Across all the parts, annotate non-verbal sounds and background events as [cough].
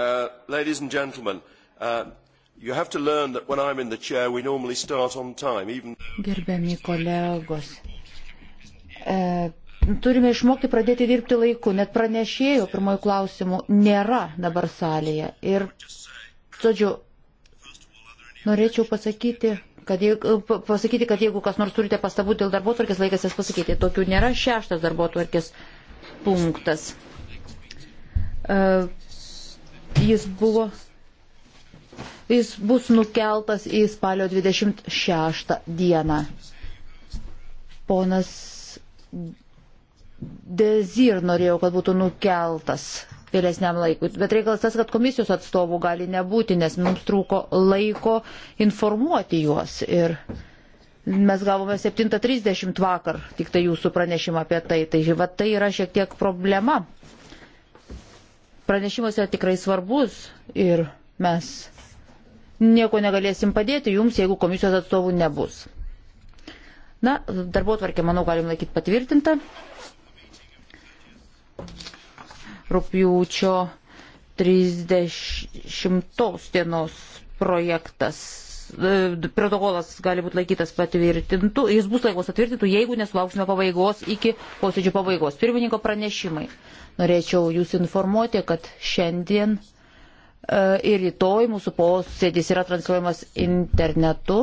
Uh, ladies and gentlemen, uh, you have to learn that when I'm in the chair, we normally start on time, even... Gerbiami kolegos, e, turime išmokti pradėti dirbti laiku, net pranešėjo pirmojų klausimų nėra dabar salėje. Ir, žodžiu, norėčiau pasakyti, kad jeigu, e, pasakyti, kad jeigu kas nors turite pastabų dėl darbo tvarkės, laikas jas pasakyti. Tokių nėra šeštas darbo tvarkės punktas. Uh, e, jis buvo. Jis bus nukeltas į spalio 26 dieną. Ponas Dezir norėjo, kad būtų nukeltas vėlesniam laikui. Bet reikalas tas, kad komisijos atstovų gali nebūti, nes mums trūko laiko informuoti juos. Ir mes gavome 7.30 vakar tik tai jūsų pranešimą apie tai. Tai, va, tai yra šiek tiek problema pranešimas yra tikrai svarbus ir mes nieko negalėsim padėti jums, jeigu komisijos atstovų nebus. Na, darbo tvarkė, manau, galim laikyti patvirtintą. Rūpjūčio 30 dienos projektas E, protokolas gali būti laikytas patvirtintų, jis bus laikos patvirtintų, jeigu nesulauksime pabaigos iki posėdžio pabaigos. Pirmininko pranešimai. Norėčiau jūs informuoti, kad šiandien e, ir rytoj mūsų posėdis yra transliuojamas internetu.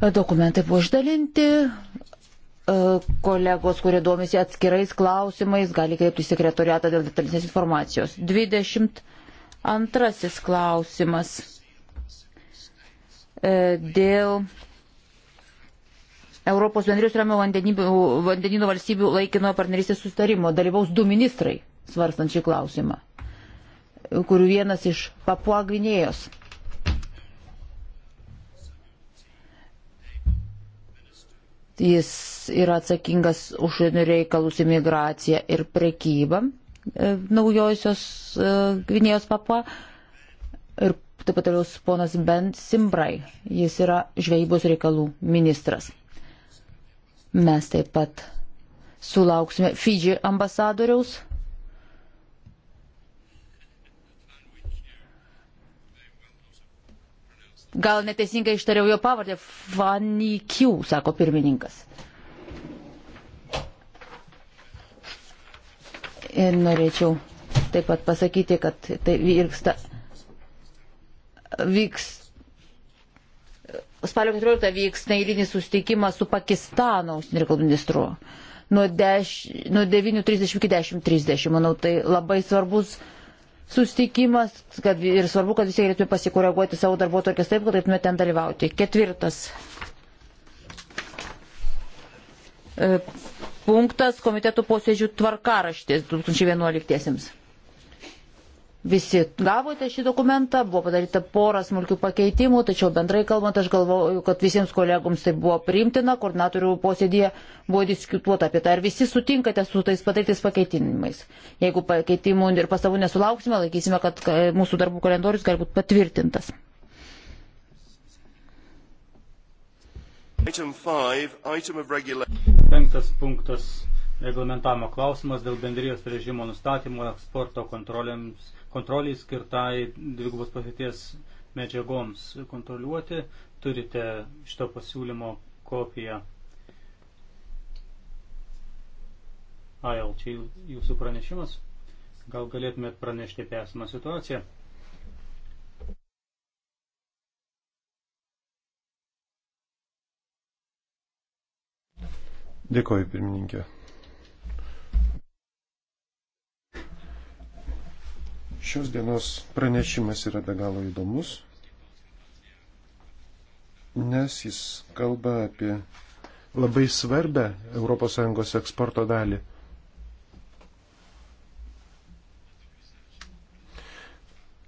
Dokumentai buvo išdalinti, e, kolegos, kurie domisi atskirais klausimais, gali kreiptis sekretoriatą dėl detalesnės informacijos. 22 klausimas. E, dėl Europos bendrijos ramio vandenino valstybių laikinojo partnerystės sustarimo. Dalyvaus du ministrai svarstant šį klausimą, kurių vienas iš Papuagvinėjos. Jis yra atsakingas už reikalus imigraciją ir prekybą e, naujosios e, Gvinėjos Papua. Ir Taip pat toliau ponas Ben Simbrai, jis yra žvejybos reikalų ministras. Mes taip pat sulauksime Fidži ambasadoriaus. Gal neteisingai ištariau jo pavardę. Vanikiu, sako pirmininkas. Ir norėčiau taip pat pasakyti, kad tai vyksta vyks. Spalio 14 vyks neįlinis susitikimas su Pakistano užsienio reikalų ministru. Nuo, deš, nuo 9.30 iki 10.30. Manau, tai labai svarbus susitikimas kad, ir svarbu, kad visi galėtume pasikoreguoti savo darbo tokias taip, kad galėtume ten dalyvauti. Ketvirtas e, punktas komitetų posėdžių tvarkaraštis 2011. -iesiams. Visi gavote šį dokumentą, buvo padaryta pora smulkių pakeitimų, tačiau bendrai kalbant, aš galvoju, kad visiems kolegoms tai buvo priimtina, koordinatorių posėdėje buvo diskutuota apie tai, ar visi sutinkate su tais padarytais pakeitimais. Jeigu pakeitimų ir pasavų nesulauksime, laikysime, kad e, mūsų darbų kalendorius gali būti patvirtintas. Penktas punktas reglamentavimo klausimas dėl bendrijos režimo nustatymo eksporto kontrolėms kontroliai skirtai dvigubos patirties medžiagoms kontroliuoti. Turite šito pasiūlymo kopiją. Ail, čia jūsų pranešimas. Gal galėtumėt pranešti apie esamą situaciją? Dėkoju, pirmininkė. Šios dienos pranešimas yra be galo įdomus, nes jis kalba apie labai svarbę ES eksporto dalį.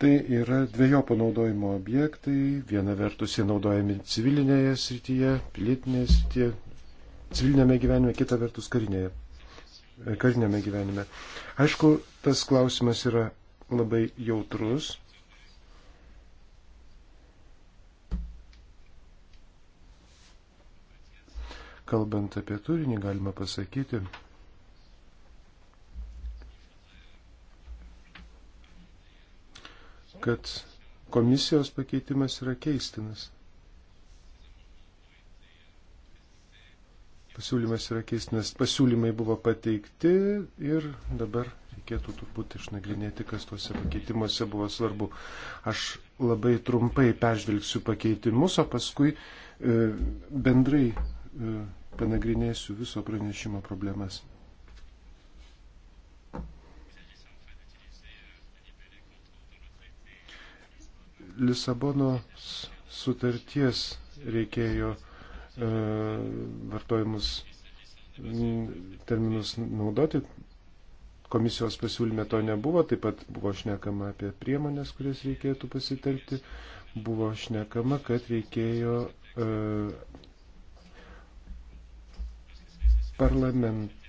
Tai yra dviejų panaudojimo objektai. Viena vertus jie naudojami civilinėje srityje, pilietinėje srityje, civilinėme gyvenime, kita vertus karinėje, karinėme gyvenime. Aišku, tas klausimas yra labai jautrus. Kalbant apie turinį, galima pasakyti, kad komisijos pakeitimas yra keistinas. pasiūlymas yra keistas, nes pasiūlymai buvo pateikti ir dabar reikėtų turbūt išnagrinėti, kas tuose pakeitimuose buvo svarbu. Aš labai trumpai peržvelgsiu pakeitimus, o paskui e, bendrai e, panagrinėsiu viso pranešimo problemas. Lisabonos sutarties reikėjo E, vartojimus terminus naudoti. Komisijos pasiūlyme to nebuvo, taip pat buvo šnekama apie priemonės, kurias reikėtų pasitelkti. Buvo šnekama, kad reikėjo uh, parlament,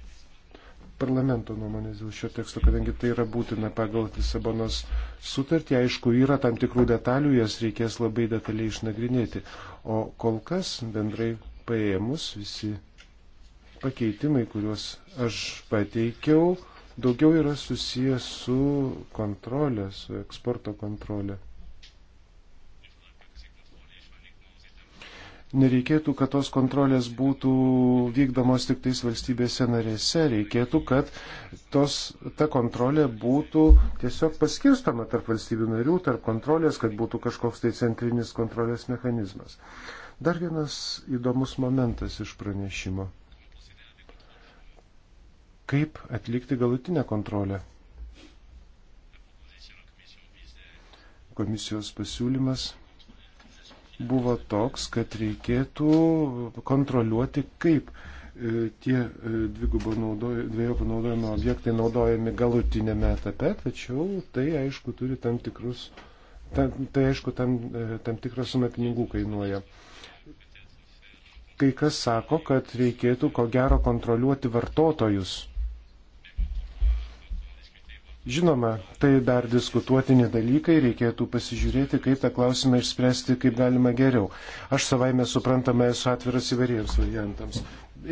parlamento nuomonės dėl šio teksto, kadangi tai yra būtina pagal Lisabonos sutartį. Aišku, yra tam tikrų detalių, jas reikės labai detaliai išnagrinėti. O kol kas bendrai paėmus visi pakeitimai, kuriuos aš pateikiau, daugiau yra susijęs su kontrolė, su eksporto kontrolė. nereikėtų, kad tos kontrolės būtų vykdomos tik tais valstybėse narėse, reikėtų, kad tos, ta kontrolė būtų tiesiog paskirstama tarp valstybių narių, tarp kontrolės, kad būtų kažkoks tai centrinis kontrolės mechanizmas. Dar vienas įdomus momentas iš pranešimo. Kaip atlikti galutinę kontrolę? Komisijos pasiūlymas buvo toks, kad reikėtų kontroliuoti, kaip e, tie e, dvigubo naudoj, panaudojimo objektai naudojami galutinėme etape, tačiau tai aišku turi tam tikrus, tam, tai aišku tam, e, tam tikrą sumą pinigų kainuoja. Kai kas sako, kad reikėtų ko gero kontroliuoti vartotojus Žinoma, tai dar diskutuotini dalykai, reikėtų pasižiūrėti, kaip tą klausimą išspręsti, kaip galima geriau. Aš savaime suprantama esu atviras įvairiems variantams.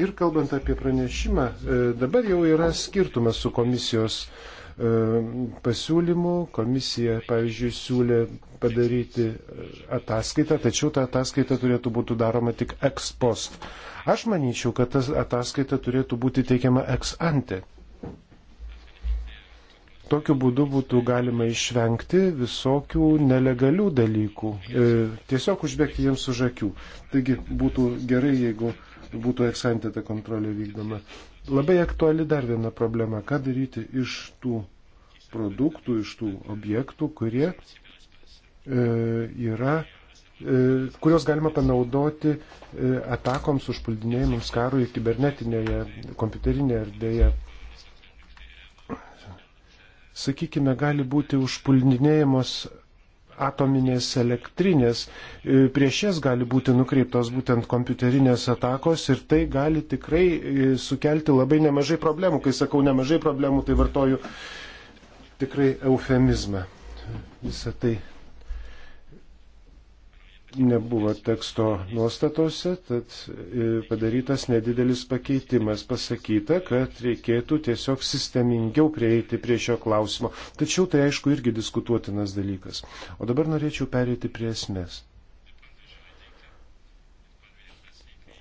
Ir kalbant apie pranešimą, e, dabar jau yra skirtumas su komisijos e, pasiūlymu. Komisija, pavyzdžiui, siūlė padaryti e, ataskaitą, tačiau ta ataskaita turėtų būti daroma tik ex post. Aš manyčiau, kad ta ataskaita turėtų būti teikiama ex ante. Tokiu būdu būtų galima išvengti visokių nelegalių dalykų, e, tiesiog užbėgti jiems už akių. Taigi būtų gerai, jeigu būtų eksantėta kontrolė vykdoma. Labai aktuali dar viena problema, ką daryti iš tų produktų, iš tų objektų, kurie e, yra e, kuriuos galima panaudoti e, atakoms, užpuldinėjimams karui kibernetinėje, kompiuterinėje erdvėje sakykime, gali būti užpuldinėjamos atominės elektrinės, e, prieš jas gali būti nukreiptos būtent kompiuterinės atakos ir tai gali tikrai e, sukelti labai nemažai problemų. Kai sakau nemažai problemų, tai vartoju tikrai eufemizmą. Visą tai nebuvo teksto nuostatose, tad e, padarytas nedidelis pakeitimas. Pasakyta, kad reikėtų tiesiog sistemingiau prieiti prie šio klausimo. Tačiau tai aišku irgi diskutuotinas dalykas. O dabar norėčiau perėti prie esmės.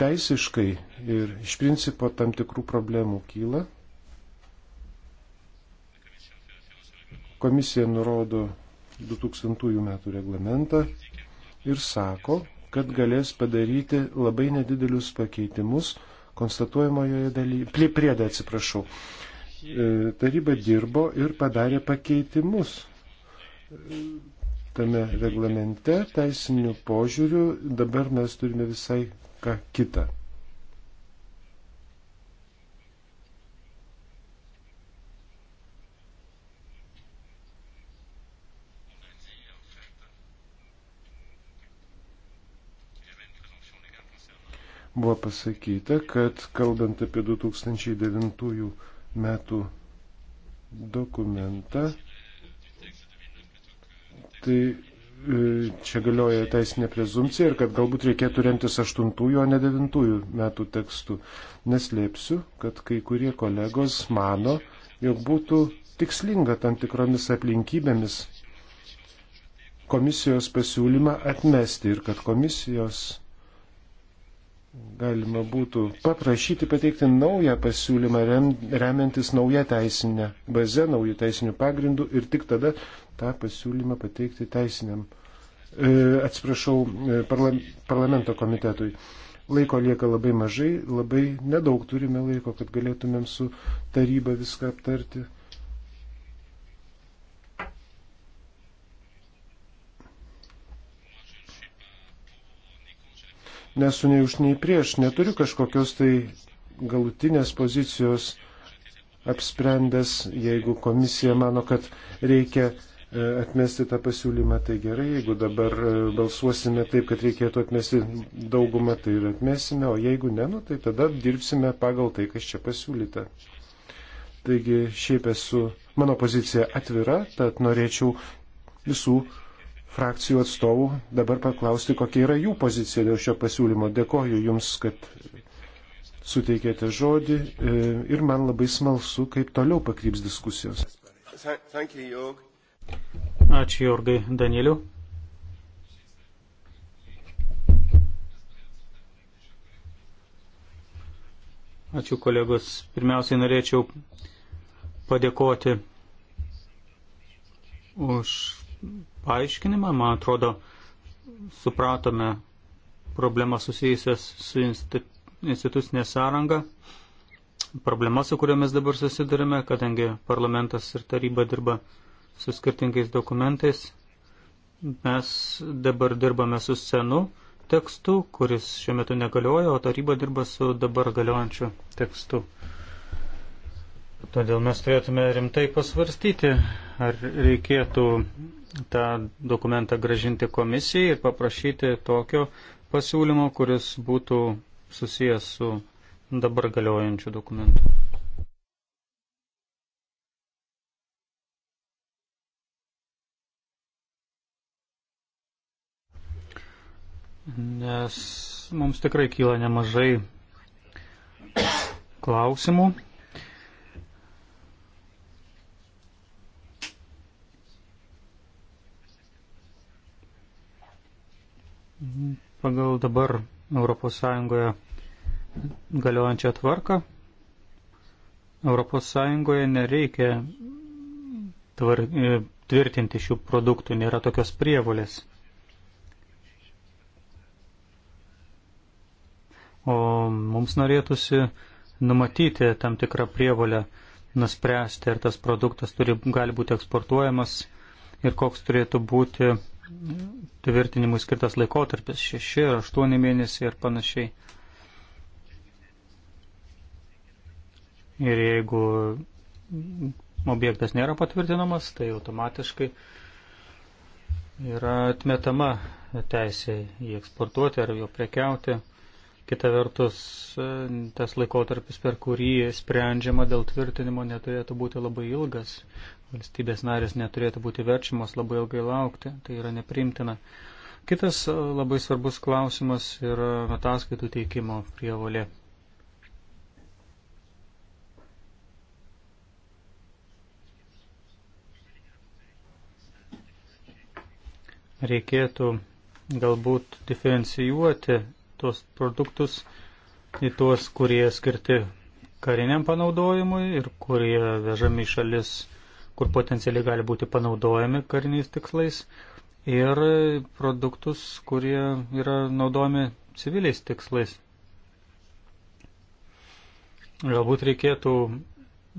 Teisiškai ir iš principo tam tikrų problemų kyla. Komisija nurodo 2000 metų reglamentą ir sako, kad galės padaryti labai nedidelius pakeitimus konstatuojamojoje dalyje, priedė atsiprašau. E, taryba dirbo ir padarė pakeitimus tame reglamente, teisiniu požiūriu, dabar mes turime visai ką kitą. buvo pasakyta, kad kalbant apie 2009 metų dokumentą, tai e, čia galioja teisinė prezumcija ir kad galbūt reikėtų remtis 8, o ne 9 metų tekstų. Neslėpsiu, kad kai kurie kolegos mano, jog būtų tikslinga tam tikromis aplinkybėmis komisijos pasiūlymą atmesti ir kad komisijos galima būtų paprašyti pateikti naują pasiūlymą remiantis naują teisinę bazę, naujų teisinių pagrindų ir tik tada tą pasiūlymą pateikti teisiniam, e, atsiprašau, e, parla, parlamento komitetui. Laiko lieka labai mažai, labai nedaug turime laiko, kad galėtumėm su taryba viską aptarti. nesu nei už, nei prieš, neturiu kažkokios tai galutinės pozicijos apsprendęs, jeigu komisija mano, kad reikia e, atmesti tą pasiūlymą, tai gerai, jeigu dabar e, balsuosime taip, kad reikėtų atmesti daugumą, tai ir atmesime, o jeigu ne, nu, tai tada dirbsime pagal tai, kas čia pasiūlyta. Taigi šiaip esu, mano pozicija atvira, tad norėčiau visų frakcijų atstovų dabar paklausti, kokia yra jų pozicija dėl šio pasiūlymo. Dėkoju Jums, kad suteikėte žodį e, ir man labai smalsu, kaip toliau pakryps diskusijos. Ačiū Jorgai Danieliu. Ačiū kolegos. Pirmiausiai norėčiau padėkoti už paaiškinimą. Man atrodo, supratome problemas susijusias su institucinė sąranga, problemas, su kuriomis dabar susidurime, kadangi parlamentas ir taryba dirba su skirtingais dokumentais. Mes dabar dirbame su senu tekstu, kuris šiuo metu negalioja, o taryba dirba su dabar galiojančiu tekstu. Todėl mes turėtume rimtai pasvarstyti, ar reikėtų tą dokumentą gražinti komisijai ir paprašyti tokio pasiūlymo, kuris būtų susijęs su dabar galiojančiu dokumentu. Nes mums tikrai kyla nemažai klausimų pagal dabar ES galiojančią tvarką ES nereikia tvar, e, tvirtinti šių produktų, nėra tokios prievolės. O mums norėtųsi numatyti tam tikrą prievolę, nuspręsti, ar tas produktas turi, gali būti eksportuojamas ir koks turėtų būti tvirtinimui tai skirtas laikotarpis - 6 ar 8 mėnesiai ir panašiai. Ir jeigu objektas nėra patvirtinamas, tai automatiškai yra atmetama teisė jį eksportuoti ar jo prekiauti. Kita vertus, tas laikotarpis, per kurį sprendžiama dėl tvirtinimo, neturėtų būti labai ilgas. Valstybės narės neturėtų būti verčiamos labai ilgai laukti, tai yra neprimtina. Kitas e, labai svarbus klausimas yra ataskaitų teikimo prievolė. Reikėtų galbūt diferencijuoti tuos produktus į tuos, kurie skirti kariniam panaudojimui ir kurie vežami šalis kur potencialiai gali būti panaudojami kariniais tikslais, ir produktus, kurie yra naudojami civiliais tikslais. Galbūt reikėtų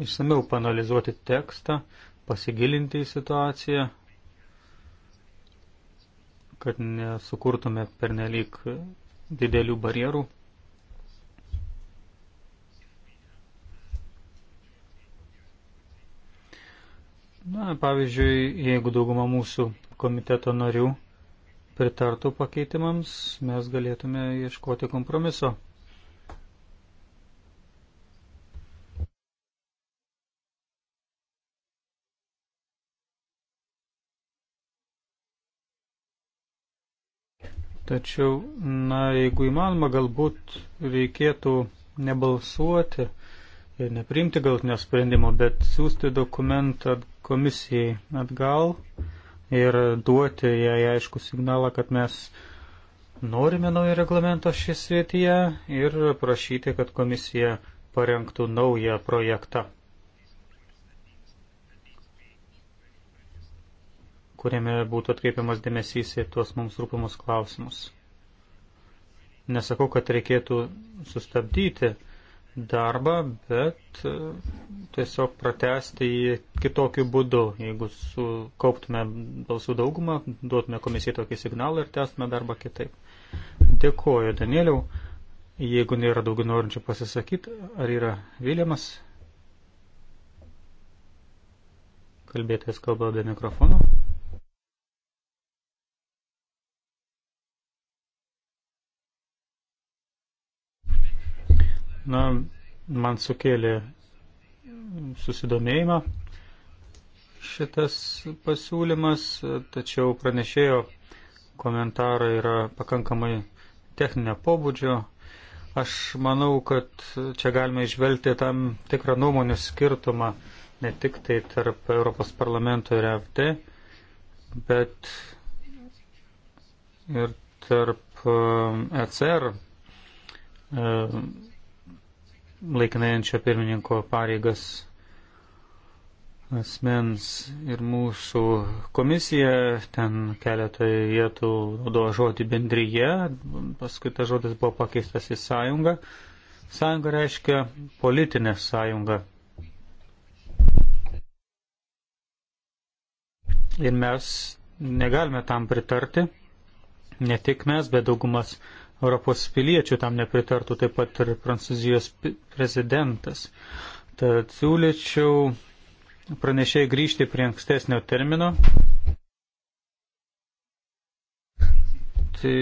išsamiau panalizuoti tekstą, pasigilinti į situaciją, kad nesukurtume pernelyg didelių barjerų Na, pavyzdžiui, jeigu dauguma mūsų komiteto narių pritartų pakeitimams, mes galėtume ieškoti kompromiso. Tačiau, na, jeigu įmanoma, galbūt reikėtų nebalsuoti ir neprimti galtinio sprendimo, bet siūsti dokumentą komisijai atgal ir duoti jai aišku signalą, kad mes norime naujo reglamento šis srityje ir prašyti, kad komisija parengtų naują projektą, kuriame būtų atkreipiamas dėmesys į tuos mums rūpimus klausimus. Nesakau, kad reikėtų sustabdyti darbą, bet e, tiesiog pratesti jį kitokiu būdu. Jeigu sukauptume balsų daugumą, duotume komisijai tokį signalą ir tęstume darbą kitaip. Dėkuoju, Danieliau. Jeigu nėra daugiau norinčių pasisakyti, ar yra Viljamas? Kalbėtojas kalba be mikrofono. na, man sukėlė susidomėjimą šitas pasiūlymas, tačiau pranešėjo komentarai yra pakankamai techninio pobūdžio. Aš manau, kad čia galime išvelgti tam tikrą nuomonių skirtumą ne tik tai tarp Europos parlamento ir e FT, bet ir tarp um, ECR um, laikinaiančio pirmininko pareigas asmens ir mūsų komisija, ten keletoje vietų naudojo žodį bendryje, paskui tas žodis buvo pakeistas į sąjungą. Sąjunga reiškia politinė sąjunga. Ir mes negalime tam pritarti, ne tik mes, bet daugumas Europos piliečių tam nepritartų, taip pat ir Prancūzijos prezidentas. Tad siūlyčiau pranešėjai grįžti prie ankstesnio termino. Tai,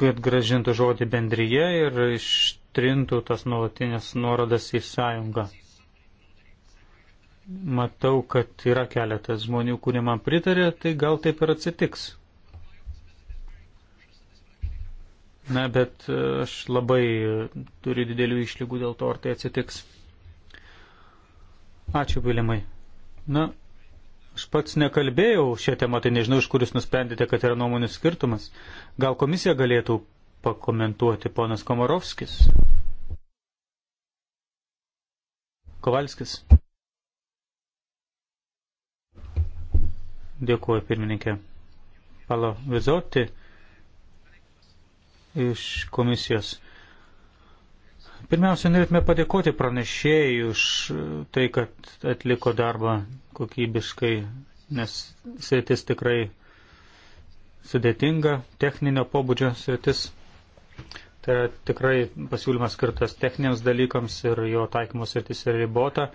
kad gražintų žodį bendryje ir ištrintų tas nuolatinės nuorodas į sąjungą. Matau, kad yra keletas žmonių, kurie man pritarė, tai gal taip ir atsitiks. Na, bet e, aš labai e, turiu didelių išlygų dėl to, ar tai atsitiks. Ačiū, Vilimai. Na, aš pats nekalbėjau šią temą, tai nežinau, iš kur jūs nusprendėte, kad yra nuomonių skirtumas. Gal komisija galėtų pakomentuoti ponas Komarovskis? Kovalskis. Dėkuoju, pirmininkė. Palo Vizoti iš komisijos. Pirmiausia, norėtume padėkoti pranešėjai už tai, kad atliko darbą kokybiškai, nes sritis tikrai sudėtinga, techninio pobūdžio sritis. Tai yra tikrai pasiūlymas skirtas techniniams dalykams ir jo taikymo sritis yra ribota.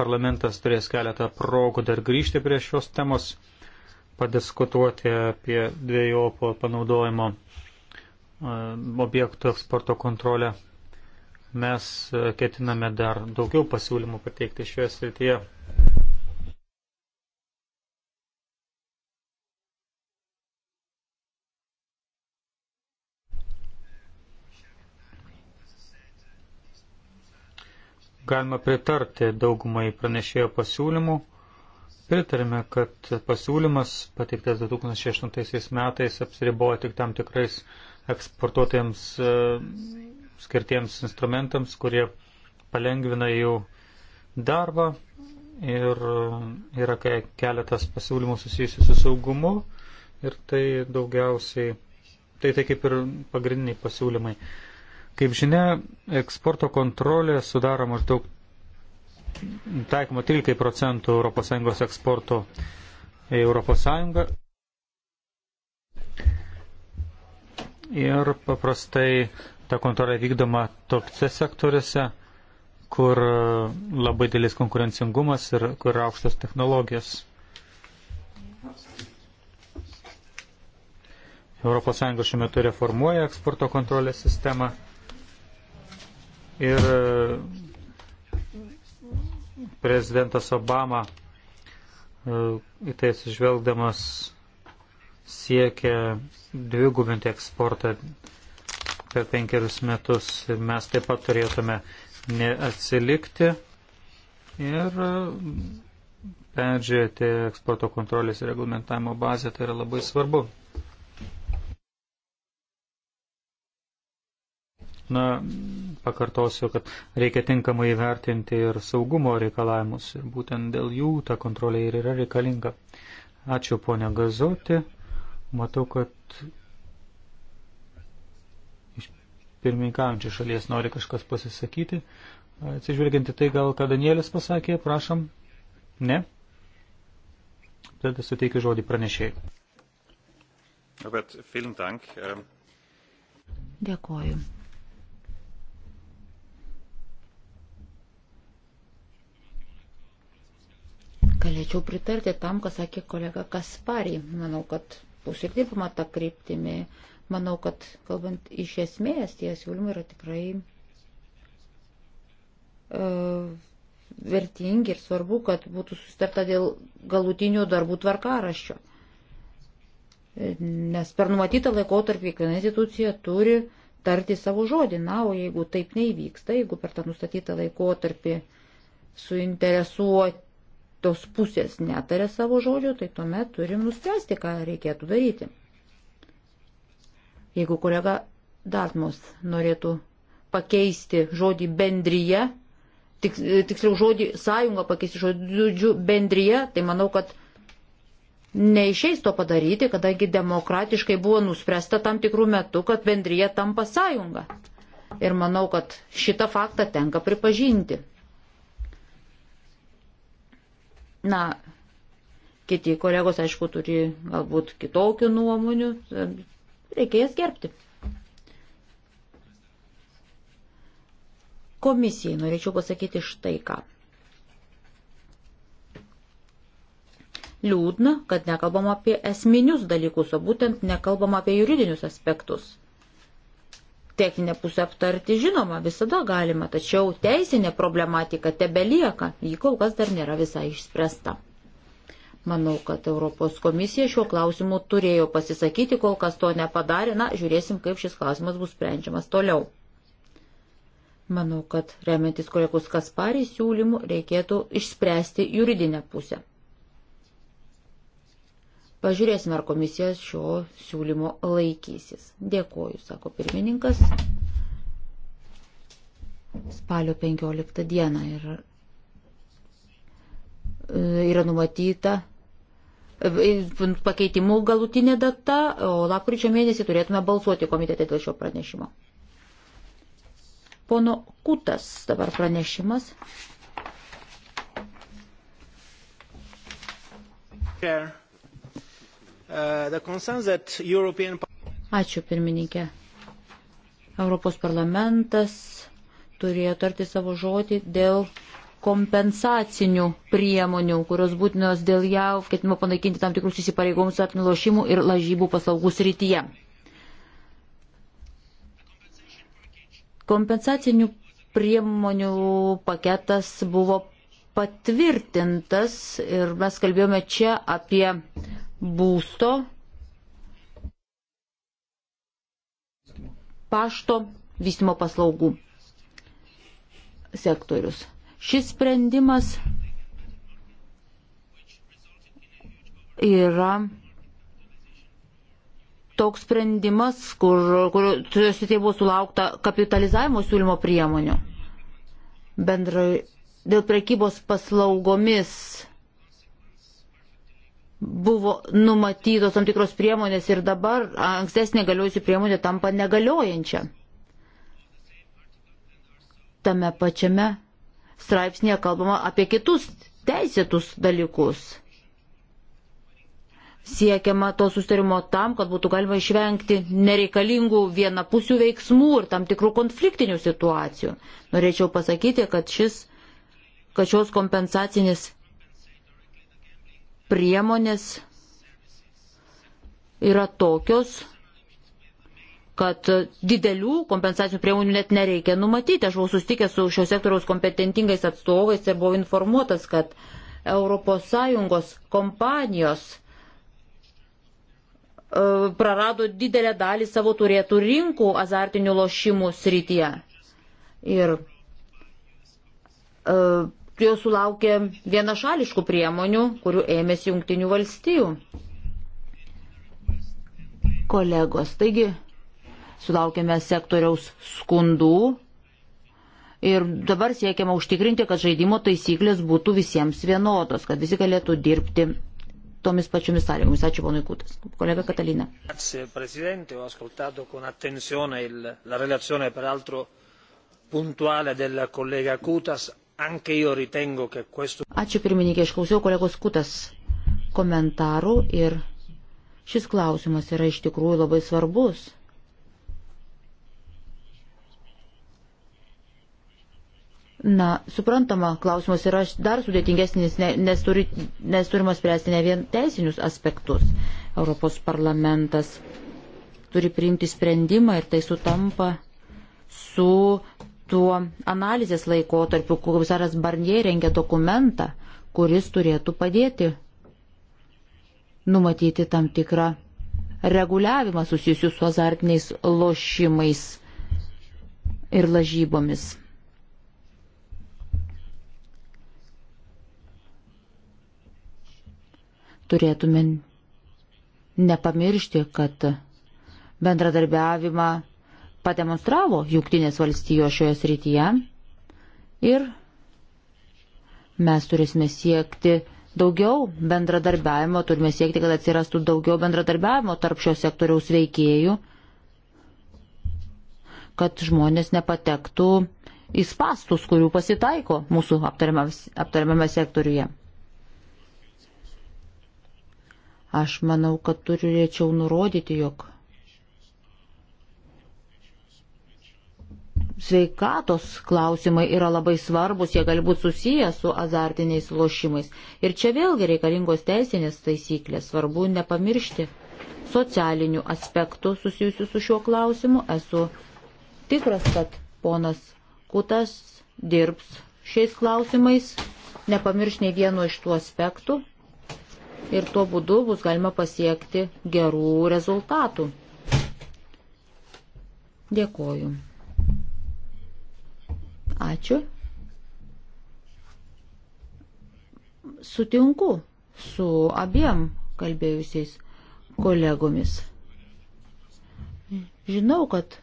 Parlamentas turės keletą progų dar grįžti prie šios temos, padiskutuoti apie dviejopo panaudojimo objektų eksporto kontrolę. Mes e, ketiname dar daugiau pasiūlymų pateikti šioje srityje. Galima pritarti daugumai pranešėjo pasiūlymų. Pritarime, kad pasiūlymas pateiktas 2008 metais apsiribojo tik tam tikrais eksportuotojams e, skirtiems instrumentams, kurie palengvina jų darbą ir yra keletas pasiūlymų susijusių su saugumu ir tai daugiausiai, tai tai kaip ir pagrindiniai pasiūlymai. Kaip žinia, eksporto kontrolė sudaro maždaug taikoma 13 procentų ES eksporto į ES ir paprastai ta kontrolė vykdoma tose sektoriuose, kur labai dėlis konkurencingumas ir kur aukštos technologijos. ES šiuo metu reformuoja eksporto kontrolės sistemą ir e, prezidentas Obama e, į tai atsižvelgdamas siekia dvigubinti eksportą per penkerius metus ir mes taip pat turėtume neatsilikti ir peržiūrėti eksporto kontrolės ir reglamentavimo bazę, tai yra labai svarbu. Na, pakartosiu, kad reikia tinkamai įvertinti ir saugumo reikalavimus ir būtent dėl jų ta kontrolė ir yra reikalinga. Ačiū ponia Gazoti. Matau, kad iš pirmininkaujančių šalies nori kažkas pasisakyti. Atsižvelgiant į tai, gal ką Danielis pasakė, prašom. Ne? Tada suteikiu žodį pranešėjai. Robert, vielen Dank. Ähm, Dėkoju. Galėčiau pritarti tam, ką sakė kolega Kasparį. Manau, kad bus ir dirbama tą kryptimį. Manau, kad kalbant iš esmės, tie siūlymai yra tikrai uh, vertingi ir svarbu, kad būtų sustarta dėl galutinių darbų tvarkaraščio. E, nes per numatytą laikotarpį kiekviena institucija turi tarti savo žodį. Na, o jeigu taip neįvyksta, jeigu per tą nustatytą laikotarpį suinteresuoti tos pusės netarė savo žodžio, tai tuomet turim nuspręsti, ką reikėtų daryti. Jeigu kolega Dartmus norėtų pakeisti žodį bendryje, tik, tiksliau žodį sąjungą pakeisti žodžiu bendryje, tai manau, kad neišeis to padaryti, kadangi demokratiškai buvo nuspręsta tam tikrų metų, kad bendryje tampa sąjunga. Ir manau, kad šitą faktą tenka pripažinti. Na, kiti kolegos, aišku, turi galbūt kitokių nuomonių, reikia jas gerbti. Komisijai norėčiau pasakyti štai ką. Liūdna, kad nekalbam apie esminius dalykus, o būtent nekalbam apie juridinius aspektus techninę pusę aptarti, žinoma, visada galima, tačiau teisinė problematika tebelieka, jį kol kas dar nėra visai išspręsta. Manau, kad Europos komisija šiuo klausimu turėjo pasisakyti, kol kas to nepadarė, na, žiūrėsim, kaip šis klausimas bus sprendžiamas toliau. Manau, kad remiantis kolegus Kasparį siūlymų reikėtų išspręsti juridinę pusę. Pažiūrėsime, ar komisija šio siūlymo laikysis. Dėkoju, sako pirmininkas. Spalio 15 diena yra, yra numatyta e, pakeitimų galutinė data, o lapkričio mėnesį turėtume balsuoti komitete dėl šio pranešimo. Pono Kutas dabar pranešimas. Chair. Uh, Ačiū pirmininkė. Europos parlamentas turėjo tarti savo žodį dėl kompensacinių priemonių, kurios būtinos dėl JAV ketimo panaikinti tam tikrus įsipareigomus atmių lošimų ir lažybų paslaugų srityje. Kompensacinių priemonių paketas buvo patvirtintas ir mes kalbėjome čia apie būsto, pašto, vystimo paslaugų sektorius. Šis sprendimas yra toks sprendimas, kur, kur tai buvo sulaukta kapitalizavimo siūlymo priemonių. Bendrai dėl prekybos paslaugomis buvo numatytos tam tikros priemonės ir dabar ankstesnė galiojusi priemonė tampa negaliojančia. Tame pačiame straipsnėje kalbama apie kitus teisėtus dalykus. Siekiama to sustarimo tam, kad būtų galima išvengti nereikalingų vienapusių veiksmų ir tam tikrų konfliktinių situacijų. Norėčiau pasakyti, kad šis, kad šios kompensacinis priemonės yra tokios, kad didelių kompensacinių priemonių net nereikia numatyti. Aš buvau sustikęs su šio sektoriaus kompetentingais atstovais ir buvau informuotas, kad ES kompanijos e, prarado didelę dalį savo turėtų rinkų azartinių lošimų srityje. Ir e, jo sulaukė vienašališkų priemonių, kurių ėmėsi jungtinių valstijų kolegos. Taigi, sulaukėme sektoriaus skundų ir dabar siekiama užtikrinti, kad žaidimo taisyklės būtų visiems vienodos, kad visi galėtų dirbti tomis pačiomis sąlygomis. Ačiū ponui Kutas. Kolega Katalina. Grazie, Presidente. Ho ascoltato con attenzione il, la relazione, peraltro puntuale, del collega Kutas. Ačiū pirmininkė, išklausiau kolegos Kutas komentarų ir šis klausimas yra iš tikrųjų labai svarbus. Na, suprantama, klausimas yra dar sudėtingesnis, nes, turi, nes turima spręsti ne vien teisinius aspektus. Europos parlamentas turi priimti sprendimą ir tai sutampa su tuo analizės laikotarpiu komisaras Barnier rengia dokumentą, kuris turėtų padėti numatyti tam tikrą reguliavimą susijusiu su azartiniais lošimais ir lažybomis. Turėtume nepamiršti, kad bendradarbiavimą pademonstravo Junktinės valstijos šioje srityje ir mes turėsime siekti daugiau bendradarbiavimo, turime siekti, kad atsirastų daugiau bendradarbiavimo tarp šio sektoriaus veikėjų, kad žmonės nepatektų į spastus, kurių pasitaiko mūsų aptariamame sektoriuje. Aš manau, kad turėčiau nurodyti, jog sveikatos klausimai yra labai svarbus, jie gali būti susiję su azartiniais lošimais. Ir čia vėlgi reikalingos teisinės taisyklės, svarbu nepamiršti socialinių aspektų susijusių su šiuo klausimu. Esu tikras, kad ponas Kutas dirbs šiais klausimais, nepamirš nei vieno iš tų aspektų ir tuo būdu bus galima pasiekti gerų rezultatų. Dėkoju. Ačiū. Sutinku su abiem kalbėjusiais kolegomis. Žinau, kad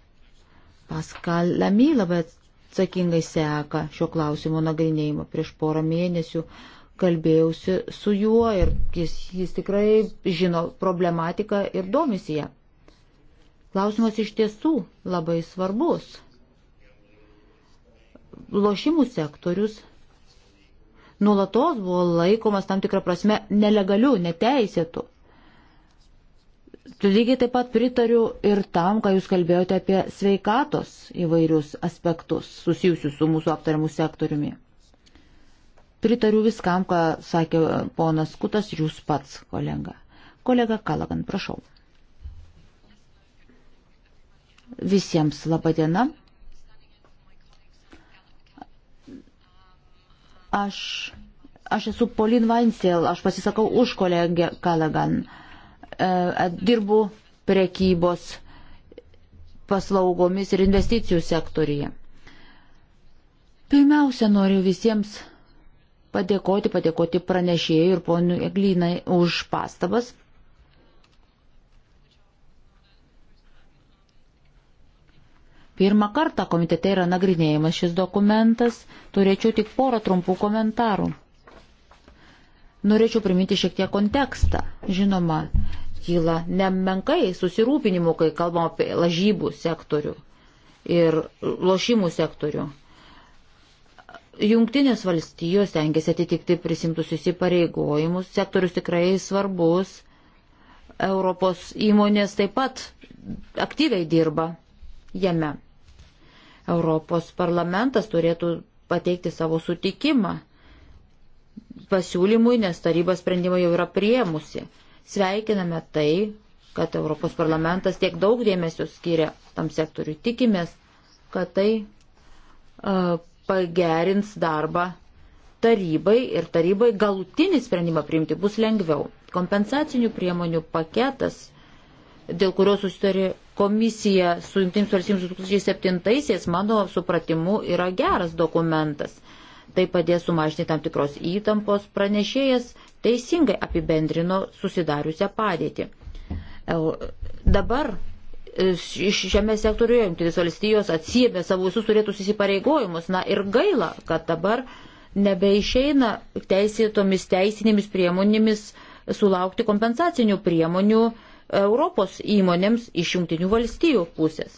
Paskal Lamy labai atsakingai seka šio klausimo nagrinėjimo. Prieš porą mėnesių kalbėjausi su juo ir jis, jis tikrai žino problematiką ir domisi ją. Klausimas iš tiesų labai svarbus lošimų sektorius nulatos buvo laikomas tam tikrą prasme nelegaliu, neteisėtu. Lygiai taip pat pritariu ir tam, ką jūs kalbėjote apie sveikatos įvairius aspektus susijusius su mūsų aptariamu sektoriumi. Pritariu viskam, ką sakė ponas Kutas, jūs pats, kolega. Kolega Kalagan, prašau. Visiems laba diena. Aš, aš esu Polin Vainsel, aš pasisakau už kolegę Kalagan. E, e, dirbu prekybos paslaugomis ir investicijų sektorija. Pirmiausia, noriu visiems padėkoti, padėkoti pranešėjai ir ponui Eglinai už pastabas. Pirmą kartą komitete yra nagrinėjimas šis dokumentas, turėčiau tik porą trumpų komentarų. Norėčiau priminti šiek tiek kontekstą. Žinoma, kyla nemenkai susirūpinimų, kai kalbam apie lažybų sektorių ir lošimų sektorių. Jungtinės valstijos tengiasi atitikti prisimtus įsipareigojimus, sektorius tikrai svarbus, Europos įmonės taip pat aktyviai dirba jame. Europos parlamentas turėtų pateikti savo sutikimą pasiūlymui, nes taryba sprendimą jau yra priemusi. Sveikiname tai, kad Europos parlamentas tiek daug dėmesio skiria tam sektoriu. Tikimės, kad tai uh, pagerins darbą tarybai ir tarybai galutinį sprendimą priimti bus lengviau. Kompensacinių priemonių paketas, dėl kurio susitarė komisija su Junktinėms valstybėms 2007-aisiais, mano supratimu, yra geras dokumentas. Tai padės sumažinti tam tikros įtampos, pranešėjas teisingai apibendrino susidariusią padėtį. Dabar e, šiame sektoriuje Junktinės valstijos atsiebė savo visus turėtus įsipareigojimus. Na ir gaila, kad dabar nebeišeina teisėtomis teisinėmis priemonėmis sulaukti kompensacinių priemonių uh, Europos įmonėms iš jungtinių valstijų pusės.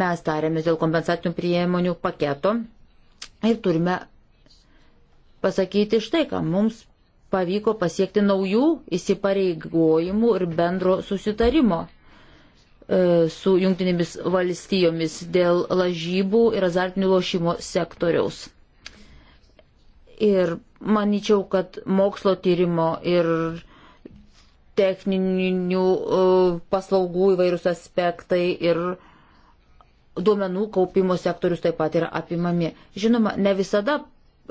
Mes tarėmės dėl kompensacinių priemonių paketo ir turime pasakyti štai, ką mums pavyko pasiekti naujų įsipareigojimų ir bendro susitarimo e, su jungtinėmis valstijomis dėl lažybų ir azartinių lošimo sektoriaus. Ir manyčiau, kad mokslo tyrimo ir techninių e, paslaugų įvairūs aspektai ir duomenų kaupimo sektorius taip pat yra apimami. Žinoma, ne visada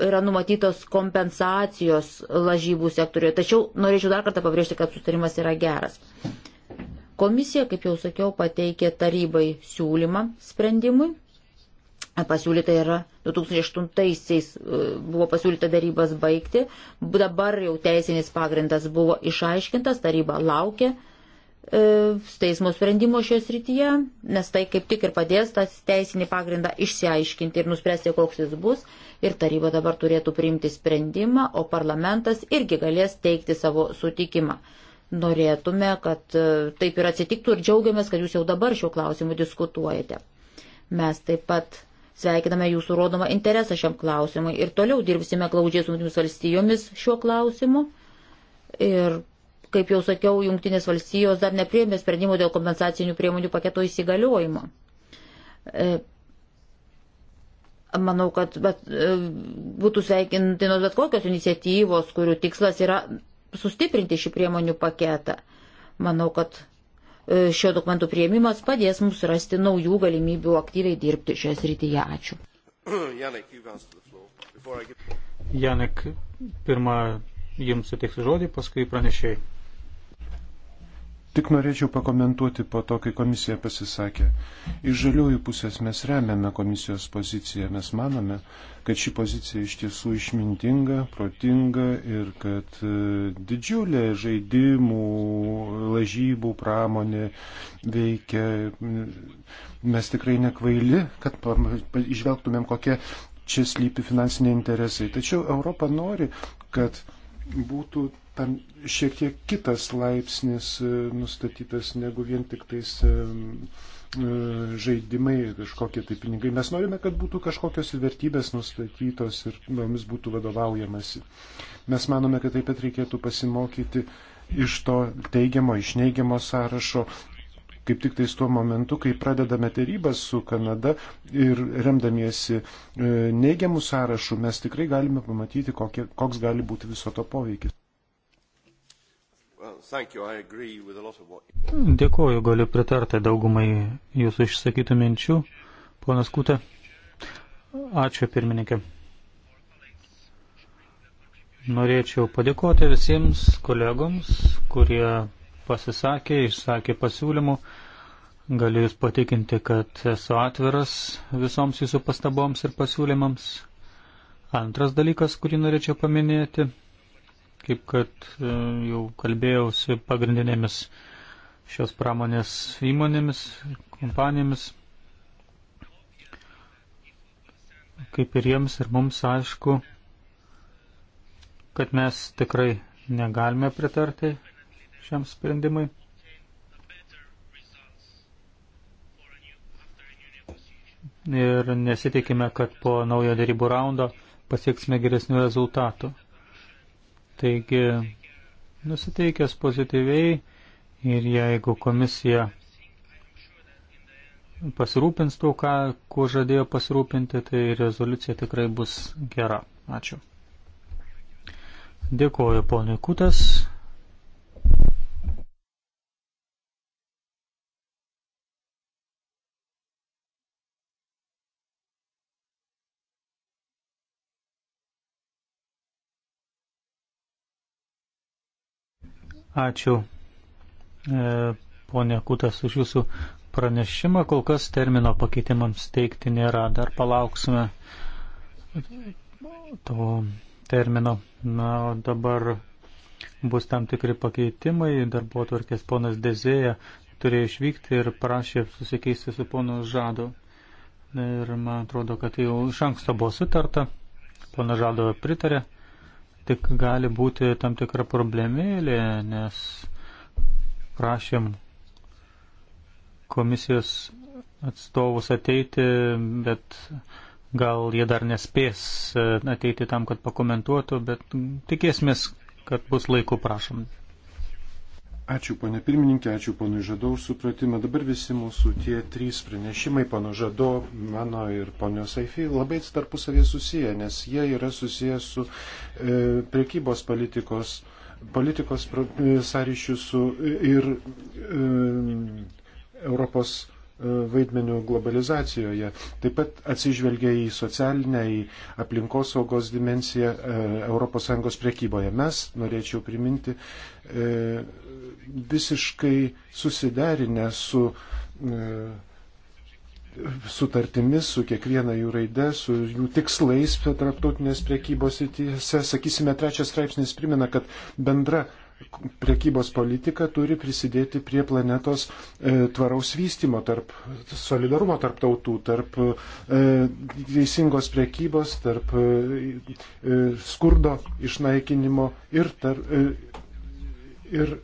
yra numatytos kompensacijos lažybų sektoriuje, tačiau norėčiau dar kartą pabrėžti, kad sutarimas yra geras. Komisija, kaip jau sakiau, pateikė tarybai siūlymą sprendimui pasiūlyta yra 2008-aisiais e, buvo pasiūlyta darybas baigti, dabar jau teisinis pagrindas buvo išaiškintas, taryba laukia e, teismo sprendimo šios rytyje, nes tai kaip tik ir padės tą teisinį pagrindą išsiaiškinti ir nuspręsti, koks jis bus. Ir taryba dabar turėtų priimti sprendimą, o parlamentas irgi galės teikti savo sutikimą. Norėtume, kad e, taip ir atsitiktų ir džiaugiamės, kad jūs jau dabar šiuo klausimu diskutuojate. Mes taip pat Sveikiname jūsų rodomą interesą šiam klausimui ir toliau dirbsime glaudžiai su jungtinėmis valstijomis šiuo klausimu. Ir, kaip jau sakiau, jungtinės valstijos dar nepriemė sprendimų dėl kompensacinių priemonių paketo įsigaliojimo. E, manau, kad bet, e, būtų sveikintinos bet kokios iniciatyvos, kurių tikslas yra sustiprinti šį priemonių paketą. Manau, kad E, šio dokumentų prieimimas padės mums rasti naujų galimybių aktyviai dirbti šioje srityje. Ačiū. [clears throat] Janek, pirmą jums suteiksiu žodį, paskui pranešėjai. Tik norėčiau pakomentuoti po to, kai komisija pasisakė. Iš žaliųjų pusės mes remiame komisijos poziciją, mes manome, kad ši pozicija iš tiesų išmintinga, protinga ir kad e, didžiulė žaidimų, lažybų pramonė veikia. Mes tikrai nekvaili, kad išvelgtumėm, kokie čia slypi finansiniai interesai. Tačiau Europa nori, kad būtų tam šiek tiek kitas laipsnis e, nustatytas negu vien tik tais e, e, žaidimai, kažkokie tai pinigai. Mes norime, kad būtų kažkokios vertybės nustatytos ir jomis būtų vadovaujamasi. Mes manome, kad taip pat reikėtų pasimokyti iš to teigiamo, iš neigiamo sąrašo. Kaip tik tais tuo momentu, kai pradedame tarybas su Kanada ir remdamiesi neigiamų sąrašų, mes tikrai galime pamatyti, kokie, koks gali būti viso to poveikis. Hmm, Dėkuoju, galiu pritarti daugumai jūsų išsakytų minčių. Ponas Kūtė, ačiū pirmininkė. Norėčiau padėkoti visiems kolegoms, kurie pasisakė, išsakė pasiūlymų. Galiu Jūs patikinti, kad esu atviras visoms Jūsų pastaboms ir pasiūlymams. Antras dalykas, kurį norėčiau paminėti kaip kad e, jau kalbėjau su pagrindinėmis šios pramonės įmonėmis, kompanijomis. Kaip ir jiems ir mums aišku, kad mes tikrai negalime pritarti šiam sprendimui. Ir nesitikime, kad po naujo dėrybų raundo pasieksime geresnių rezultatų. Taigi, nusiteikęs pozityviai ir jeigu komisija pasirūpins tuo, ką, kuo žadėjo pasirūpinti, tai rezoliucija tikrai bus gera. Ačiū. Dėkuoju, ponui Kutas. Ačiū, e, ponė Kutas, už jūsų pranešimą. Kol kas termino pakeitimams teikti nėra. Dar palauksime to termino. Na, o dabar bus tam tikri pakeitimai. Darbo tvarkės ponas Dezėja turėjo išvykti ir prašė susikeisti su ponu Žadu. Ir man atrodo, kad jau iš anksto buvo sutarta. Pana Žado pritarė tik gali būti tam tikra problemėlė, nes prašėm komisijos atstovus ateiti, bet gal jie dar nespės e, ateiti tam, kad pakomentuotų, bet tikėsimės, kad bus laiku prašom. Ačiū, ponė pirmininkė, ačiū ponui Žadau už supratimą. Dabar visi mūsų tie trys pranešimai, pono Žado, mano ir ponio Saifi, labai tarpusavėje susiję, nes jie yra susiję su e, priekybos politikos, politikos pro, e, sąryšių su e, ir e, Europos e, vaidmenių globalizacijoje. Taip pat atsižvelgia į socialinę, į aplinkosaugos dimenciją ES priekyboje. Mes, norėčiau priminti, e, visiškai susiderinę su e, sutartimis, su kiekviena jų raide, su jų tikslais tarptautinės priekybos įtise. Sakysime, trečias straipsnis primena, kad bendra priekybos politika turi prisidėti prie planetos e, tvaraus vystimo, tarp solidarumo tarp tautų, tarp e, teisingos priekybos, tarp e, e skurdo išnaikinimo ir, tar, e, ir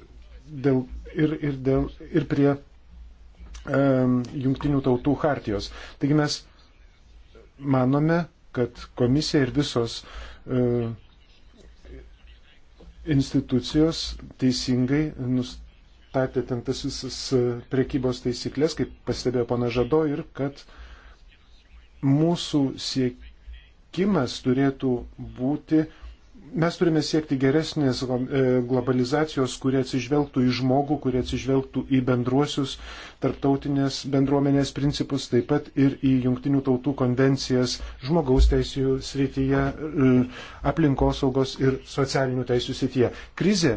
dėl, ir, ir, dėl, ir prie um, jungtinių tautų hartijos. Taigi mes manome, kad komisija ir visos uh, institucijos teisingai nustatė ten tas visas e, priekybos taisyklės, kaip pastebėjo pana Žado, ir kad mūsų siekimas turėtų būti uh, Mes turime siekti geresnės e, globalizacijos, kurie atsižvelgtų į žmogų, kurie atsižvelgtų į bendruosius tarptautinės bendruomenės principus, taip pat ir į jungtinių tautų konvencijas žmogaus teisų srityje, e, aplinkosaugos ir socialinių teisų srityje. Krizė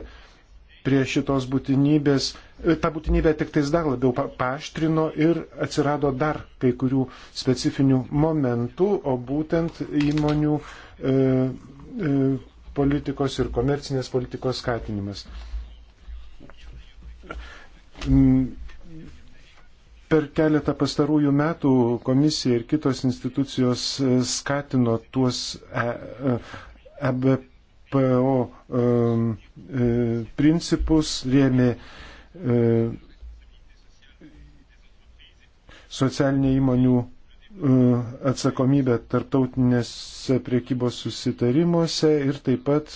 prie šitos būtinybės, e, ta būtinybė tik tais dar labiau paaštrino ir atsirado dar kai kurių specifinių momentų, o būtent įmonių e, e, politikos ir komercinės politikos skatinimas. Per keletą pastarųjų metų komisija ir kitos institucijos e, skatino tuos EBPO e, e principus, rėmė socialinė įmonių Uh, atsakomybę tarptautinėse priekybos susitarimuose ir taip pat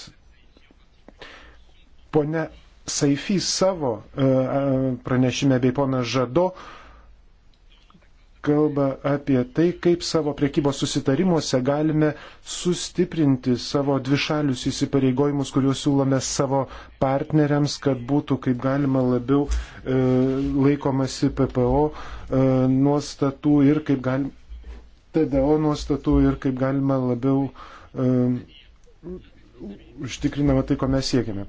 ponia Saify savo uh, uh, pranešime bei pona Žado kalba apie tai, kaip savo priekybos susitarimuose galime sustiprinti savo dvišalius įsipareigojimus, kuriuos siūlome savo partneriams, kad būtų kaip galima labiau e, laikomasi PPO e, nuostatų ir kaip galima PDO nuostatų ir kaip galima labiau um, užtikrinama tai, ko mes siekiame.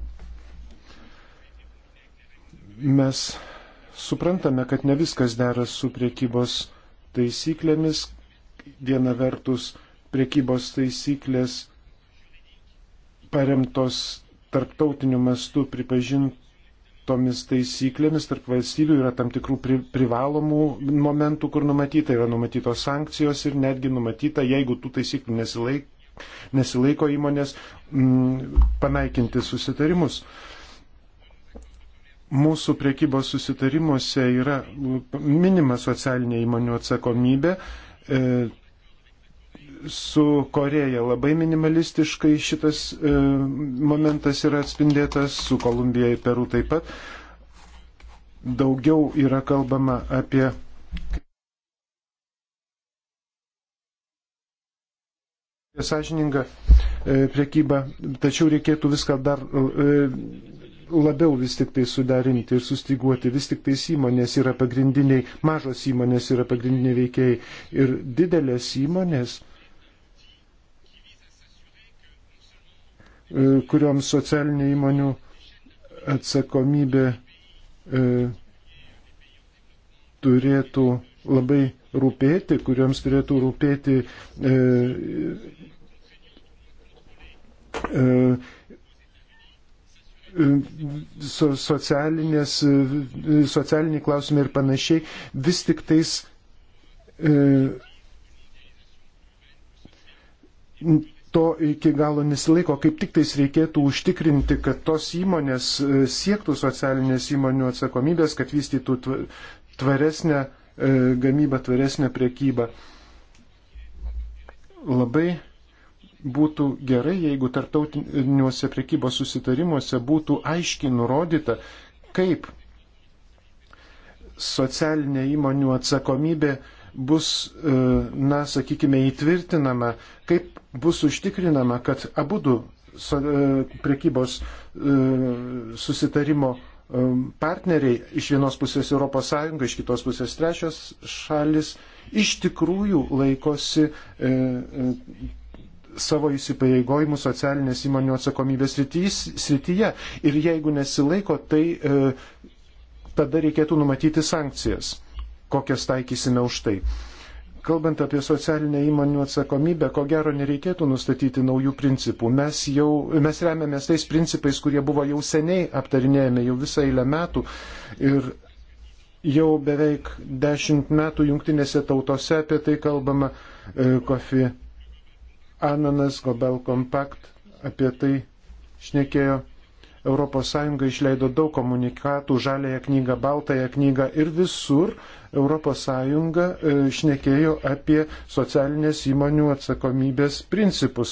Mes suprantame, kad ne viskas dera su priekybos taisyklėmis. Viena vertus, priekybos taisyklės paremtos tarptautiniu mastu pripažintų tomis taisyklėmis tarp valstybių yra tam tikrų pri, privalomų momentų, kur numatyta, yra numatytos sankcijos ir netgi numatyta, jeigu tų taisyklių nesilaik, nesilaiko įmonės, m, mm, panaikinti susitarimus. Mūsų priekybos susitarimuose yra mm, minima socialinė įmonių atsakomybė, e, su Koreja labai minimalistiškai šitas e, momentas yra atspindėtas, su Kolumbija ir Peru taip pat. Daugiau yra kalbama apie. Sąžininga e, priekyba, tačiau reikėtų viską dar e, labiau vis tik tai suderinti ir sustiguoti, vis tik tais įmonės yra pagrindiniai, mažos įmonės yra pagrindiniai veikėjai ir didelės įmonės E, kurioms socialinė įmonių atsakomybė e, turėtų labai rūpėti, kurioms turėtų rūpėti e, socialinės, socialiniai klausimai ir panašiai, vis tik tais to iki galo nesilaiko. Kaip tik tais reikėtų užtikrinti, kad tos įmonės e, siektų socialinės įmonių atsakomybės, kad vystytų tvaresnę e, gamybą, tvaresnę priekybą. Labai būtų gerai, jeigu tarptautiniuose priekybos susitarimuose būtų aiškiai nurodyta, kaip socialinė įmonių atsakomybė bus, e, na, sakykime, įtvirtinama, kaip bus užtikrinama, kad abu du e, prekybos e, susitarimo e, partneriai iš vienos pusės ES, iš kitos pusės trečios šalis iš tikrųjų laikosi e, e, savo įsipareigojimų socialinės įmonių atsakomybės srityje. Ir jeigu nesilaiko, tai e, tada reikėtų numatyti sankcijas, kokias taikysime už tai. E, Kalbant apie socialinę įmonių atsakomybę, ko gero nereikėtų nustatyti naujų principų. Mes, jau, mes remiamės tais principais, kurie buvo jau seniai aptarinėjami, jau visą eilę metų. Ir jau beveik dešimt metų jungtinėse tautose apie tai kalbama. E, Kofi Ananas, Gobel Compact apie tai šnekėjo. ES išleido daug komunikatų, žalėją knygą, baltąją knygą ir visur ES e, šnekėjo apie socialinės įmonių atsakomybės principus.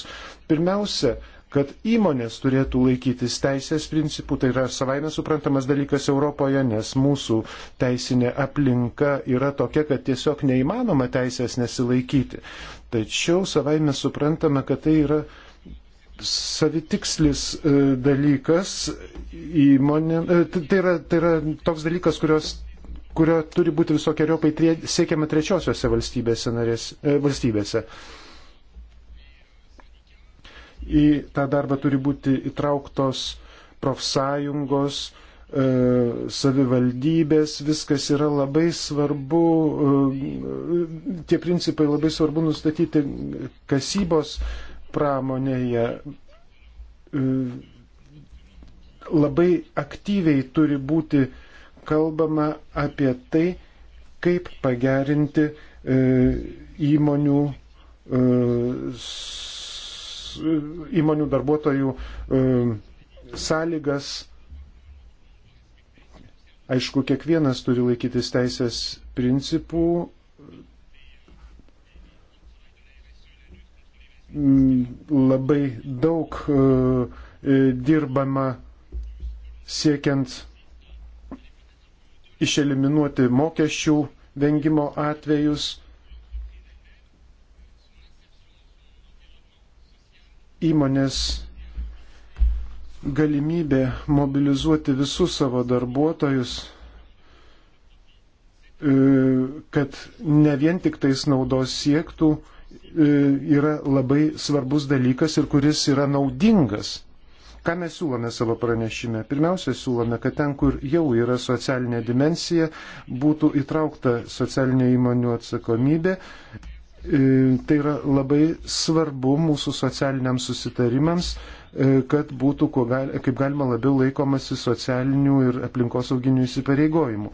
Pirmiausia, kad įmonės turėtų laikytis teisės principų, tai yra savaime suprantamas dalykas Europoje, nes mūsų teisinė aplinka yra tokia, kad tiesiog neįmanoma teisės nesilaikyti. Tačiau savaime suprantame, kad tai yra savitikslis e, dalykas, įmonė, e, tai, tai yra, tai yra toks dalykas, kurios kurio turi būti visokiojopai trie, siekiama trečiosiose valstybėse. Narės, e, valstybėse. Į tą darbą turi būti įtrauktos profsąjungos, e, savivaldybės, viskas yra labai svarbu, e, tie principai labai svarbu nustatyti kasybos pramonėje. E, labai aktyviai turi būti e, kalbama apie tai, kaip pagerinti e, įmonių, e, įmonių darbuotojų e, sąlygas. Aišku, kiekvienas turi laikytis teisės principų. Labai daug dirbama siekiant išeliminuoti mokesčių vengimo atvejus, įmonės galimybė mobilizuoti visus savo darbuotojus, e, kad ne vien tik tais naudos siektų, e, yra labai svarbus dalykas ir kuris yra naudingas Ką mes siūlome savo pranešime? Pirmiausia, siūlome, kad ten, kur jau yra socialinė dimensija, būtų įtraukta socialinė įmonių atsakomybė. E, tai yra labai svarbu mūsų socialiniams susitarimams, E, kad būtų kaip galima labiau laikomasi socialinių ir aplinkosauginių įsipareigojimų.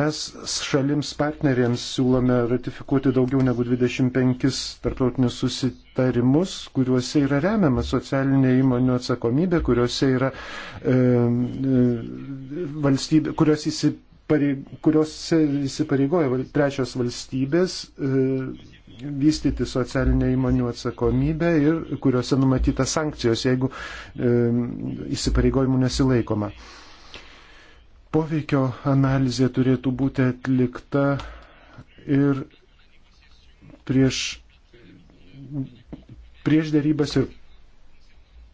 Mes šalims partneriams siūlome ratifikuoti daugiau negu 25 tarptautinius susitarimus, kuriuose yra remiama socialinė įmonių atsakomybė, kuriuose yra e, e, valstybė, kurios įsipareigoja, kurios įsipareigoja trečios valstybės. E, vystyti socialinę įmonių atsakomybę ir kuriuose numatyta sankcijos, jeigu e, įsipareigojimų nesilaikoma. Poveikio analizė turėtų būti atlikta ir prieš, prieš darybas ir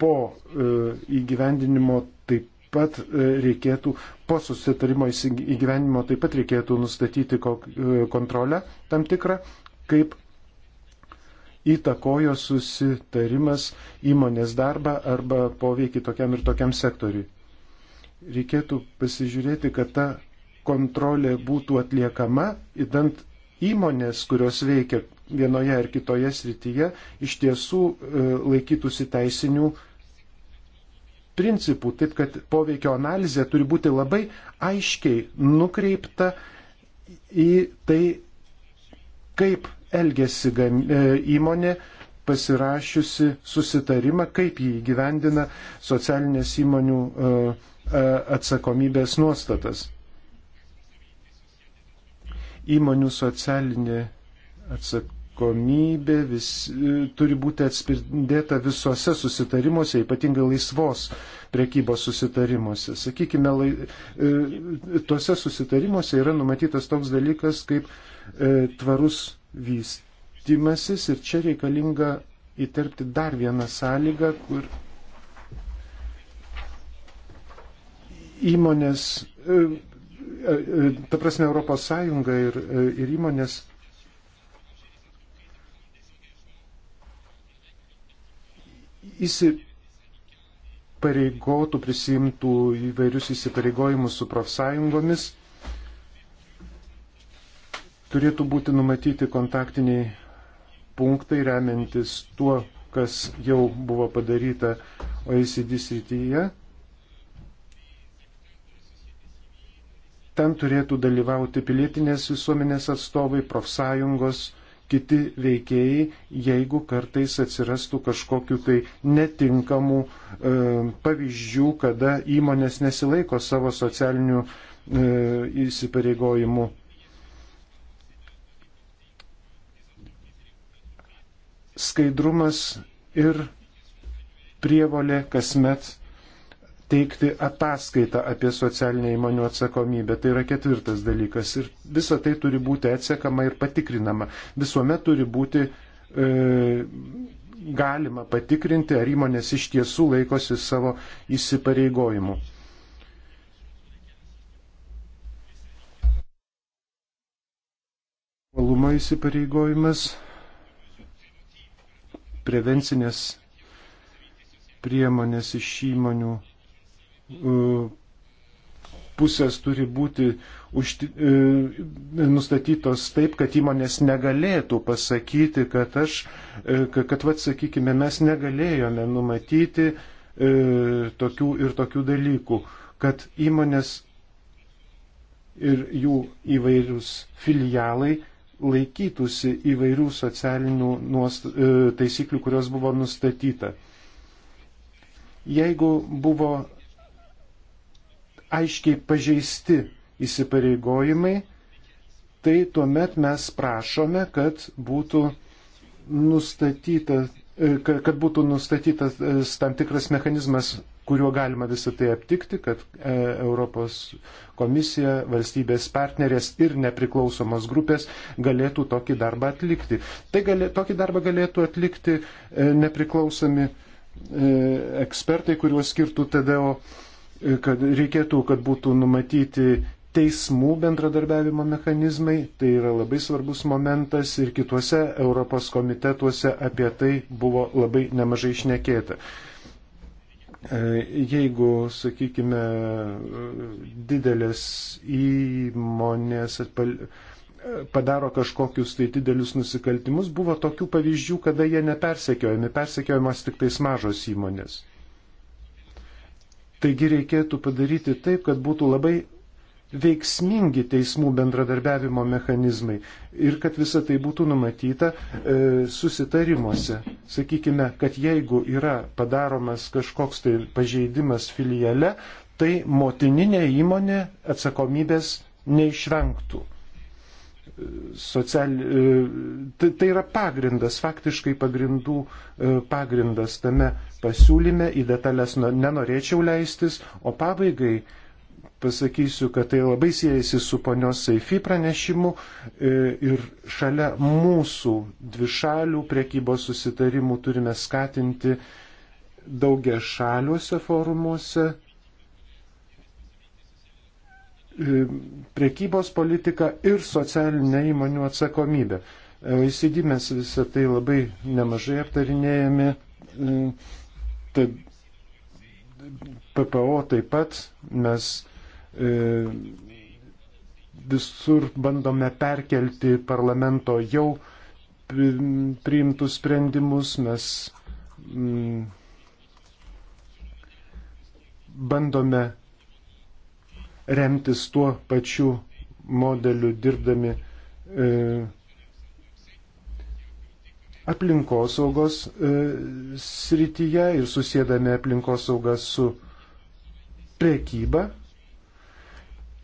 po e, įgyvendinimo taip pat e, reikėtų, po susitarimo įgyvenimo taip pat reikėtų nustatyti e, kontrolę tam tikrą, kaip įtakojo susitarimas įmonės darbą arba poveikį tokiam ir tokiam sektoriui. Reikėtų pasižiūrėti, kad ta kontrolė būtų atliekama, įdant įmonės, kurios veikia vienoje ar kitoje srityje, iš tiesų e, laikytųsi teisinių principų, taip kad poveikio analizė turi būti labai aiškiai nukreipta į tai, kaip elgesi e, įmonė pasirašiusi susitarimą, kaip jį įgyvendina socialinės įmonių e, e, atsakomybės nuostatas. Įmonių socialinė atsakomybė vis, turi būti atspindėta visuose susitarimuose, ypatingai laisvos priekybos susitarimuose. Sakykime, lai, tuose susitarimuose yra numatytas toks dalykas kaip tvarus vystimasis ir čia reikalinga įterpti dar vieną sąlygą, kur įmonės, e, e, e, ta prasme Europos Sąjunga ir, ir įmonės įsipareigotų, prisimtų įvairius įsipareigojimus su profsąjungomis Turėtų būti numatyti kontaktiniai punktai remiantis tuo, kas jau buvo padaryta OECD srityje. Ten turėtų dalyvauti pilietinės visuomenės atstovai, profsąjungos, kiti veikėjai, jeigu kartais atsirastų kažkokiu tai netinkamu e, pavyzdžių, kada įmonės nesilaiko savo socialinių e, įsipareigojimų skaidrumas ir prievolė kasmet teikti ataskaitą apie socialinę įmonių atsakomybę. Tai yra ketvirtas dalykas. Ir visa tai turi būti atsekama ir patikrinama. Visuomet turi būti e, galima patikrinti, ar įmonės iš tiesų laikosi savo įsipareigojimų. Valumo įsipareigojimas prevencinės priemonės iš įmonių e, pusės turi būti užti, e, nustatytos taip, kad įmonės negalėtų pasakyti, kad aš, e, kad, kad vad sakykime, mes negalėjome numatyti e, tokių ir tokių dalykų, kad įmonės ir jų įvairius filialai laikytųsi įvairių socialinių nuost, e, taisyklių, kurios buvo nustatyta. Jeigu buvo aiškiai pažeisti įsipareigojimai, tai tuomet mes prašome, kad būtų nustatyta e, kad būtų nustatytas e, tam tikras mechanizmas kuriuo galima visą tai aptikti, kad e, Europos komisija, valstybės partnerės ir nepriklausomos grupės galėtų tokį darbą atlikti. Tai galė, tokį darbą galėtų atlikti e, nepriklausomi e, ekspertai, kuriuos skirtų TDO, kad reikėtų, kad būtų numatyti teismų bendradarbiavimo mechanizmai, tai yra labai svarbus momentas ir kituose Europos komitetuose apie tai buvo labai nemažai išnekėta. E, jeigu, sakykime, didelės įmonės padaro kažkokius tai didelius nusikaltimus, buvo tokių pavyzdžių, kada jie nepersekiojami, persekiojamas tik tais mažos įmonės. Taigi reikėtų padaryti taip, kad būtų labai veiksmingi teismų bendradarbiavimo mechanizmai ir kad visa tai būtų numatyta e, susitarimuose. Sakykime, kad jeigu yra padaromas kažkoks tai pažeidimas filiale, tai motininė įmonė atsakomybės neišvengtų. E, social, e, tai, tai yra pagrindas, faktiškai pagrindų e, pagrindas tame pasiūlyme, į detalės nenorėčiau leistis, o pabaigai pasakysiu, kad tai labai siejasi su ponios Seifi pranešimu e, ir šalia mūsų dvišalių priekybos susitarimų turime skatinti daugia šaliuose forumuose e, priekybos politiką ir socialinę įmonių atsakomybę. E, OECD mes visą tai labai nemažai aptarinėjame. Tad PPO taip pat mes E, visur bandome perkelti parlamento jau priimtus sprendimus, mes mm, bandome remtis tuo pačiu modeliu dirbdami e, aplinkosaugos e, srityje ir susėdami aplinkosaugą su priekyba,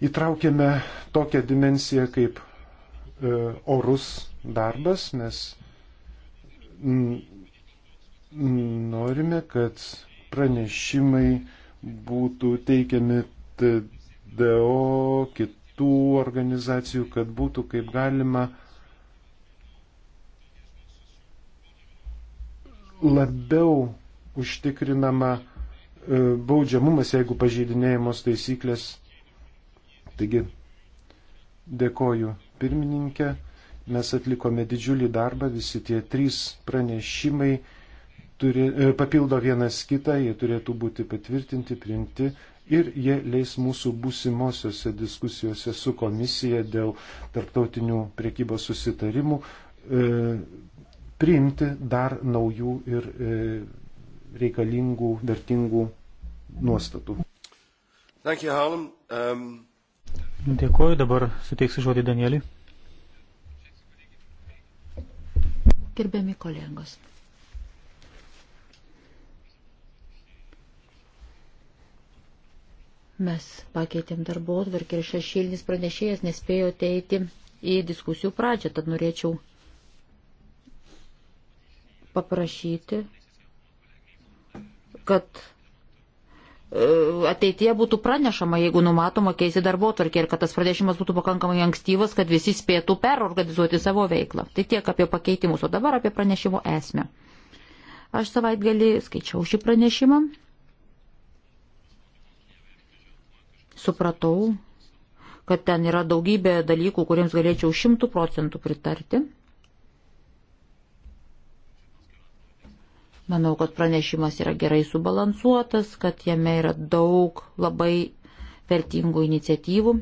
įtraukėme tokią dimensiją kaip e, orus darbas, mes norime, kad pranešimai būtų teikiami TDO, kitų organizacijų, kad būtų kaip galima labiau užtikrinama e, baudžiamumas, jeigu pažydinėjimos taisyklės Taigi, dėkoju pirmininkė, mes atlikome didžiulį darbą, visi tie trys pranešimai turi, e, papildo vienas kitą, jie turėtų būti patvirtinti, priimti ir jie leis mūsų būsimosiose diskusijose su komisija dėl tarptautinių priekybos susitarimų e, priimti dar naujų ir e, reikalingų, vertingų nuostatų. Thank you, Harlem. Um... Dėkuoju, dabar suteiksiu žodį Danielį. Gerbiami kolegos. Mes pakeitėm darbo atvarkį ir šešėlinis pranešėjas nespėjo ateiti į diskusijų pradžią, tad norėčiau paprašyti, kad ateitie būtų pranešama, jeigu numatoma keisti darbo tvarkį ir kad tas pranešimas būtų pakankamai ankstyvas, kad visi spėtų perorganizuoti savo veiklą. Tai tiek apie pakeitimus, o dabar apie pranešimo esmę. Aš savaitgalį skaičiau šį pranešimą. Supratau, kad ten yra daugybė dalykų, kuriems galėčiau šimtų procentų pritarti. Manau, kad pranešimas yra gerai subalansuotas, kad jame yra daug labai vertingų iniciatyvų.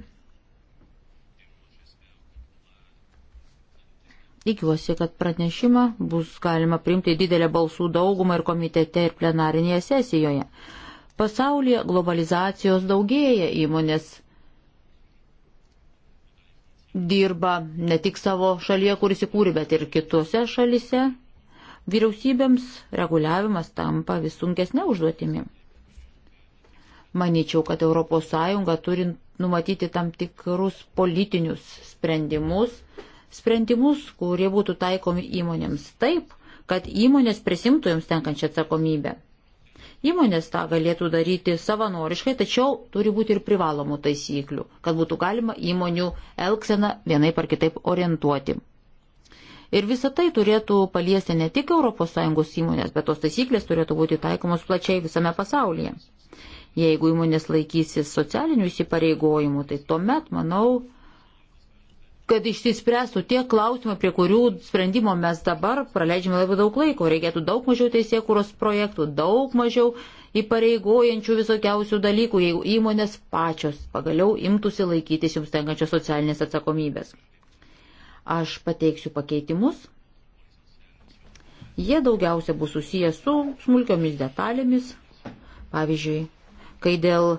Tikiuosi, kad pranešimą bus galima priimti didelę balsų daugumą ir komitete, ir plenarinėje sesijoje. Pasaulyje globalizacijos daugėja įmonės dirba ne tik savo šalyje, kuris įkūrė, bet ir kitose šalise, Vyriausybėms reguliavimas tampa vis sunkesnė užduotimi. Maničiau, kad ES turi numatyti tam tikrus politinius sprendimus, sprendimus, kurie būtų taikomi įmonėms taip, kad įmonės prisimtų jums tenkančią atsakomybę. Įmonės tą galėtų daryti savanoriškai, tačiau turi būti ir privalomų taisyklių, kad būtų galima įmonių elkseną vienai par kitaip orientuoti. Ir visą tai turėtų paliesti ne tik ES įmonės, bet tos taisyklės turėtų būti taikomos plačiai visame pasaulyje. Jeigu įmonės laikysis socialinių įsipareigojimų, tai tuomet, manau, kad išsispręstų tie klausimai, prie kurių sprendimo mes dabar praleidžiame labai daug laiko. Reikėtų daug mažiau teisėkūros projektų, daug mažiau įpareigojančių visokiausių dalykų, jeigu įmonės pačios pagaliau imtųsi laikytis jums tenkančios socialinės atsakomybės. Aš pateiksiu pakeitimus. Jie daugiausia bus susijęs su smulkiomis detalėmis, pavyzdžiui, kai dėl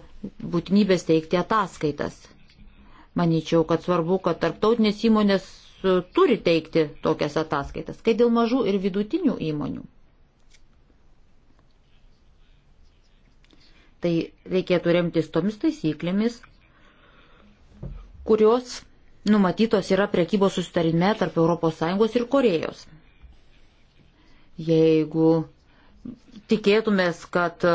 būtinybės teikti ataskaitas. Maničiau, kad svarbu, kad tarptautinės įmonės e, turi teikti tokias ataskaitas, kai dėl mažų ir vidutinių įmonių. Tai reikėtų remtis tomis taisyklėmis, kurios numatytos yra priekybos sustarime tarp ES ir Korejos. Jeigu tikėtumės, kad e,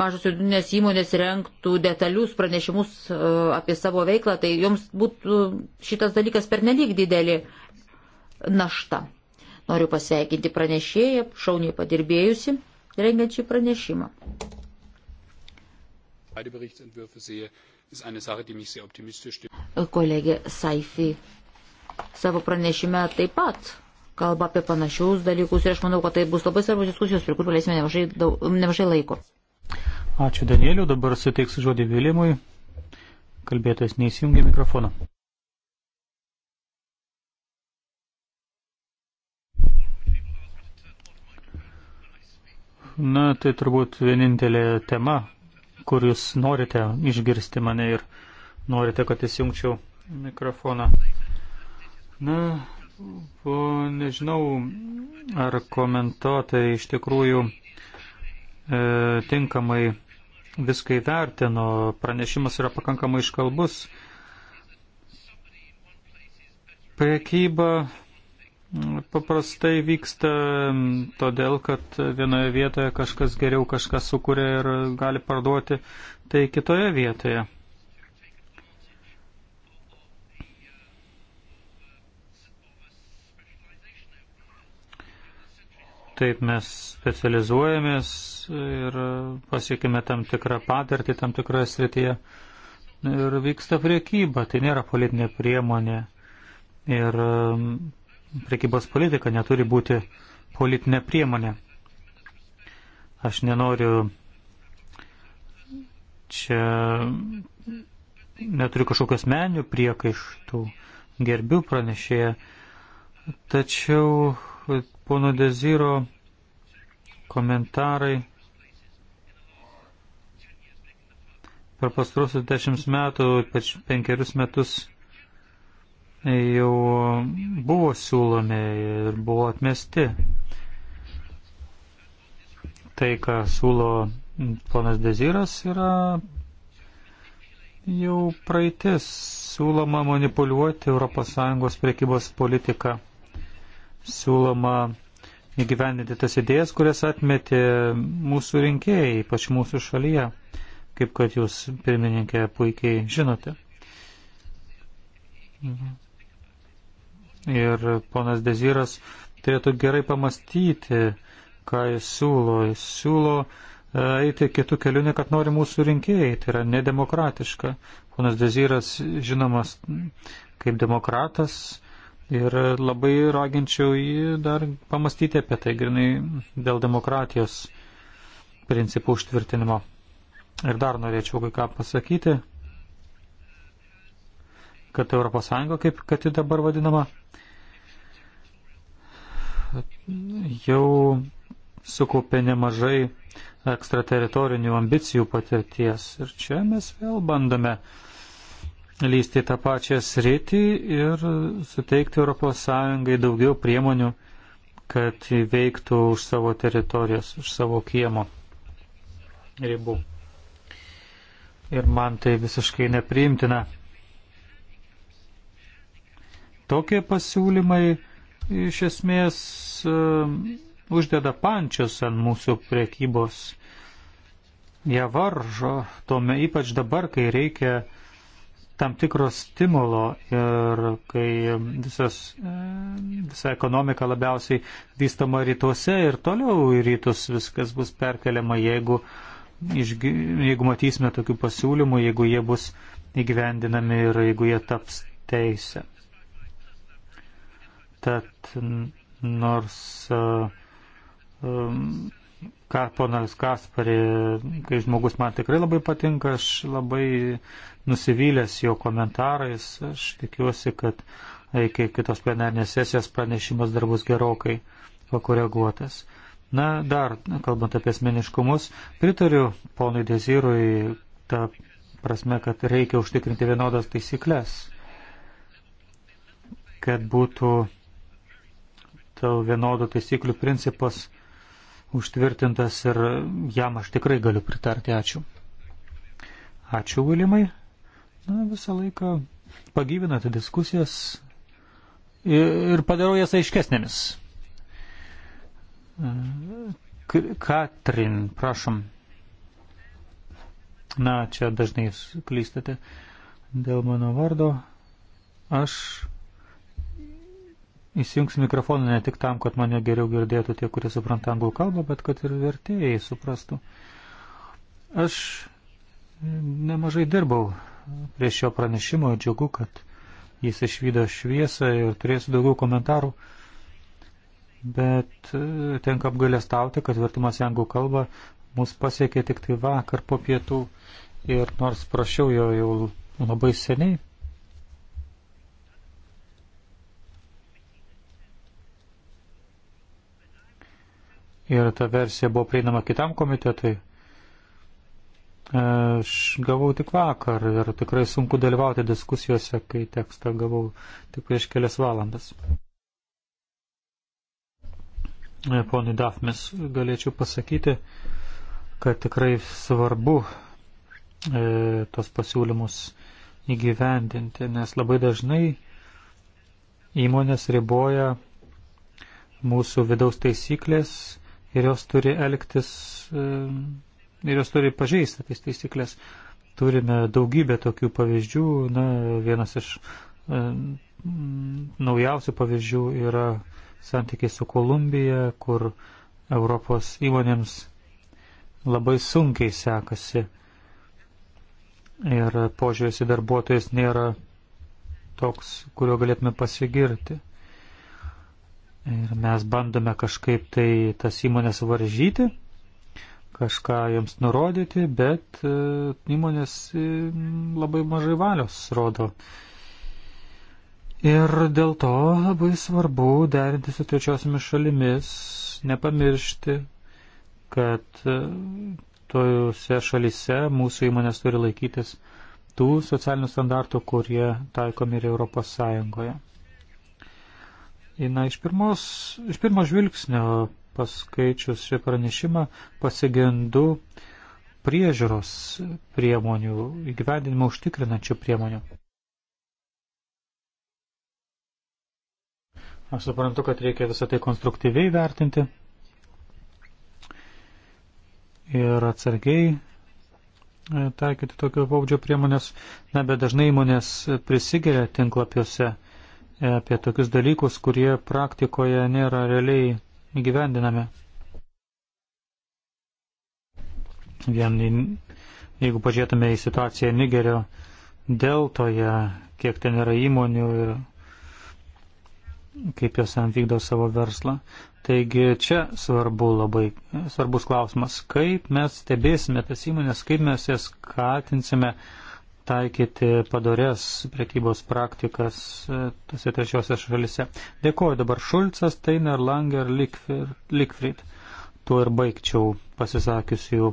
mažos vidutinės įmonės renktų detalius pranešimus e, apie savo veiklą, tai joms būtų šitas dalykas pernelyg didelį naštą. Noriu pasveikinti pranešėją, šauniai padirbėjusi, rengiant šį pranešimą. Beide Berichtsentwürfe sehe, ist eine Sache, die mich sehr optimistisch stimmt. Kolegė Saifi savo pranešime taip pat kalba apie panašius dalykus ir aš manau, kad tai bus labai svarbus diskusijos, prie kurių leisime nemažai, daug, nemažai laiko. Ačiū Danieliu, dabar suteiksiu žodį Vilimui. Kalbėtojas neįsijungia mikrofoną. Na, tai turbūt vienintelė tema, kur jūs norite išgirsti mane ir norite, kad įsijungčiau mikrofoną. Na, po, nežinau, ar komentuotojai iš tikrųjų e, tinkamai viską įvertino. Pranešimas yra pakankamai iškalbus. Prekyba paprastai vyksta todėl, kad vienoje vietoje kažkas geriau kažką sukuria ir gali parduoti tai kitoje vietoje. Taip mes specializuojamės ir pasiekime tam tikrą patirtį tam tikroje srityje. Ir vyksta priekyba, tai nėra politinė priemonė. Ir prekybos politika neturi būti politinė priemonė. Aš nenoriu čia, neturiu kažkokios menių priekaištų, gerbiu pranešėją, tačiau pono Deziro komentarai per pastrosius dešimt metų, ypač penkerius metus jau buvo siūlomi ir buvo atmesti. Tai, ką siūlo ponas Deziras, yra jau praeitis. Siūloma manipuliuoti ES priekybos politiką. Siūloma įgyvendinti tas idėjas, kurias atmetė mūsų rinkėjai, ypač mūsų šalyje, kaip kad jūs, pirmininkė, puikiai žinote. Mhm ir ponas Deziras turėtų gerai pamastyti, ką jis siūlo. Jis siūlo e, eiti kitų kelių, ne kad nori mūsų rinkėjai, tai yra nedemokratiška. Ponas Deziras žinomas kaip demokratas ir labai raginčiau jį dar pamastyti apie tai, grinai dėl demokratijos principų užtvirtinimo. Ir dar norėčiau kai ką pasakyti, kad ES, kaip kad ji dabar vadinama, jau sukaupė nemažai ekstrateritorinių ambicijų patirties. Ir čia mes vėl bandome lysti tą pačią sritį ir suteikti ES daugiau priemonių, kad veiktų už savo teritorijos, už savo kiemo ribų. Ir man tai visiškai nepriimtina. Tokie pasiūlymai iš esmės e, uždeda pančius ant mūsų priekybos. Jie varžo, tuome ypač dabar, kai reikia tam tikro stimulo ir kai visas, e, visa ekonomika labiausiai vystoma rytuose ir toliau į rytus viskas bus perkeliama, jeigu, jeigu matysime tokių pasiūlymų, jeigu jie bus įgyvendinami ir jeigu jie taps teisę. Tad nors ką ponas Kasparė, kai žmogus man tikrai labai patinka, aš labai nusivylęs jo komentarais, aš tikiuosi, kad iki e, kitos plenarnės sesijos pranešimas dar bus gerokai pakoreguotas. Na, dar, kalbant apie asmeniškumus, pritariu ponui Dezirui tą prasme, kad reikia užtikrinti vienodas taisyklės, kad būtų dėl vienodo taisyklių principas užtvirtintas ir jam aš tikrai galiu pritarti. Ačiū. Ačiū, Vilimai. Na, visą laiką pagyvinate diskusijas ir, ir padarau jas aiškesnėmis. Katrin, prašom. Na, čia dažnai klystate dėl mano vardo. Aš įsijungsiu mikrofoną ne tik tam, kad mane geriau girdėtų tie, kurie supranta anglų kalbą, bet kad ir vertėjai suprastų. Aš nemažai dirbau prie šio pranešimo, džiugu, kad jis išvydo šviesą ir turėsiu daugiau komentarų, bet e, tenka apgailestauti, kad vertimas į anglų kalbą mus pasiekė tik tai vakar po pietų ir nors prašiau jo jau labai seniai, ir ta versija buvo prieinama kitam komitetui. E, aš gavau tik vakar ir tikrai sunku dalyvauti diskusijose, kai tekstą gavau tik prieš kelias valandas. E, ponui Dafmes galėčiau pasakyti, kad tikrai svarbu e, tos pasiūlymus įgyvendinti, nes labai dažnai įmonės riboja mūsų vidaus taisyklės ir jos turi elgtis, ir jos turi pažeisti tais taisyklės. Turime daugybę tokių pavyzdžių, na, vienas iš naujausių pavyzdžių yra santykiai su Kolumbija, kur Europos įmonėms labai sunkiai sekasi ir požiūrės į darbuotojus nėra toks, kurio galėtume pasigirti. Ir mes bandome kažkaip tai tas įmonės varžyti, kažką jiems nurodyti, bet e, įmonės e, labai mažai valios rodo. Ir dėl to labai svarbu derinti su trečiosiomis šalimis, nepamiršti, kad e, tose šalise mūsų įmonės turi laikytis tų socialinių standartų, kurie taikomi ir Europos Sąjungoje. E, na, iš, pirmos, iš pirmo žvilgsnio paskaičius šį pranešimą pasigendu priežiūros priemonių, įgyvendinimą užtikrinančių priemonių. Aš suprantu, kad reikia visą tai konstruktyviai vertinti ir atsargiai e, taikyti tokio paudžio priemonės, na, bet dažnai įmonės prisigeria tinklapiuose apie tokius dalykus, kurie praktikoje nėra realiai įgyvendinami. Vien jeigu pažiūrėtume į situaciją Nigerio deltoje, kiek ten yra įmonių ir kaip jos ten vykdo savo verslą. Taigi čia svarbu labai, svarbus klausimas, kaip mes stebėsime tas įmonės, kaip mes jas skatinsime uh, taikyti padorės prekybos praktikas e, tose trečiose šalise. Dėkuoju dabar Šulcas, Teiner, Langer, Likfrid. Tuo ir baigčiau pasisakiusių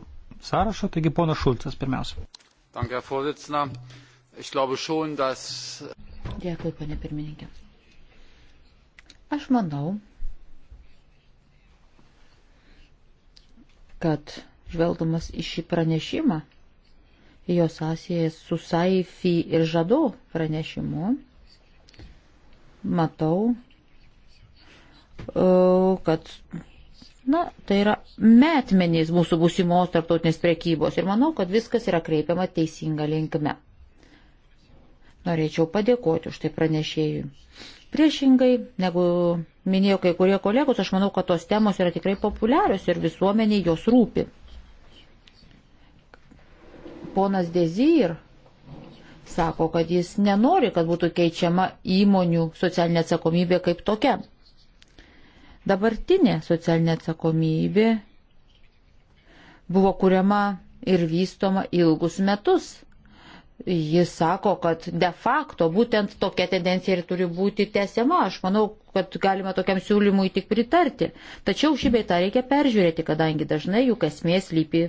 sąrašą, taigi ponas Šulcas pirmiausia. Dėkui, panė pirmininkė. Aš manau, kad žvelgdamas į šį pranešimą, jos sąsijas su Saifi ir Žado pranešimu. Matau, uh, kad na, tai yra metmenys mūsų būsimos tarptautinės prekybos ir manau, kad viskas yra kreipiama teisinga linkme. Norėčiau padėkoti už tai pranešėjui. Priešingai, negu minėjo kai kurie kolegos, aš manau, kad tos temos yra tikrai populiarios ir visuomeniai jos rūpi. Ponas Dezir sako, kad jis nenori, kad būtų keičiama įmonių socialinė atsakomybė kaip tokia. Dabartinė socialinė atsakomybė buvo kuriama ir vystoma ilgus metus. Jis sako, kad de facto būtent tokia tendencija ir turi būti tęsiama. Aš manau, kad galima tokiam siūlymui tik pritarti. Tačiau šį beitą reikia peržiūrėti, kadangi dažnai juk esmės lypi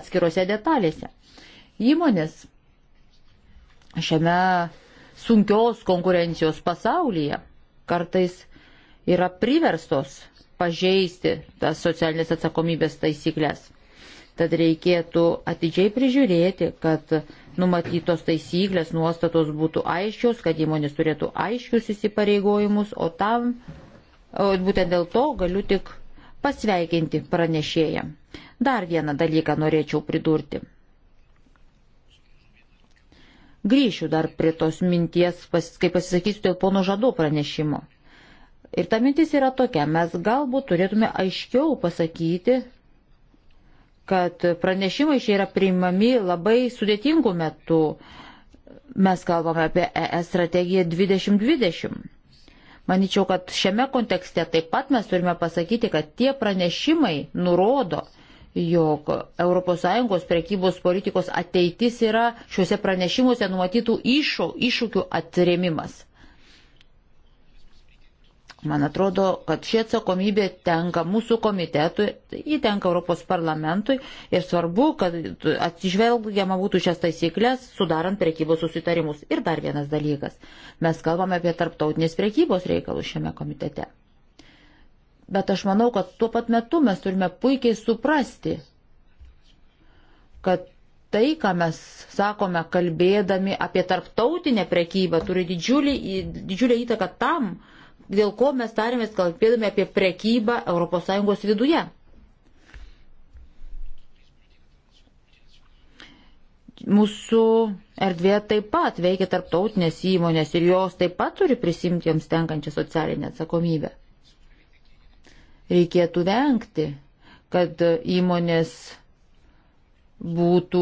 atskirose detalėse. Įmonės šiame sunkios konkurencijos pasaulyje kartais yra priverstos pažeisti tas socialinės atsakomybės taisyklės. Tad reikėtų atidžiai prižiūrėti, kad numatytos taisyklės, nuostatos būtų aiškios, kad įmonės turėtų aiškius įsipareigojimus, o tam, o būtent dėl to galiu tik pasveikinti pranešėją. Dar vieną dalyką norėčiau pridurti. Grįšiu dar prie tos minties, pas, kai pasisakysiu dėl pono žadų pranešimo. Ir ta mintis yra tokia, mes galbūt turėtume aiškiau pasakyti, kad pranešimai čia yra priimami labai sudėtingų metų. Mes kalbame apie ES strategiją 2020. Maničiau, kad šiame kontekste taip pat mes turime pasakyti, kad tie pranešimai nurodo, jog ES prekybos politikos ateitis yra šiuose pranešimuose numatytų iššū, iššūkių atremimas. Man atrodo, kad ši atsakomybė tenka mūsų komitetui, jį tenka Europos parlamentui ir svarbu, kad atsižvelgiama būtų šias taisyklės, sudarant prekybos susitarimus. Ir dar vienas dalykas. Mes kalbame apie tarptautinės prekybos reikalus šiame komitete. Bet aš manau, kad tuo pat metu mes turime puikiai suprasti, kad tai, ką mes sakome kalbėdami apie tarptautinę prekybą, turi didžiulį, didžiulę įtaką tam, dėl ko mes tarėmės kalbėdami apie prekybą ES viduje. mūsų erdvėje taip pat veikia tarptautinės įmonės ir jos taip pat turi prisimti joms tenkančią socialinę atsakomybę reikėtų vengti, kad įmonės būtų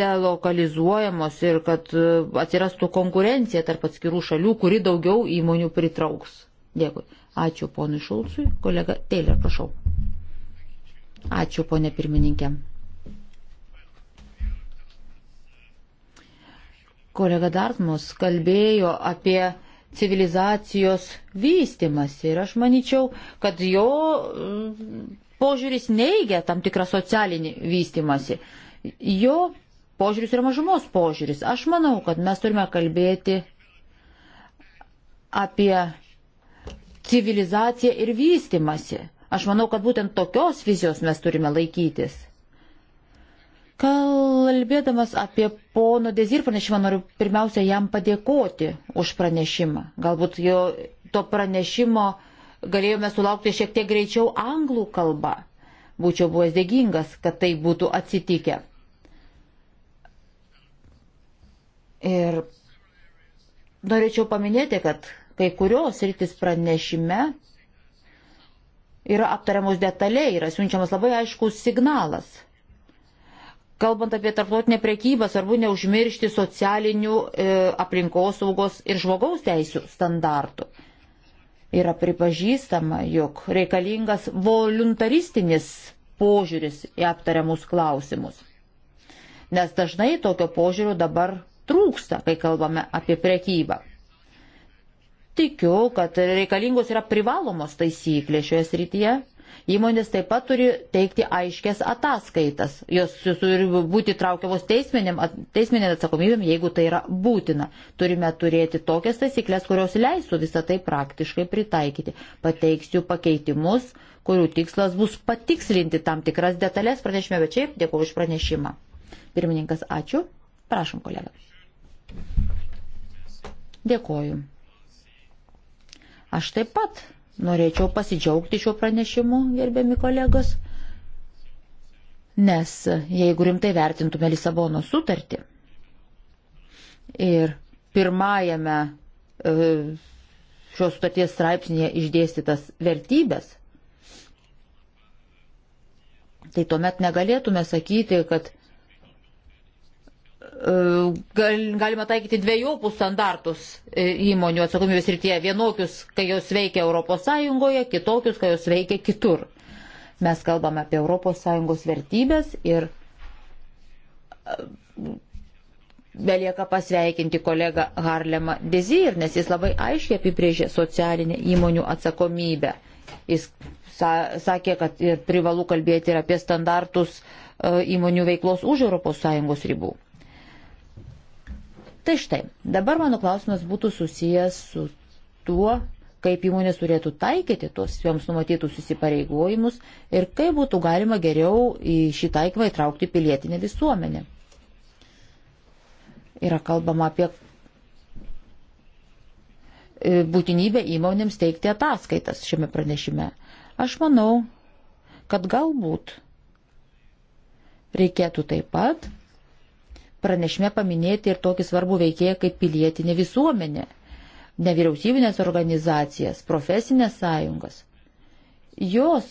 delokalizuojamos ir kad atsirastų konkurencija tarp atskirų šalių, kuri daugiau įmonių pritrauks. Dėkui. Ačiū ponui Šulcui. Kolega Taylor, prašau. Ačiū ponė pirmininkė. Kolega Dartmus kalbėjo apie civilizacijos vystimas. Ir aš manyčiau, kad jo mm, požiūris neigia tam tikrą socialinį vystimasi. Jo požiūris yra mažumos požiūris. Aš manau, kad mes turime kalbėti apie civilizaciją ir vystimasi. Aš manau, kad būtent tokios vizijos mes turime laikytis. Kalbėdamas apie pono Dezir pranešimą, noriu pirmiausia jam padėkoti už pranešimą. Galbūt jo to pranešimo galėjome sulaukti šiek tiek greičiau anglų kalba. Būčiau buvęs dėkingas, kad tai būtų atsitikę. Ir norėčiau paminėti, kad kai kurios rytis pranešime yra aptariamos detaliai, yra siunčiamas labai aiškus signalas kalbant apie tarptautinę prekybą, svarbu neužmiršti socialinių e, aplinkosaugos ir žmogaus teisų standartų. Yra pripažįstama, jog reikalingas voluntaristinis požiūris į aptariamus klausimus. Nes dažnai tokio požiūrio dabar trūksta, kai kalbame apie prekybą. Tikiu, kad reikalingos yra privalomos taisyklės šioje srityje, Įmonės taip pat turi teikti aiškės ataskaitas. Jos turi būti traukiamos teisminėm, teisminėm atsakomybėm, jeigu tai yra būtina. Turime turėti tokias taisyklės, kurios leisų visą tai praktiškai pritaikyti. Pateiksiu pakeitimus, kurių tikslas bus patikslinti tam tikras detalės pranešime, bet šiaip dėkuoju už pranešimą. Pirmininkas, ačiū. Prašom, kolega. Dėkuoju. Aš taip pat Norėčiau pasidžiaugti šiuo pranešimu, gerbiami kolegos, nes jeigu rimtai vertintume Lisabono sutartį ir pirmajame e, šios sutarties straipsnėje išdėstytas vertybės, tai tuomet negalėtume sakyti, kad E, gal, galima taikyti dviejopus standartus e, įmonių atsakomybės rytyje. Vienokius, kai jos veikia ES, kitokius, kai jos veikia kitur. Mes kalbame apie ES vertybės ir e, belieka pasveikinti kolegą Harlemą Dezir, nes jis labai aiškiai apibrėžė socialinę įmonių atsakomybę. Jis sakė, kad privalu kalbėti ir apie standartus įmonių veiklos už ES ribų. Tai štai, dabar mano klausimas būtų susijęs su tuo, kaip įmonės turėtų taikyti tuos joms numatytus įsipareigojimus ir kaip būtų galima geriau į šį taikymą įtraukti pilietinę visuomenę. Yra kalbama apie e, būtinybę įmonėms teikti ataskaitas šiame pranešime. Aš manau, kad galbūt reikėtų taip pat pranešime paminėti ir tokį svarbų veikėją kaip pilietinė visuomenė, nevyriausybinės organizacijas, profesinės sąjungas. Jos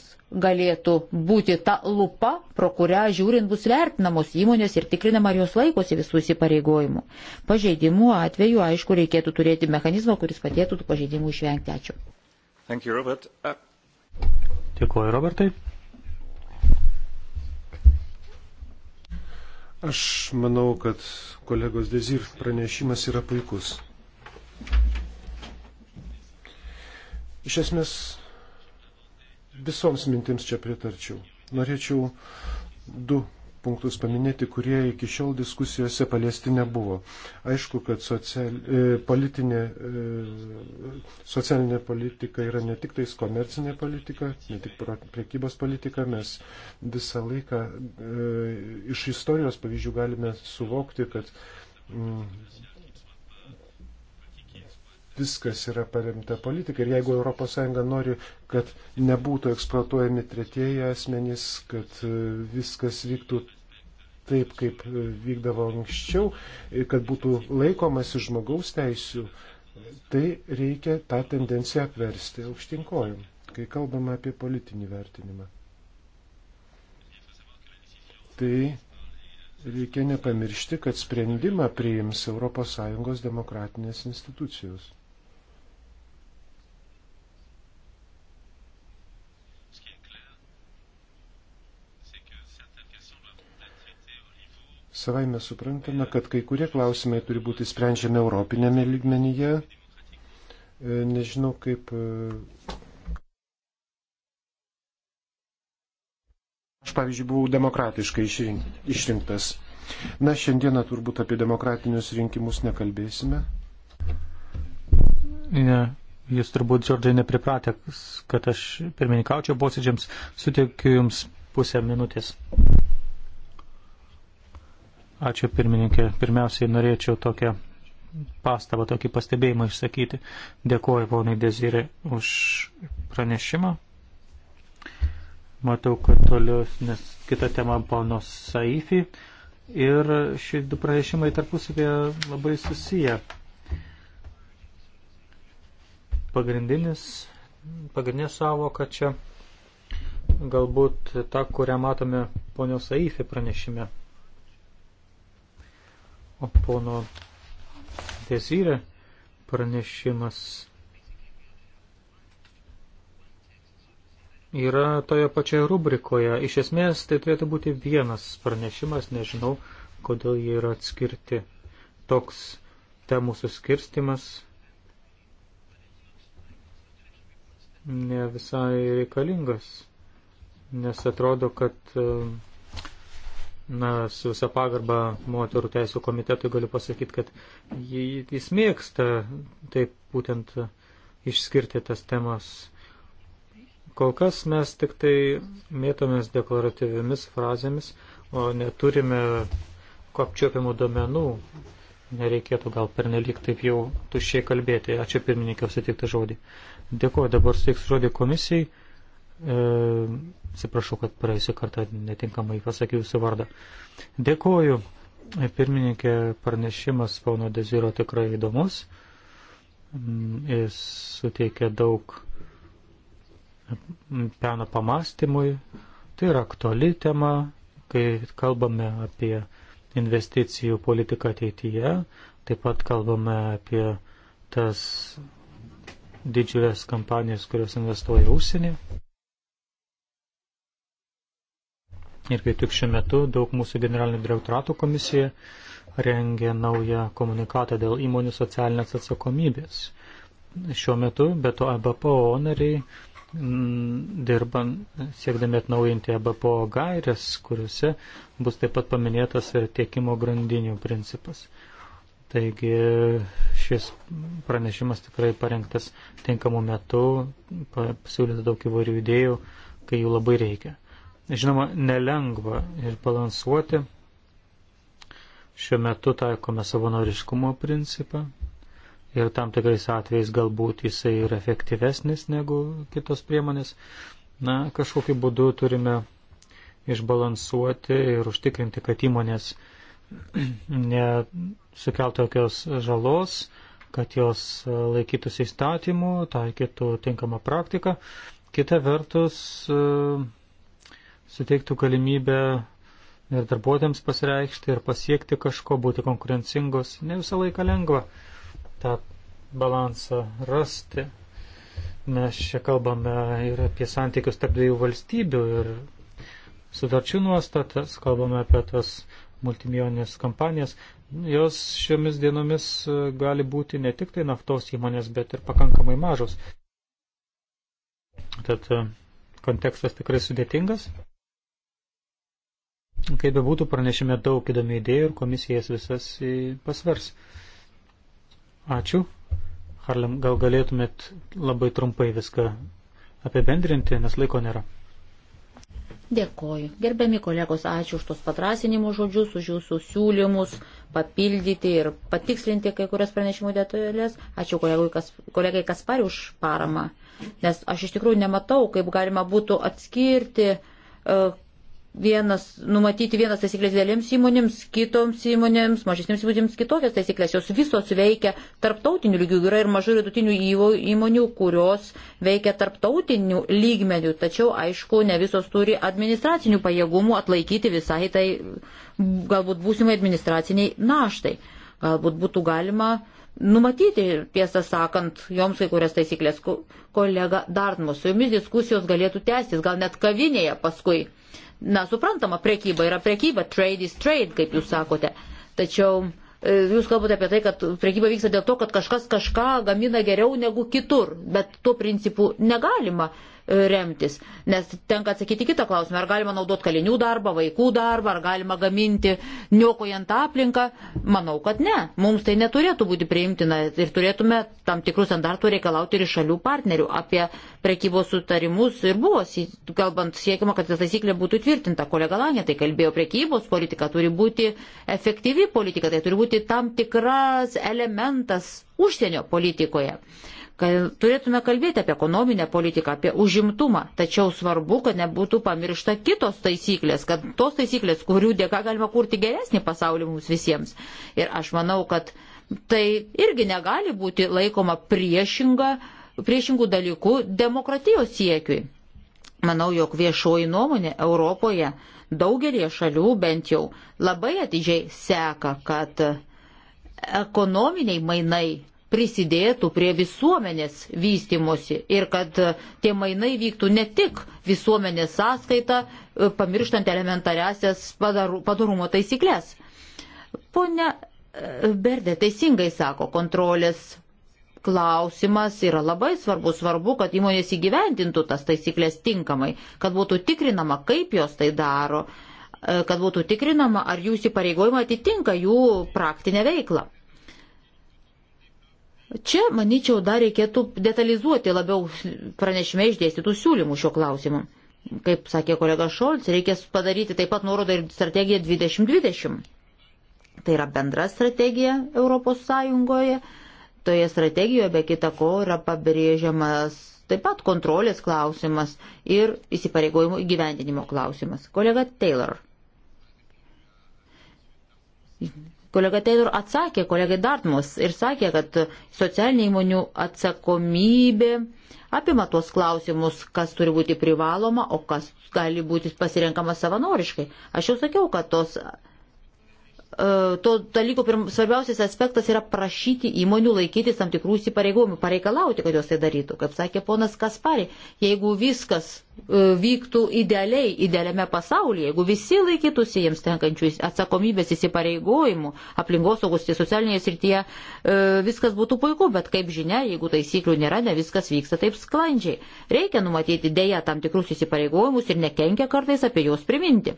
galėtų būti ta lupa, pro kurią žiūrint bus vertinamos įmonės ir tikrinama, ar jos laikosi visų įsipareigojimų. Pažeidimų atveju, aišku, reikėtų turėti mechanizmą, kuris padėtų tų pažeidimų išvengti. Ačiū. You, Robert. uh... Dėkuoju, Robertai. Aš manau, kad kolegos Dezir pranešimas yra puikus. Iš esmės visoms mintims čia pritarčiau. Norėčiau du punktus paminėti, kurie iki šiol diskusijose paliesti nebuvo. Aišku, kad social, e, politinė, e, socialinė politika yra ne tik tais komercinė politika, ne tik priekybos politika, mes visą laiką e, iš istorijos pavyzdžių galime suvokti, kad mm, viskas yra paremta politika. Ir jeigu ES nori, kad nebūtų eksploatuojami tretieji asmenys, kad e, viskas vyktų taip, kaip e, vykdavo anksčiau, e, kad būtų laikomasi žmogaus teisų, tai reikia tą tendenciją apversti aukštinkojom, kai kalbama apie politinį vertinimą. Tai reikia nepamiršti, kad sprendimą priims ES demokratinės institucijos. Savai mes suprantame, kad kai kurie klausimai turi būti sprendžiami europinėme lygmenyje. E, nežinau, kaip. E, aš, pavyzdžiui, buvau demokratiškai išrinktas. Na, šiandieną turbūt apie demokratinius rinkimus nekalbėsime. Ne, jūs turbūt, Džordžiai, nepripratę, kad aš pirmininkaučiau posėdžiams, suteikiu jums pusę minutės. Ačiū pirmininkė. Pirmiausiai norėčiau tokią pastabą, tokį pastebėjimą išsakyti. Dėkuoju ponai Dezirė už pranešimą. Matau, kad toliau, nes kita tema pono Saifi. Ir šie du pranešimai tarpusavėje labai susiję. Pagrindinis, pagrindinė savoka čia galbūt ta, kurią matome ponios Saifi pranešime O pono Desirė pranešimas yra toje pačioje rubrikoje. Iš esmės tai turėtų būti vienas pranešimas, nežinau, kodėl jie yra atskirti. Toks temų suskirstimas ne visai reikalingas, nes atrodo, kad na, su visą pagarbą moterų teisų komitetui galiu pasakyti, kad jis mėgsta taip būtent išskirti tas temas. Kol kas mes tik tai mėtomės deklaratyvimis frazėmis, o neturime apčiopiamų domenų. Nereikėtų gal pernelyg taip jau tušiai kalbėti. Ačiū pirmininkiausi tik tą žodį. Dėkuoju, dabar suteiksiu žodį komisijai. E, atsiprašau, kad praėjusią kartą netinkamai pasakiau jūsų vardą. Dėkuoju. Pirmininkė pranešimas Pauno Deziro tikrai įdomus. Mm, jis suteikia daug peno pamastymui. Tai yra aktuali tema, kai kalbame apie investicijų politiką ateityje. Taip pat kalbame apie tas didžiulės kampanijas, kurios investuoja užsienį. Ir kaip tik šiuo metu daug mūsų generalinių direktoratų komisija rengia naują komunikatą dėl įmonių socialinės atsakomybės. Šiuo metu, be to, ABPO e nariai mm, dirba siekdami atnaujinti ABPO e gairias, kuriuose bus taip pat paminėtas ir tiekimo grandinių principas. Taigi šis pranešimas tikrai parengtas tinkamu metu, pasiūlyta daug įvairių idėjų, kai jų labai reikia. Žinoma, nelengva ir balansuoti. Šiuo metu taikome savanoriškumo principą ir tam tikrais atvejais galbūt jisai yra efektyvesnis negu kitos priemonės. Na, kažkokiu būdu turime išbalansuoti ir užtikrinti, kad įmonės [clears throat] nesukeltų jokios žalos, kad jos laikytųsi įstatymų, taikytų tinkamą praktiką. Kita vertus, suteiktų galimybę ir darbuotėms pasireikšti, ir pasiekti kažko, būti konkurencingos. Ne visą laiką lengva tą balansą rasti. Mes čia kalbame ir apie santykius tarp dviejų valstybių, ir sudarčių nuostatas, kalbame apie tas multimiljonės kampanijas. Jos šiomis dienomis gali būti ne tik tai naftos įmonės, bet ir pakankamai mažos. Tad kontekstas tikrai sudėtingas. Kaip be būtų, pranešime daug įdomių idėjų ir komisijas visas pasvers. Ačiū. Harlem, gal galėtumėt labai trumpai viską apibendrinti, nes laiko nėra. Dėkoju. Gerbiami kolegos, ačiū už tos patrasinimo žodžius, už jūsų siūlymus papildyti ir patikslinti kai kurias pranešimų detalės. Ačiū kas, kolegai Kaspari už paramą, nes aš iš tikrųjų nematau, kaip galima būtų atskirti e, vienas, numatyti vienas taisyklės dėlėms įmonėms, kitoms įmonėms, mažesnėms įmonėms kitokias taisyklės. Jos visos veikia tarptautiniu lygiu. Yra ir mažų rytutinių įmonių, kurios veikia tarptautiniu lygmeniu, tačiau aišku, ne visos turi administracinių pajėgumų atlaikyti visai tai galbūt būsimai administraciniai naštai. Galbūt būtų galima numatyti, tiesą sakant, joms kai kurias taisyklės. Kolega Dartmus, su jumis diskusijos galėtų tęstis, gal net kavinėje paskui Na, suprantama, priekyba yra priekyba, trade is trade, kaip jūs sakote. Tačiau e, jūs kalbate apie tai, kad priekyba vyksta dėl to, kad kažkas kažką gamina geriau negu kitur, bet tuo principu negalima remtis. Nes tenka atsakyti kitą klausimą, ar galima naudoti kalinių darbą, vaikų darbą, ar galima gaminti niokojant aplinką. Manau, kad ne. Mums tai neturėtų būti priimtina ir turėtume tam tikrų standartų reikalauti ir iš šalių partnerių. Apie prekybos sutarimus ir buvo, kalbant, siekiama, kad ta taisyklė būtų tvirtinta. Kolega Langė tai kalbėjo, prekybos politika turi būti efektyvi politika, tai turi būti tam tikras elementas užsienio politikoje. Uh, Turėtume kalbėti apie ekonominę politiką, apie užimtumą, tačiau svarbu, kad nebūtų pamiršta kitos taisyklės, kad tos taisyklės, kurių dėka galima kurti geresnį pasaulį mums visiems. Ir aš manau, kad tai irgi negali būti laikoma priešinga, priešingų dalykų demokratijos siekiui. Manau, jog viešoji nuomonė Europoje daugelie šalių bent jau labai atidžiai seka, kad ekonominiai mainai prisidėtų prie visuomenės vystimosi ir kad e, tie mainai vyktų ne tik visuomenės sąskaita, e, pamirštant elementariasias padarumo taisyklės. Pone e, Berdė teisingai sako, kontrolės klausimas yra labai svarbus, svarbu, kad įmonės įgyvendintų tas taisyklės tinkamai, kad būtų tikrinama, kaip jos tai daro, kad būtų tikrinama, ar jų įsipareigojimai atitinka jų praktinę veiklą. Čia, manyčiau, dar reikėtų detalizuoti labiau pranešime išdėstytų siūlymų šio klausimu. Kaip sakė kolega Šolts, reikės padaryti taip pat nuorodą ir strategiją 2020. Tai yra bendra strategija Europos Sąjungoje. Toje strategijoje be kita ko yra pabrėžiamas taip pat kontrolės klausimas ir įsipareigojimų įgyvendinimo klausimas. Kolega Taylor. Kolega Taylor atsakė, kolegai Dartmus, ir sakė, kad socialinė įmonių atsakomybė apima tuos klausimus, kas turi būti privaloma, o kas gali būti pasirenkama savanoriškai. Aš jau sakiau, kad tos E, to dalyko svarbiausias aspektas yra prašyti įmonių laikytis tam tikrų įsipareigojimų, pareikalauti, kad jos tai darytų. Kaip sakė ponas Kaspari, jeigu viskas e, vyktų idealiai, idealiame pasaulyje, jeigu visi laikytųsi jiems tenkančių atsakomybės įsipareigojimų, aplinkosaugos ir socialinėje srityje, e, viskas būtų puiku, bet kaip žinia, jeigu taisyklių nėra, ne viskas vyksta taip sklandžiai. Reikia numatyti dėja tam tikrus įsipareigojimus ir nekenkia kartais apie juos priminti.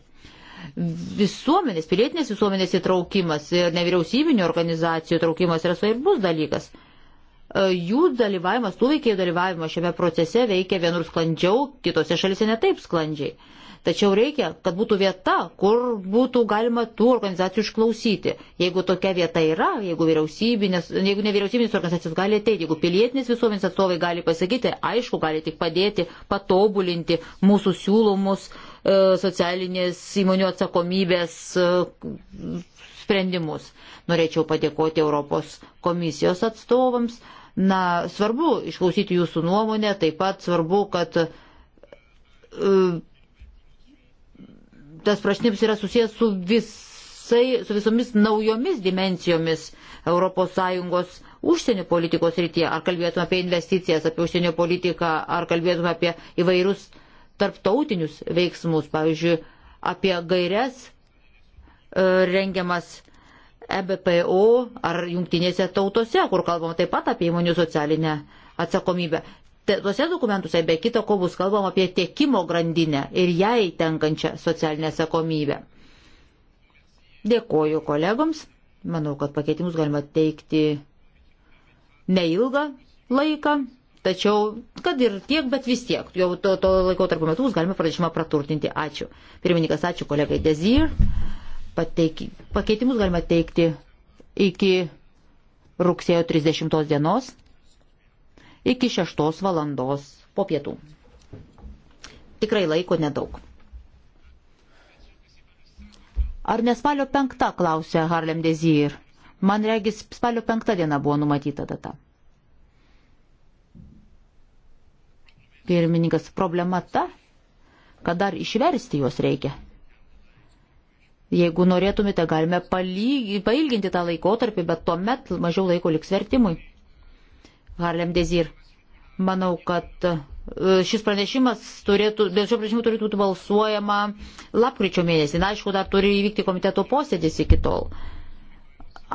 Visuomenės, pilietinės visuomenės įtraukimas ir nevyriausybinio organizacijų įtraukimas yra svarbus dalykas. E, jų dalyvavimas, tų veikėjų dalyvavimas šiame procese veikia vienur sklandžiau, kitose šalise netaip sklandžiai. Tačiau reikia, kad būtų vieta, kur būtų galima tų organizacijų išklausyti. Jeigu tokia vieta yra, jeigu, jeigu nevyriausybinės organizacijos gali ateiti, jeigu pilietinės visuomenės atstovai gali pasakyti, aišku, gali tik padėti, patobulinti mūsų siūlomus E, socialinės įmonių atsakomybės e, sprendimus. Norėčiau padėkoti Europos komisijos atstovams. Na, svarbu išklausyti jūsų nuomonę, taip pat svarbu, kad e, tas prašnips yra susijęs su, visai, su visomis naujomis dimencijomis ES užsienio politikos rytyje, ar kalbėtume apie investicijas, apie užsienio politiką, ar kalbėtume apie įvairius tarptautinius veiksmus, pavyzdžiui, apie gairias e, rengiamas EBPO ar jungtinėse tautose, kur kalbama taip pat apie įmonių socialinę atsakomybę. Tuose dokumentuose be kita ko bus kalbama apie tiekimo grandinę ir jai tenkančią socialinę atsakomybę. Dėkoju kolegoms. Manau, kad pakeitimus galima teikti neilgą laiką. Tačiau, kad ir tiek, bet vis tiek, jau to, to laiko tarp metų galime pranešimą praturtinti. Ačiū. Pirmininkas, ačiū kolegai Dezir. Pateik, pakeitimus galima teikti iki rugsėjo 30 dienos, iki 6 valandos po pietų. Tikrai laiko nedaug. Ar ne spalio penkta, klausė Harlem Desir. Man regis, spalio penkta diena buvo numatyta data. Pirmininkas, problema ta, kad dar išversti juos reikia. Jeigu norėtumėte, galime palygi, pailginti tą laikotarpį, bet tuomet mažiau laiko liks vertimui. Harlem Desir. Manau, kad e, šis pranešimas turėtų, dėl šio pranešimo turėtų būti balsuojama lapkričio mėnesį. Na, aišku, dar turi įvykti komiteto posėdis iki tol.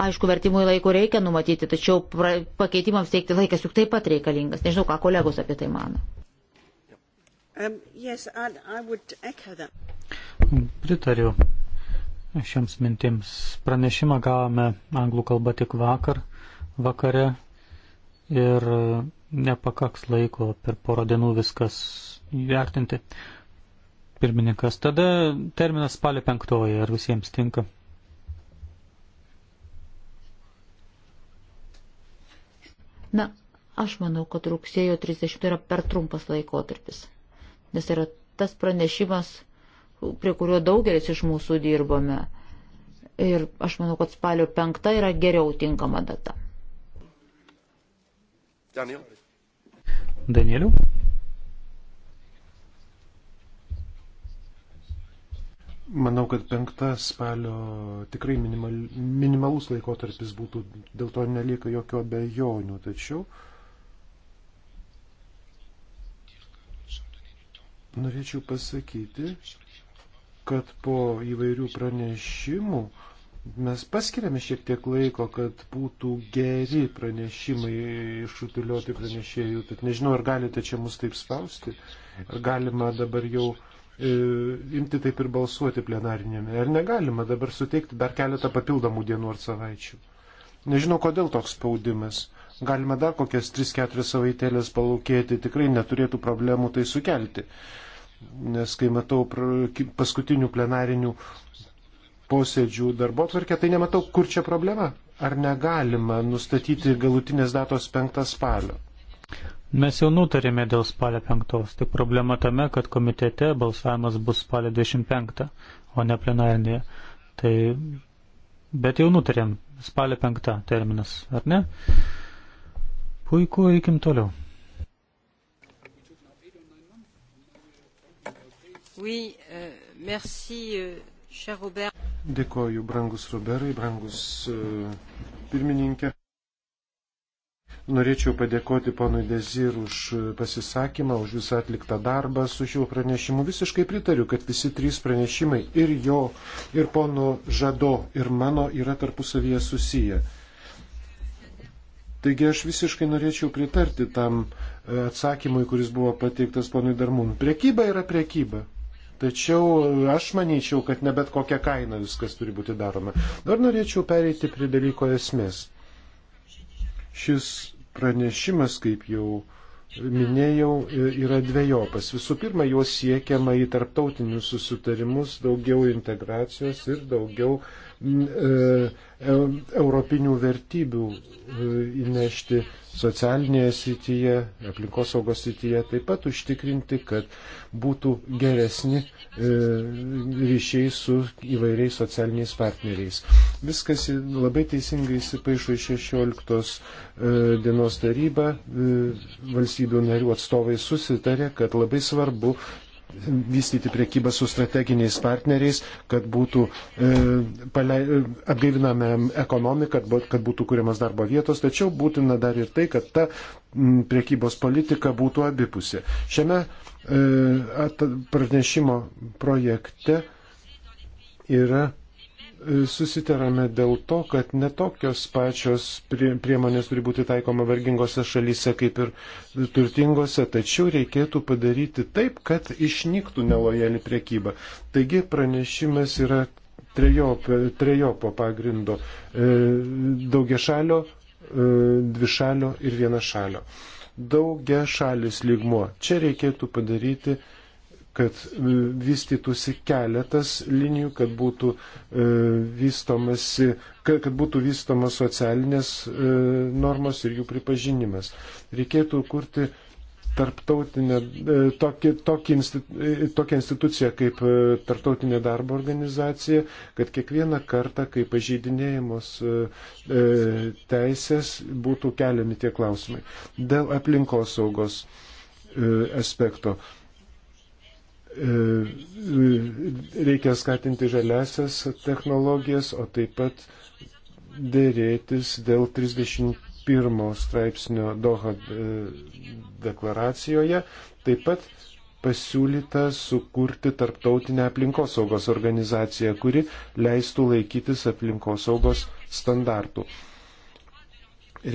Aišku, vertimui laiko reikia numatyti, tačiau pra, pakeitimams teikti laikas juk taip pat reikalingas. Nežinau, ką kolegos apie tai mano. Um, yes, I, I would echo that. Pritariu šiams mintims. Pranešimą gavome anglų kalba tik vakar, vakare ir nepakaks laiko per porą dienų viskas įvertinti. Pirmininkas, tada terminas spalio penktoji, ar visiems tinka? Na, aš manau, kad rugsėjo 30 yra per trumpas laikotarpis nes tai yra tas pranešimas, prie kurio daugelis iš mūsų dirbome. Ir aš manau, kad spalio penkta yra geriau tinkama data. Daniel. Danieliu. Manau, kad penkta spalio tikrai minimal, minimalus laikotarpis būtų, dėl to nelieka jokio abejonių, tačiau uh, Norėčiau pasakyti, kad po įvairių pranešimų mes paskiriame šiek tiek laiko, kad būtų geri pranešimai išutiliuoti pranešėjų. Tad nežinau, ar galite čia mus taip spausti, ar galima dabar jau e, imti taip ir balsuoti plenarinėme, ar negalima dabar suteikti dar keletą papildomų dienų ar savaičių. Nežinau, kodėl toks spaudimas. Galima dar kokias 3-4 savaitėlės palaukėti, tikrai neturėtų problemų tai sukelti. Nes kai matau paskutinių plenarinių posėdžių darbo tvarkę, tai nematau, kur čia problema. Ar negalima nustatyti galutinės datos 5 spalio? Mes jau nutarėme dėl spalio 5, tik problema tame, kad komitete balsavimas bus spalio 25, o ne plenarinėje. Tai, bet jau nutarėm spalio 5 terminas, ar ne? Puiku, eikim toliau. Oui, euh, merci, euh, cher Robert. Dėkoju, brangus Roberai, brangus uh, pirmininkė. Norėčiau padėkoti ponui Dezir už e, pasisakymą, už visą atliktą darbą su šiuo pranešimu. Visiškai pritariu, kad visi trys pranešimai ir jo, ir pono Žado, ir mano yra tarpusavyje susiję. Uh, Taigi aš visiškai norėčiau pritarti tam e, atsakymui, kuris buvo pateiktas ponui Darmūnui. Priekyba yra priekyba. Tačiau aš manyčiau, kad ne bet kokią kainą viskas turi būti daroma. Dar norėčiau pereiti prie dalyko esmės. Šis pranešimas, kaip jau minėjau, e, yra dviejopas. Visų pirma, juos siekiama į tarptautinius susitarimus daugiau integracijos ir daugiau uh, E, e, europinių vertybių e, įnešti socialinėje srityje, aplinkosaugos srityje, taip pat užtikrinti, kad būtų geresni ryšiai su įvairiais socialiniais partneriais. Viskas labai teisingai įsipaišo į 16 dienos tarybą. Valstybių narių atstovai susitarė, kad labai svarbu vystyti priekybą su strateginiais partneriais, kad būtų e, palei, e, atgaiviname ekonomiką, kad būtų kuriamas darbo vietos, tačiau būtina dar ir tai, kad ta m, priekybos politika būtų abipusė. Šiame e, at, pranešimo projekte yra susitarame dėl to, kad netokios pačios priemonės turi būti taikoma vargingose šalyse kaip ir turtingose, tačiau reikėtų padaryti taip, kad išnyktų nelojali priekyba. Taigi pranešimas yra trejopo, trejopo pagrindo e, - daugiašalio, e, dvišalio ir vienašalio. Daugia šalis lygmuo. Čia reikėtų padaryti uh, kad e, vystytųsi keletas linijų, kad būtų, e, vystomasi, kad, kad būtų vystomas socialinės e, normos ir jų pripažinimas. Reikėtų kurti tarptautinę, e, tokį, tokį institu, e, tokią instituciją kaip e, tarptautinė darbo organizacija, kad kiekvieną kartą, kai pažydinėjimos e, e, teisės, būtų keliami tie klausimai. Dėl aplinkosaugos e, aspekto. E, E, e, reikia skatinti žaliasias technologijas, o taip pat dėrėtis dėl 31 straipsnio Doha e, deklaracijoje. Taip pat pasiūlyta sukurti tarptautinę aplinkosaugos organizaciją, kuri leistų laikytis aplinkosaugos standartų.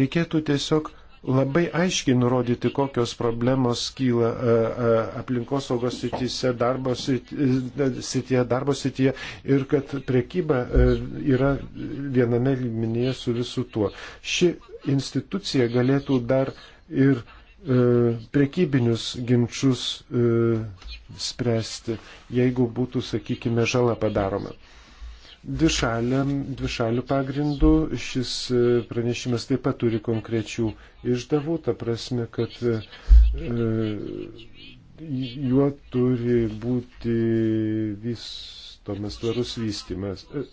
Reikėtų tiesiog labai aiškiai nurodyti, kokios problemos kyla e, e, aplinkosaugos sityse, darbo sityje, e, darbo sityje ir kad prekyba yra viename lygmenyje su visu tuo. Ši institucija galėtų dar ir prekybinius ginčius spręsti, jeigu būtų, sakykime, žala padaroma. Dvišalių pagrindų šis e, pranešimas taip pat turi konkrečių išdavų, ta prasme, kad e, juo turi būti vystomas tvarus vystimas. E,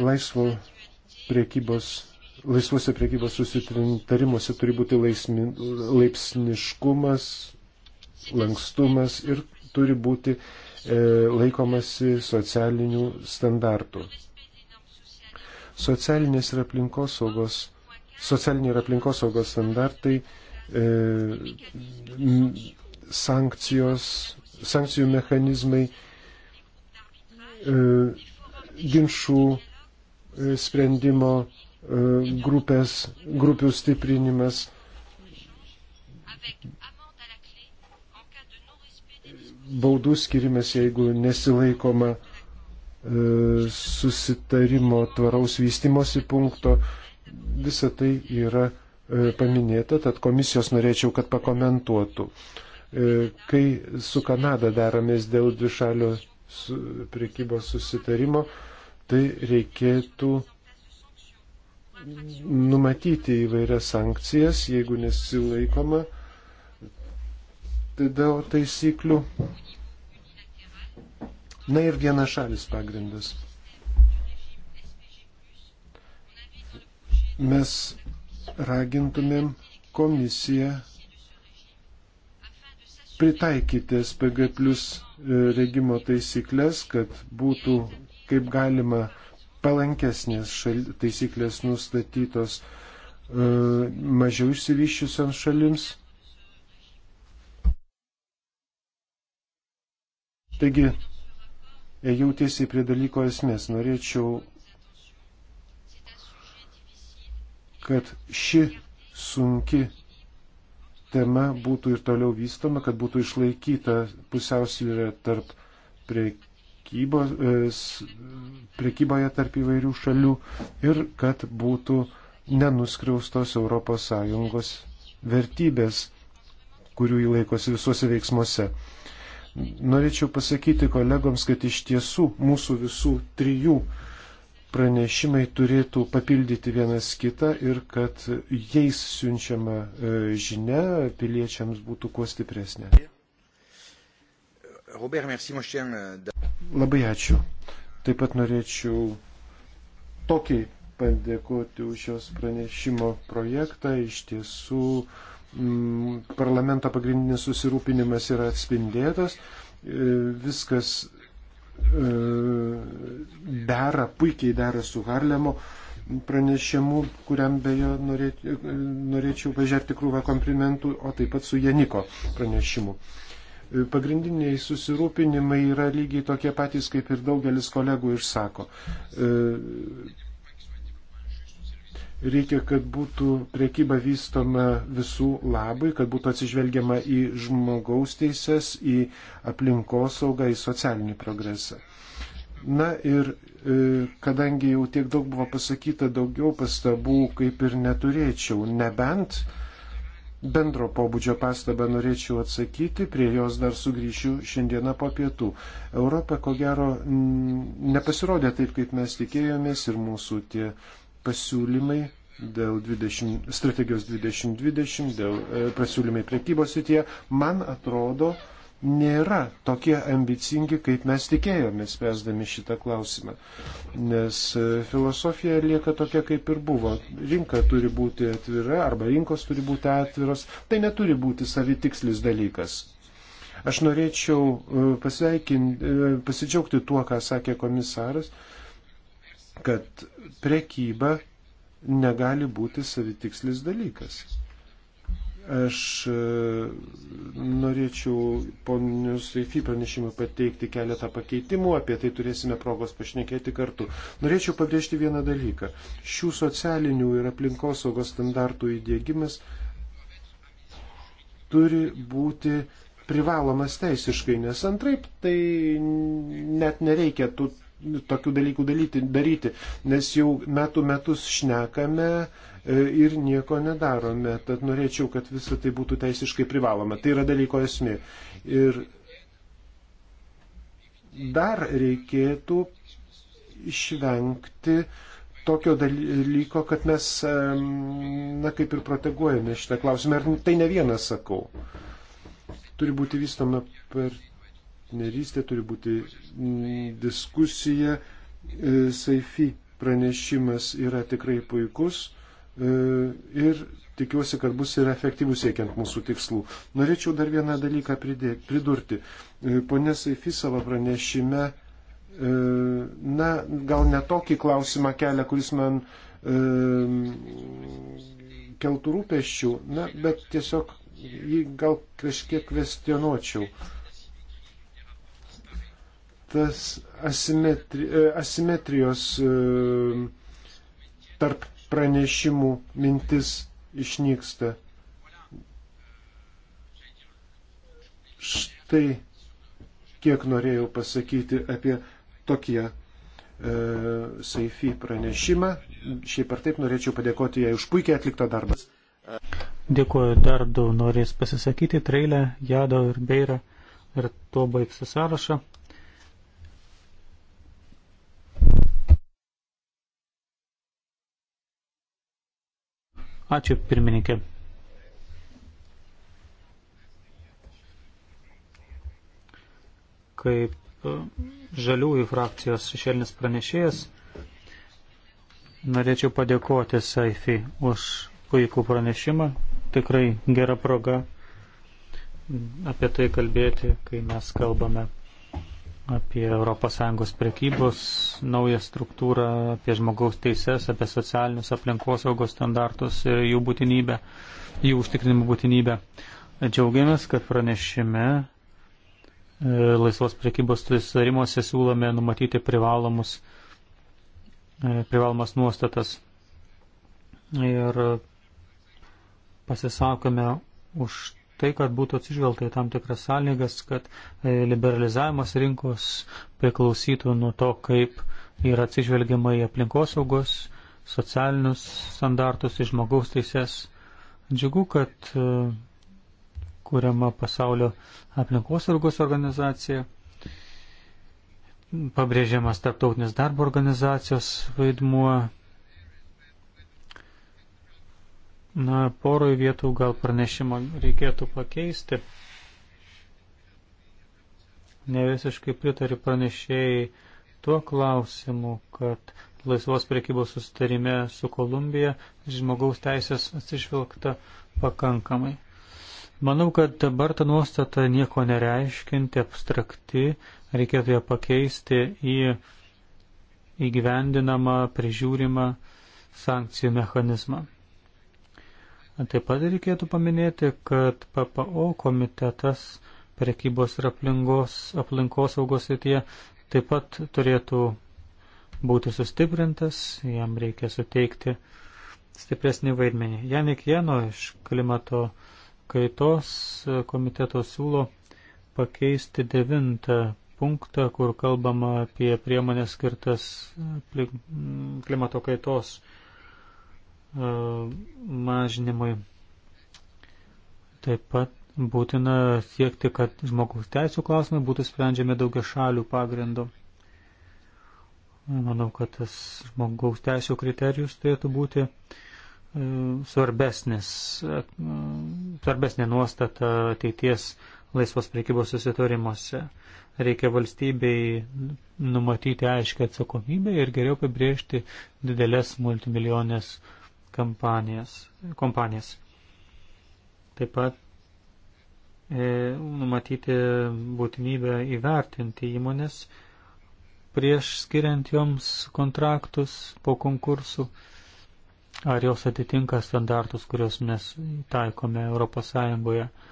laisvo priekybos laisvose priekybos susitarimuose turi būti laismi, laipsniškumas, lankstumas ir turi būti e, laikomasi socialinių standartų. Socialinės ir aplinkosaugos, socialiniai ir aplinkosaugos standartai, e, sankcijos, sankcijų mechanizmai, e, ginčių e, sprendimo e, grupės, grupių stiprinimas, baudų skirimas, jeigu nesilaikoma e, susitarimo tvaraus vystimosi punkto. Visa tai yra e, paminėta, tad komisijos norėčiau, kad pakomentuotų. E, kai su Kanada deramės dėl dvišalio prekybos susitarimo, tai reikėtų numatyti įvairias sankcijas, jeigu nesilaikoma Tai dėl taisyklių. Na ir viena šalis pagrindas. Mes ragintumėm komisiją pritaikyti SPG plus e, regimo taisyklės, kad būtų kaip galima palankesnės šal... taisyklės nustatytos e, mažiau išsivyščiusiams šalims Taigi, jau tiesiai prie dalyko esmės. Norėčiau, kad ši sunki tema būtų ir toliau vystoma, kad būtų išlaikyta pusiausvyrė tarp prekybos, e, prekyboje tarp įvairių šalių ir kad būtų nenuskriaustos ES vertybės, kurių įlaikosi visuose veiksmuose. Norėčiau pasakyti kolegoms, kad iš tiesų mūsų visų trijų pranešimai turėtų papildyti vienas kitą ir kad jais siunčiama e, žinia piliečiams būtų kuo stipresnė. Robert, merci, euh, Labai ačiū. Taip pat norėčiau tokiai padėkoti už šios pranešimo projektą. Iš tiesų Mm, parlamento pagrindinis susirūpinimas yra atspindėtas, e, viskas e, dera, puikiai dera su Harlemo pranešimu, kuriam beje e, norėčiau pažiūrėti krūvą komplimentų, o taip pat su Janiko pranešimu. Pagrindiniai susirūpinimai yra lygiai tokie patys, kaip ir daugelis kolegų išsako. Reikia, kad būtų priekyba vystoma visų labui, kad būtų atsižvelgiama į žmogaus teises, į aplinkosaugą, į socialinį progresą. Na ir e, kadangi jau tiek daug buvo pasakyta, daugiau pastabų kaip ir neturėčiau, nebent bendro pobūdžio pastabą norėčiau atsakyti, prie jos dar sugrįšiu šiandieną po pietų. Europa, ko gero, nepasirodė taip, kaip mes tikėjomės ir mūsų tie pasiūlymai dėl 20, strategijos 2020, dėl e, pasiūlymai priekybos sityje, man atrodo, nėra tokie ambicingi, kaip mes tikėjomės, spręsdami šitą klausimą. Nes e, filosofija lieka tokia, kaip ir buvo. Rinka turi būti atvira arba rinkos turi būti atviros. Tai neturi būti savitikslis dalykas. Aš norėčiau e, e, pasidžiaugti tuo, ką sakė komisaras. E, kad prekyba negali būti savitikslis dalykas. Aš e, norėčiau ponius Eifi pranešimą pateikti keletą pakeitimų, apie tai turėsime progos pašnekėti kartu. Norėčiau pabrėžti vieną dalyką. Šių socialinių ir aplinkosaugos standartų įdėgymas turi būti privalomas teisiškai, nes antraip tai net nereikia tų tokių dalykų dalyti, daryti, nes jau metų metus šnekame e, ir nieko nedarome. Tad norėčiau, kad visa tai būtų teisiškai privaloma. Tai yra dalyko esmė. Ir dar reikėtų išvengti tokio dalyko, kad mes, na, kaip ir proteguojame šitą klausimą. Ir tai ne vienas sakau. Turi būti vystoma per partnerystė turi būti mm, diskusija. E, Saifi pranešimas yra tikrai puikus e, ir tikiuosi, kad bus ir efektyvus siekiant mūsų tikslų. Norėčiau dar vieną dalyką pridėk, pridurti. E, Pone Saifi savo pranešime, na, gal netokį klausimą kelia, kuris man keltų rūpeščių, na, bet tiesiog jį gal kažkiek kvestionuočiau tas asimetri, e, asimetrijos e, tarp pranešimų mintis išnyksta. Štai kiek norėjau pasakyti apie tokie e, Saifi pranešimą. Šiaip ar taip norėčiau padėkoti jai už puikiai atliktą darbą. Dėkuoju, dar du norės pasisakyti, Treilė, Jado ir Beira ir tuo baigsiu sąrašą. Ačiū pirmininkė. Kaip e, žaliųjų frakcijos šešėlinis pranešėjas, norėčiau padėkoti Saifi už puikų pranešimą. Tikrai gera proga apie tai kalbėti, kai mes kalbame apie ES priekybos naują struktūrą, apie žmogaus teises, apie socialinius aplinkosaugos standartus ir jų būtinybę, jų užtikrinimo būtinybę. Džiaugiamės, kad pranešime e, laisvos priekybos susitarimuose siūlome numatyti privalomus, e, privalomas nuostatas ir pasisakome už tai, kad būtų atsižvelgta į tam tikras sąlygas, kad e, liberalizavimas rinkos priklausytų nuo to, kaip yra atsižvelgiama į aplinkosaugos, socialinius standartus, į žmogaus teises. Džiugu, kad e, kuriama pasaulio aplinkosaugos organizacija, pabrėžiamas tarptautinės darbo organizacijos vaidmuo, Na, poroj vietų gal pranešimą reikėtų pakeisti. Ne visiškai pritariu pranešėjai tuo klausimu, kad laisvos priekybos sustarime su Kolumbija žmogaus teisės atsižvelgta pakankamai. Manau, kad dabar ta nuostata nieko nereiškinti, abstrakti, reikėtų ją pakeisti į įgyvendinamą, prižiūrimą sankcijų mechanizmą. Taip pat reikėtų paminėti, kad PPO komitetas prekybos ir aplinkos, aplinkos saugos srityje taip pat turėtų būti sustiprintas, jam reikia suteikti stipresnį vaidmenį. Janik Jeno iš klimato kaitos komiteto siūlo pakeisti devintą punktą, kur kalbama apie priemonės skirtas klimato kaitos E, mažinimui. Taip pat būtina siekti, kad žmogaus teisų klausimai būtų sprendžiami daugia šalių pagrindu. Manau, kad tas žmogaus teisų kriterijus turėtų būti e, svarbesnis, e, svarbesnė nuostata ateities laisvos prekybos susitarimuose. Reikia valstybei numatyti aiškę atsakomybę ir geriau apibriežti didelės multimilijonės uh, kampanijas, kompanijas. Taip pat e, numatyti būtinybę įvertinti įmonės prieš skiriant joms kontraktus po konkursų, ar jos atitinka standartus, kuriuos mes taikome ES.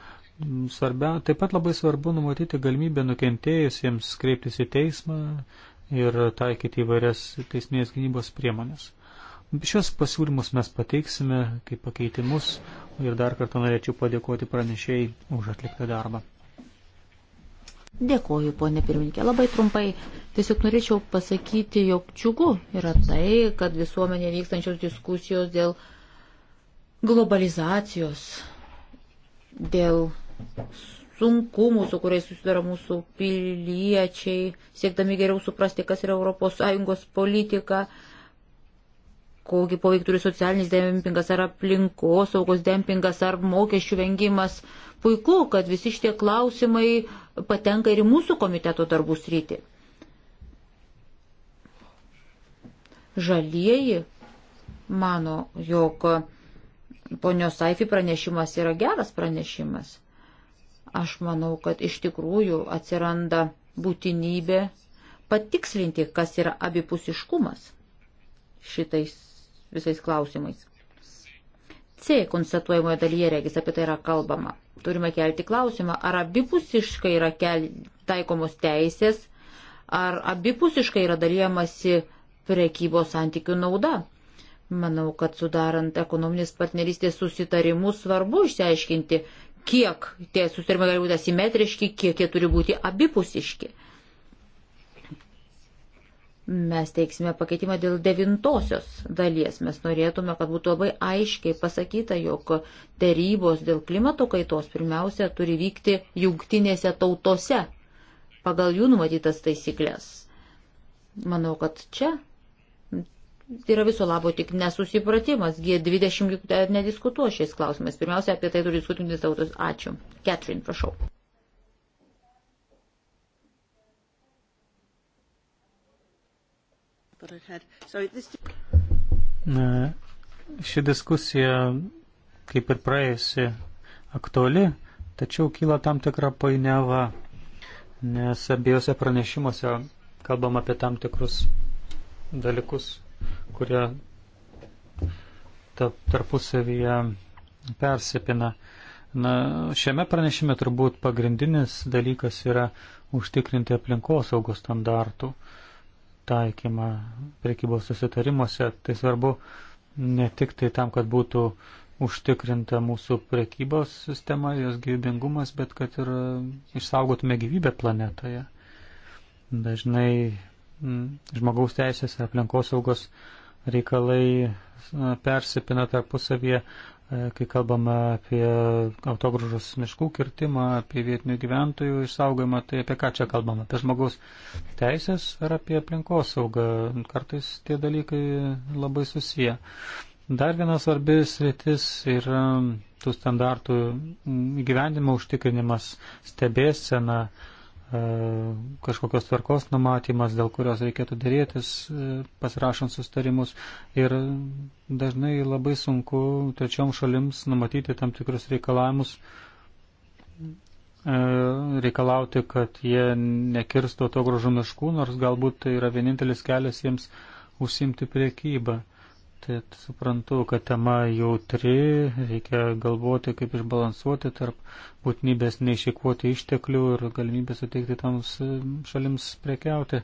Svarbia, taip pat labai svarbu numatyti galimybę nukentėjusiems kreiptis į teismą ir taikyti įvairias teisminės gynybos priemonės. Šios pasiūlymus mes pateiksime kaip pakeitimus ir dar kartą norėčiau padėkoti pranešėjai už atliktą darbą. Dėkoju, ponė pirmininkė. Labai trumpai, tiesiog norėčiau pasakyti, jog džiugu yra tai, kad visuomenė vykstančios diskusijos dėl globalizacijos, dėl sunkumų, su kuriais susidara mūsų piliečiai, siekdami geriau suprasti, kas yra ES politika, kokį poveikį turi socialinis dempingas ar aplinkos saugos dempingas ar mokesčių vengimas. Puiku, kad visi šitie klausimai patenka ir į mūsų komiteto darbų sritį. Žalieji mano, jog ponios Saifi pranešimas yra geras pranešimas. Aš manau, kad iš tikrųjų atsiranda būtinybė patikslinti, kas yra abipusiškumas šitais visais klausimais. C konstatuojamoje dalyje regis apie tai yra kalbama. Turime kelti klausimą, ar abipusiškai yra kel... taikomos teisės, ar abipusiškai yra dalyjamasi prekybos santykių nauda. Manau, kad sudarant ekonominės partnerystės susitarimus svarbu išsiaiškinti, kiek tie susitarimai gali būti asimetriški, kiek jie turi būti abipusiški. Uh, Mes teiksime pakeitimą dėl devintosios dalies. Mes norėtume, kad būtų labai aiškiai pasakyta, jog dėrybos dėl klimato kaitos pirmiausia turi vykti jungtinėse tautose pagal jų numatytas taisyklės. Manau, kad čia tai yra viso labo tik nesusipratimas. G20 nediskutuos šiais klausimais. Pirmiausia, apie tai turi diskutinti tautos. Ačiū. Catherine, prašau. what I had. So this... Na, ši diskusija, kaip ir praėjusi, aktuali, tačiau kyla tam tikra painiava, nes abiejose pranešimuose kalbam apie tam tikrus dalykus, kurie tarpusavyje persipina. Na, šiame pranešime turbūt pagrindinis dalykas yra užtikrinti aplinkosaugos standartų uh, taikymą prekybos susitarimuose. Tai svarbu ne tik tai tam, kad būtų užtikrinta mūsų prekybos sistema, jos gyvybingumas, bet kad ir išsaugotume gyvybę planetoje. Dažnai m, mm, žmogaus teisės ir aplinkosaugos reikalai na, mm, persipina tarpusavyje, E, kai kalbame apie autogružos miškų kirtimą, apie vietinių gyventojų išsaugojimą, tai apie ką čia kalbame? Apie žmogaus teisės ar apie aplinkos saugą? Kartais tie dalykai labai susiję. Dar viena svarbi sritis yra tų standartų gyvenimo užtikrinimas, stebėsena. sena E, kažkokios tvarkos numatymas, dėl kurios reikėtų dėrėtis, e, pasirašant sustarimus. Ir dažnai labai sunku trečiom šalims numatyti tam tikrus reikalavimus, e, reikalauti, kad jie nekirstų to gražu miškų, nors galbūt tai yra vienintelis kelias jiems užsimti priekybą. Tai suprantu, kad tema jautri, reikia galvoti, kaip išbalansuoti tarp būtinybės neišikuoti išteklių ir galimybės suteikti toms e, šalims prekiauti.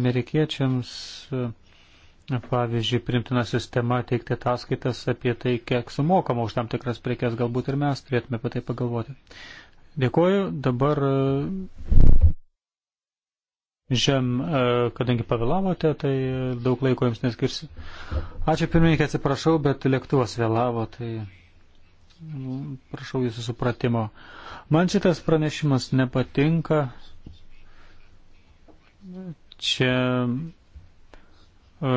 Amerikiečiams, e, pavyzdžiui, primtina sistema teikti ataskaitas apie tai, kiek sumokama už tam tikras prekes, galbūt ir mes turėtume apie tai pagalvoti. Dėkuoju, dabar e, Žem, e, kadangi pavėlavote, tai daug laiko jums neskirsiu. Ačiū pirmininkė, atsiprašau, bet lėktuvas vėlavo, tai nu, prašau jūsų supratimo. Man šitas pranešimas nepatinka. Čia e,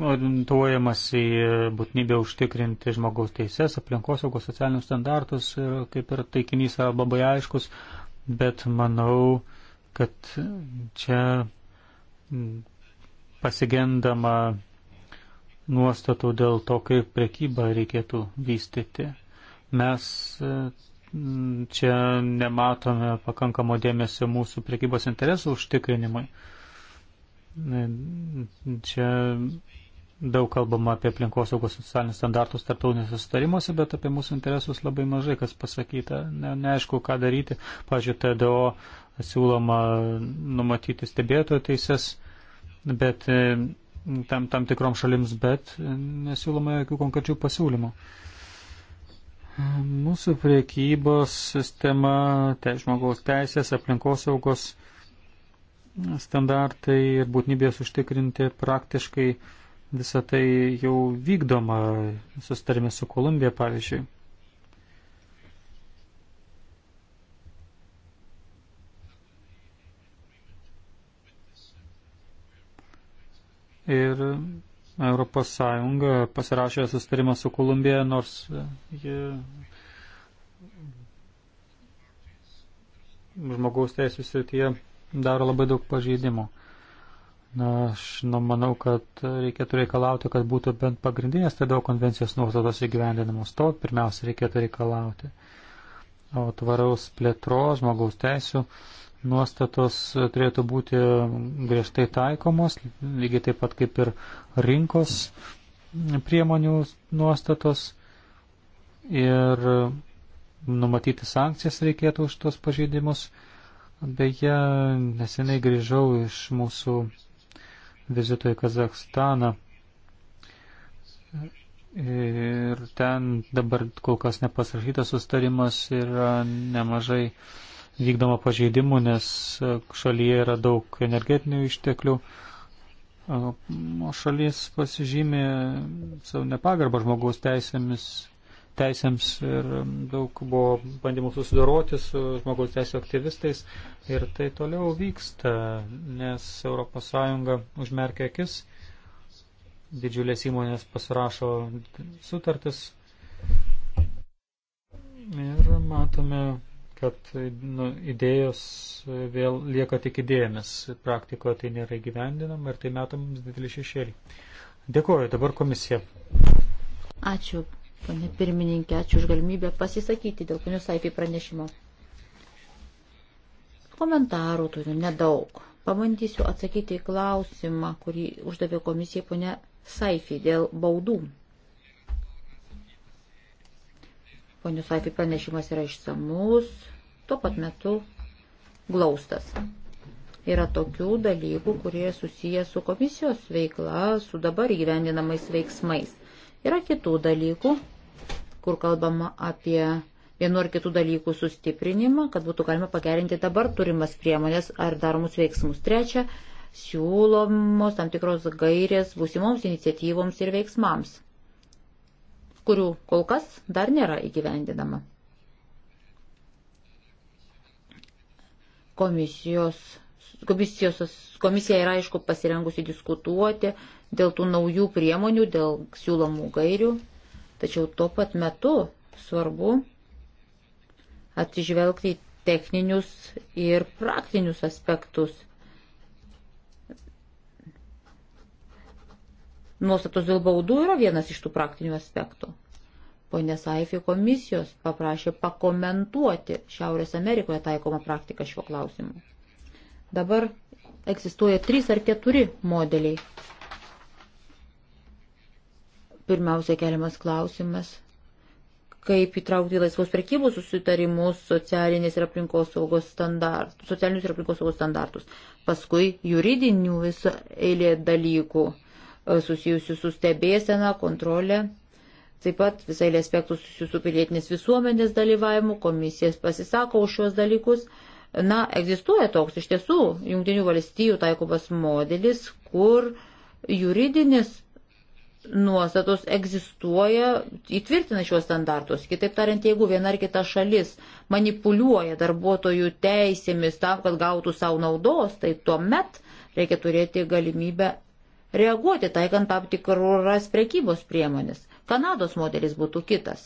orientuojamas į būtinybę užtikrinti žmogaus teises, aplinkosaugos socialinius standartus ir kaip ir taikinys yra labai aiškus, bet manau, kad čia pasigendama nuostatų dėl to, kaip prekybą reikėtų vystyti. Mes e, čia nematome pakankamo dėmesio mūsų prekybos interesų užtikrinimui. E, čia daug kalbama apie aplinkosaugos socialinius standartus tarptautinėse sustarimuose, bet apie mūsų interesus labai mažai kas pasakyta. Ne, neaišku, ką daryti. Pavyzdžiui, TDO siūloma numatyti stebėtojo teises, bet e, tam, tam tikrom šalims, bet e, nesiūloma jokių konkrečių pasiūlymų. Mūsų priekybos sistema, te, žmogaus teisės, aplinkosaugos standartai ir būtinybės užtikrinti praktiškai visą tai jau vykdoma, sustarime su Kolumbija, pavyzdžiui. ir ES pasirašė sustarimą su Kolumbija, nors e, ji žmogaus teisų srityje daro labai daug pažeidimų. Na, aš nu, manau, kad reikėtų reikalauti, kad būtų bent pagrindinės tada konvencijos nuostatos įgyvendinamos. To pirmiausia reikėtų reikalauti. O tvaraus plėtros, žmogaus teisų uh, nuostatos turėtų būti griežtai taikomos, lygiai taip pat kaip ir rinkos priemonių nuostatos ir numatyti sankcijas reikėtų už tos pažeidimus. Beje, neseniai grįžau iš mūsų vizito į Kazakstaną ir ten dabar kol kas nepasirašytas sustarimas yra nemažai uh, vykdoma pažeidimų, nes e, šalyje yra daug energetinių išteklių. E, o šalis pasižymė savo nepagarbą žmogaus teisėmis, teisėms ir daug buvo bandymų susidoroti su žmogaus teisų aktyvistais ir tai toliau vyksta, nes ES užmerkia akis, didžiulės įmonės pasirašo sutartis ir matome kad nu, idėjos vėl lieka tik idėjomis. Praktikoje tai nėra įgyvendinama ir tai metam didelį šešėlį. Dėkuoju, dabar komisija. Ačiū, ponė pirmininkė, ačiū už galimybę pasisakyti dėl ponios Aipiai pranešimo. Komentarų turiu nedaug. Pabandysiu atsakyti į klausimą, kurį uždavė komisija ponia Saifi dėl baudų Ponius Aifi pranešimas yra išsamus, tuo pat metu glaustas. Yra tokių dalykų, kurie susiję su komisijos veikla, su dabar įgyvendinamais veiksmais. Yra kitų dalykų, kur kalbama apie vienu ar kitų dalykų sustiprinimą, kad būtų galima pagerinti dabar turimas priemonės ar daromus veiksmus. Trečia, siūlomos tam tikros gairės būsimoms iniciatyvoms ir veiksmams kurių kol kas dar nėra įgyvendinama. Komisijos, komisijos, komisija yra aišku pasirengusi diskutuoti dėl tų naujų priemonių, dėl siūlomų gairių, tačiau tuo pat metu svarbu atsižvelgti į techninius ir praktinius aspektus Nuostatos dėl baudų yra vienas iš tų praktinių aspektų. Pone Saifi komisijos paprašė pakomentuoti Šiaurės Amerikoje taikomą praktiką šiuo klausimu. Dabar egzistuoja trys ar keturi modeliai. Pirmiausia keliamas klausimas, kaip įtraukti laisvos prekybos susitarimus socialinės ir aplinkos saugos standartus, socialinius ir aplinkos saugos standartus. Paskui juridinių visą eilė dalykų susijusių su stebėsena, kontrolė, taip pat visai aspektų susijusių su pilietinės visuomenės dalyvavimu, komisijas pasisako už šios dalykus. Na, egzistuoja toks iš tiesų jungtinių valstybių taikomas modelis, kur juridinis nuostatos egzistuoja, įtvirtina šiuos standartus. Kitaip tariant, jeigu viena ar kita šalis manipuliuoja darbuotojų teisėmis tam, kad gautų savo naudos, tai tuomet reikia turėti galimybę reaguoti, taikant tam tikras prekybos priemonės. Kanados modelis būtų kitas,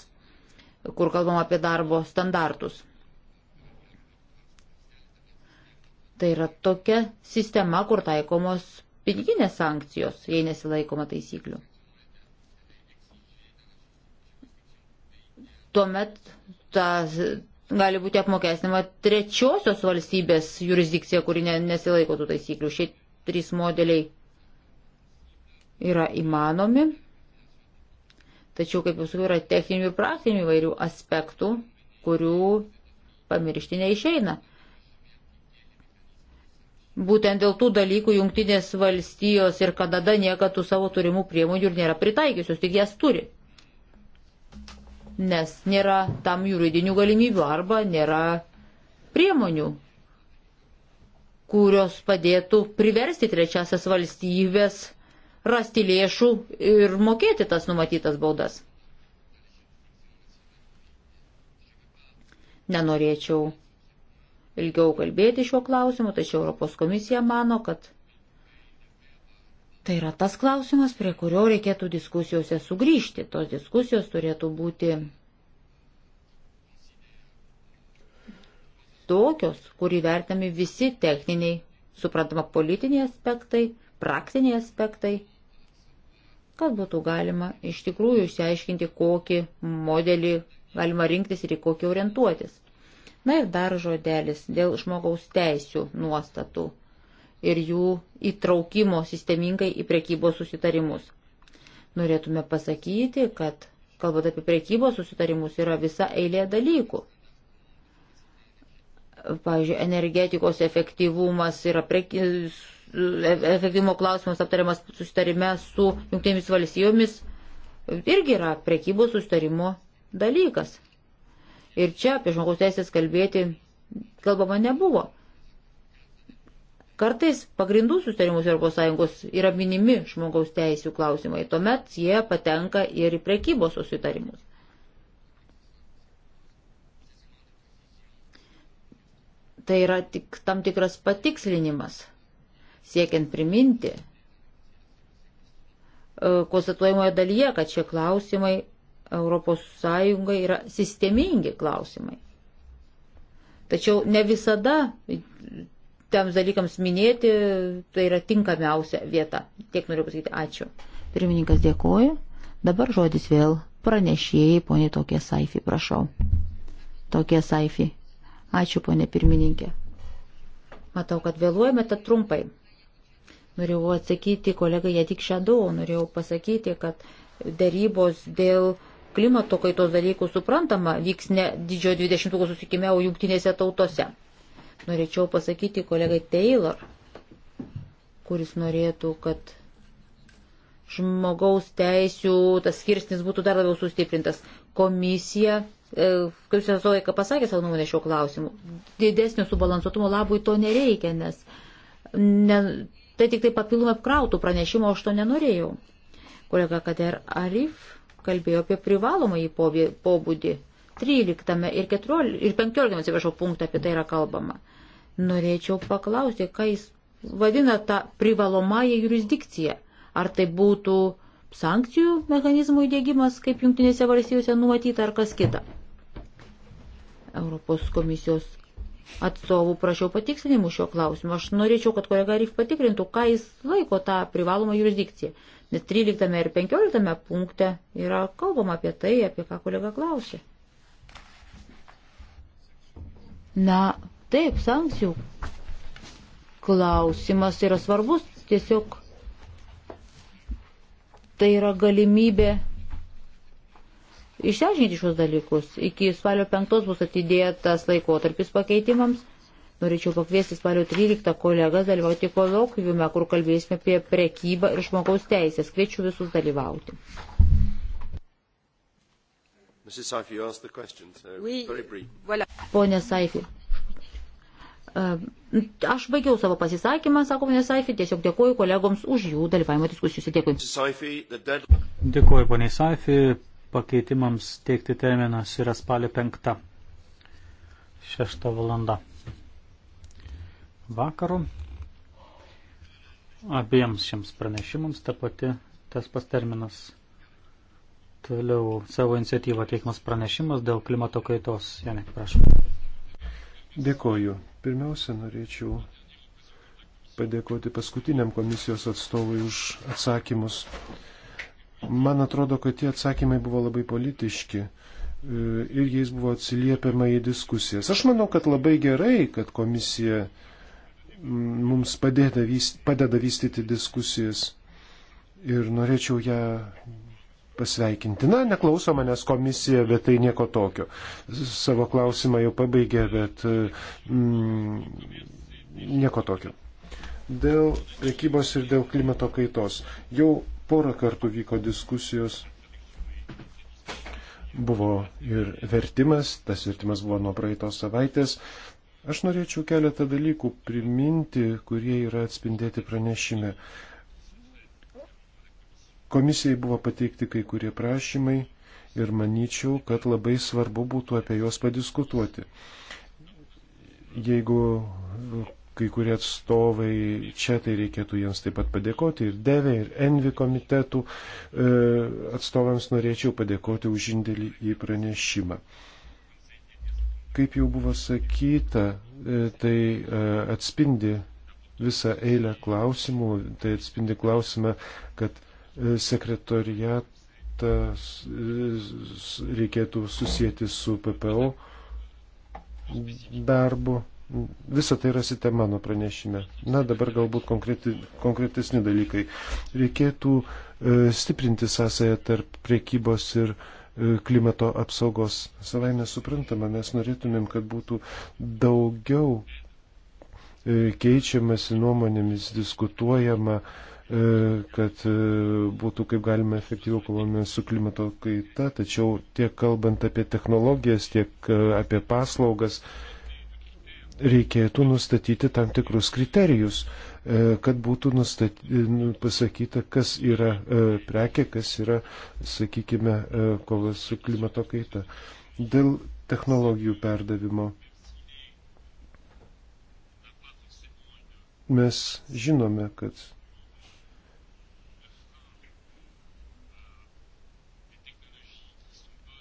kur kalbam apie darbo standartus. Tai yra tokia sistema, kur taikomos piniginės sankcijos, jei nesilaikoma taisyklių. Tuomet ta, gali būti apmokestinama trečiosios valstybės jurisdikcija, kuri nesilaiko tų taisyklių. Šie trys modeliai yra įmanomi, tačiau, kaip jau sakiau, yra techninių ir praktinių įvairių aspektų, kurių pamiršti neišeina. Būtent dėl tų dalykų jungtinės valstijos ir Kanada niekad tų savo turimų priemonių ir nėra pritaikiusios, tik jas turi. Nes nėra tam juridinių galimybių arba nėra priemonių, kurios padėtų priversti trečiasias valstybės rasti lėšų ir mokėti tas numatytas baudas. Nenorėčiau ilgiau kalbėti šiuo klausimu, tačiau Europos komisija mano, kad tai yra tas klausimas, prie kurio reikėtų diskusijose sugrįžti. Tos diskusijos turėtų būti tokios, kur įvertami visi techniniai, suprantama, politiniai aspektai, praktiniai aspektai kad būtų galima iš tikrųjų išsiaiškinti, kokį modelį galima rinktis ir į kokį orientuotis. Na ir dar žodelis dėl žmogaus teisių nuostatų ir jų įtraukimo sistemingai į prekybos susitarimus. Norėtume pasakyti, kad kalbant apie prekybos susitarimus yra visa eilė dalykų. Pavyzdžiui, energetikos efektyvumas yra prekybos efektyvumo klausimas aptariamas susitarime su jungtinėmis valstijomis irgi yra prekybos susitarimo dalykas. Ir čia apie žmogaus teisės kalbėti kalbama nebuvo. Kartais pagrindų susitarimus ES yra minimi žmogaus teisų klausimai, tuomet jie patenka ir į prekybos susitarimus. Tai yra tik tam tikras patikslinimas siekiant priminti e, konstatuojamoje dalyje, kad šie klausimai ES yra sistemingi klausimai. Tačiau ne visada tiems dalykams minėti tai yra tinkamiausia vieta. Tiek noriu pasakyti ačiū. Pirmininkas dėkoju. Dabar žodis vėl pranešėjai, ponė tokie saifi, prašau. Tokie saifi. Ačiū, ponė pirmininkė. Matau, kad vėluojame, tad trumpai. Norėjau atsakyti kolegai Jadik Šadau, norėjau pasakyti, kad darybos dėl klimato kaitos dalykų suprantama vyks ne didžiojo 20-ko susikime, o jungtinėse tautose. Norėčiau pasakyti kolegai Taylor, kuris norėtų, kad žmogaus teisių tas skirsnis būtų dar labiau sustiprintas. Komisija, kaip jūs Zoika pasakė savo nuomonę šiuo klausimu, didesnio subalansuotumo labui to nereikia, nes ne, tai tik tai papildomai apkrautų pranešimo, aš to nenorėjau. Kolega Kader Arif kalbėjo apie privalomąjį pobūdį. 13 ir, 14, ir 15, atsiprašau, punktą apie tai yra kalbama. Norėčiau paklausti, ką jis vadina tą privalomąją jurisdikciją. Ar tai būtų sankcijų mechanizmų įdėgymas, kaip Junktinėse valstijose numatyta, ar kas kita. Europos komisijos atstovų prašiau patikslinimų šio klausimu. Aš norėčiau, kad kolega Ryf patikrintų, ką jis laiko tą privalomą jurisdikciją. Nes 13 ir 15 punkte yra kalbama apie tai, apie ką kolega klausė. Na, taip, sankcijų klausimas yra svarbus, tiesiog tai yra galimybė išsiaiškinti šios dalykus. Iki spalio 5 bus atidėtas laikotarpis pakeitimams. Norėčiau pakviesti spalio 13 kolegas dalyvauti kolokviume, kur kalbėsime apie prekybą ir žmogaus teisės. Kviečiu visus dalyvauti. Pone Saifi, ehm, Aš baigiau savo pasisakymą, sako ponė Saifi, tiesiog dėkuoju kolegoms už jų dalyvavimą diskusijose. Dėkui. Dėkuoju ponė Saifi, Pakeitimams teikti terminas yra spalio 5. 6 valanda. Vakaru abiems šiems pranešimams ta pati tas pas terminas. Toliau savo iniciatyvą teikimas pranešimas dėl klimato kaitos. Janek, prašau. Dėkoju. Pirmiausia, norėčiau padėkoti paskutiniam komisijos atstovui už atsakymus. Man atrodo, kad tie atsakymai buvo labai politiški e, ir jais buvo atsiliepiama į diskusijas. Aš manau, kad labai gerai, kad komisija mums padeda, padeda vystyti diskusijas ir norėčiau ją pasveikinti. Na, neklauso manęs komisija, bet tai nieko tokio. Savo klausimą jau pabaigė, bet mm, nieko tokio. Dėl priekybos ir dėl klimato kaitos. Jau Porą kartų vyko diskusijos. Buvo ir vertimas, tas vertimas buvo nuo praeitos savaitės. Aš norėčiau keletą dalykų priminti, kurie yra atspindėti pranešime. Komisijai buvo pateikti kai kurie prašymai ir manyčiau, kad labai svarbu būtų apie juos padiskutuoti. Jeigu kai kurie atstovai čia, tai reikėtų jiems taip pat padėkoti ir Deve, ir Envi komitetų e, atstovams norėčiau padėkoti už indėlį į pranešimą. Kaip jau buvo sakyta, e, tai e, atspindi visą eilę klausimų, tai atspindi klausimą, kad sekretoriatas reikėtų susijęti su PPO darbu Visą tai rasite mano pranešime. Na, dabar galbūt konkreti, konkretesni dalykai. Reikėtų e, stiprinti sąsąją tarp priekybos ir e, klimato apsaugos. Savai nesuprantama, mes norėtumėm, kad būtų daugiau e, keičiamasi nuomonėmis, diskutuojama, e, kad e, būtų kaip galima efektyviau kovome su klimato kaita, tačiau tiek kalbant apie technologijas, tiek e, apie paslaugas, reikėtų nustatyti tam tikrus kriterijus, e, kad būtų nustaty, e, nu, pasakyta, kas yra e, prekė, kas yra, sakykime, kova su klimato kaita. Dėl technologijų perdavimo mes žinome, kad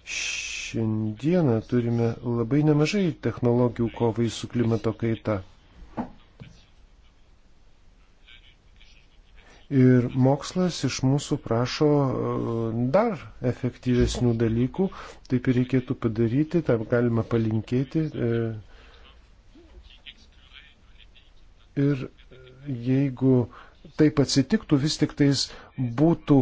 ši šiandieną turime labai nemažai technologijų kovai su klimato kaita. Ir mokslas iš mūsų prašo e, dar efektyvesnių dalykų, taip ir reikėtų padaryti, tam galima palinkėti. E, ir jeigu taip atsitiktų, vis tik tais būtų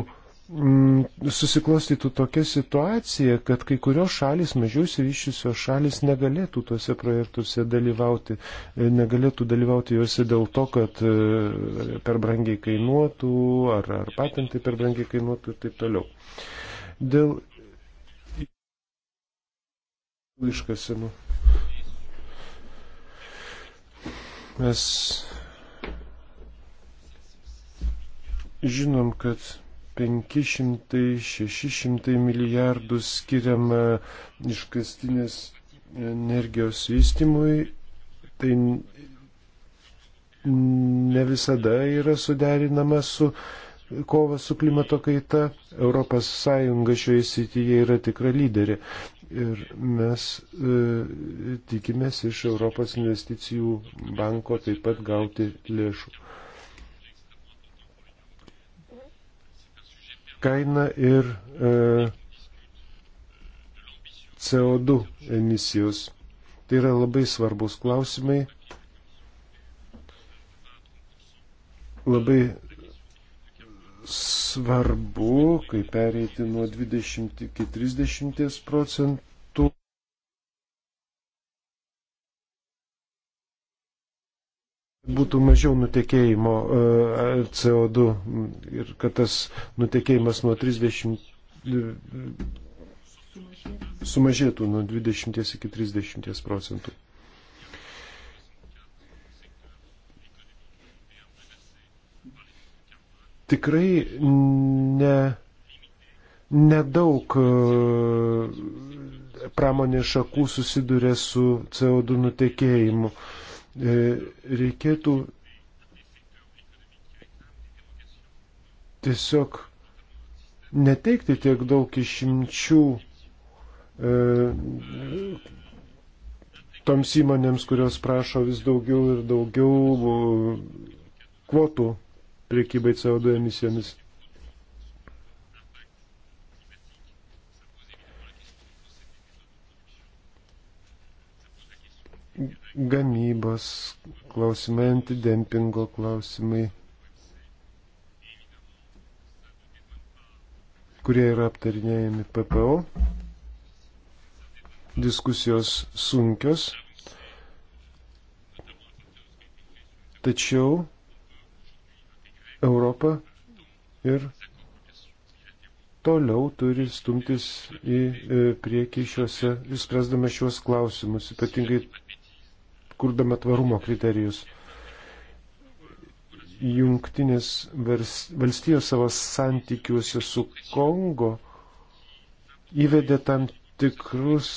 Mm, susiklostytų tokia situacija, kad kai kurios šalis, mažiau įsivyščiusios šalis negalėtų tuose projektuose dalyvauti, e, negalėtų dalyvauti juose dėl to, kad e, per brangiai kainuotų, ar, ar patentai per brangiai kainuotų ir taip toliau. Dėl iškasenų. Mes žinom, kad 500-600 milijardų skiriama iškastinės energijos vystimui, tai ne visada yra suderinama su kova su klimato kaita. Europos Sąjunga šioje srityje yra tikra lyderė. Ir mes e, tikimės iš Europos investicijų banko taip pat gauti lėšų. kainą ir e, CO2 emisijos. Tai yra labai svarbus klausimai. Labai svarbu, kai pereiti nuo 20 iki 30 procentų Būtų mažiau nutekėjimo e, CO2 ir kad tas nutekėjimas nuo 30 e, sumažėtų nuo 20 iki 30 procentų. Tikrai ne, nedaug e, pramonės šakų susiduria su CO2 nutekėjimu. Uh, E, reikėtų tiesiog neteikti tiek daug išimčių e, toms įmonėms, kurios prašo vis daugiau ir daugiau kvotų priekybai CO2 emisijomis. gamybos klausimai, antidempingo klausimai, kurie yra aptarinėjami PPO. Diskusijos sunkios, tačiau Europa ir toliau turi stumtis į e, priekį šiuose, išspręsdama šiuos klausimus, ypatingai kurdama tvarumo kriterijus. Jungtinės valstijos savo santykiuose su Kongo įvedė tam, tikrus,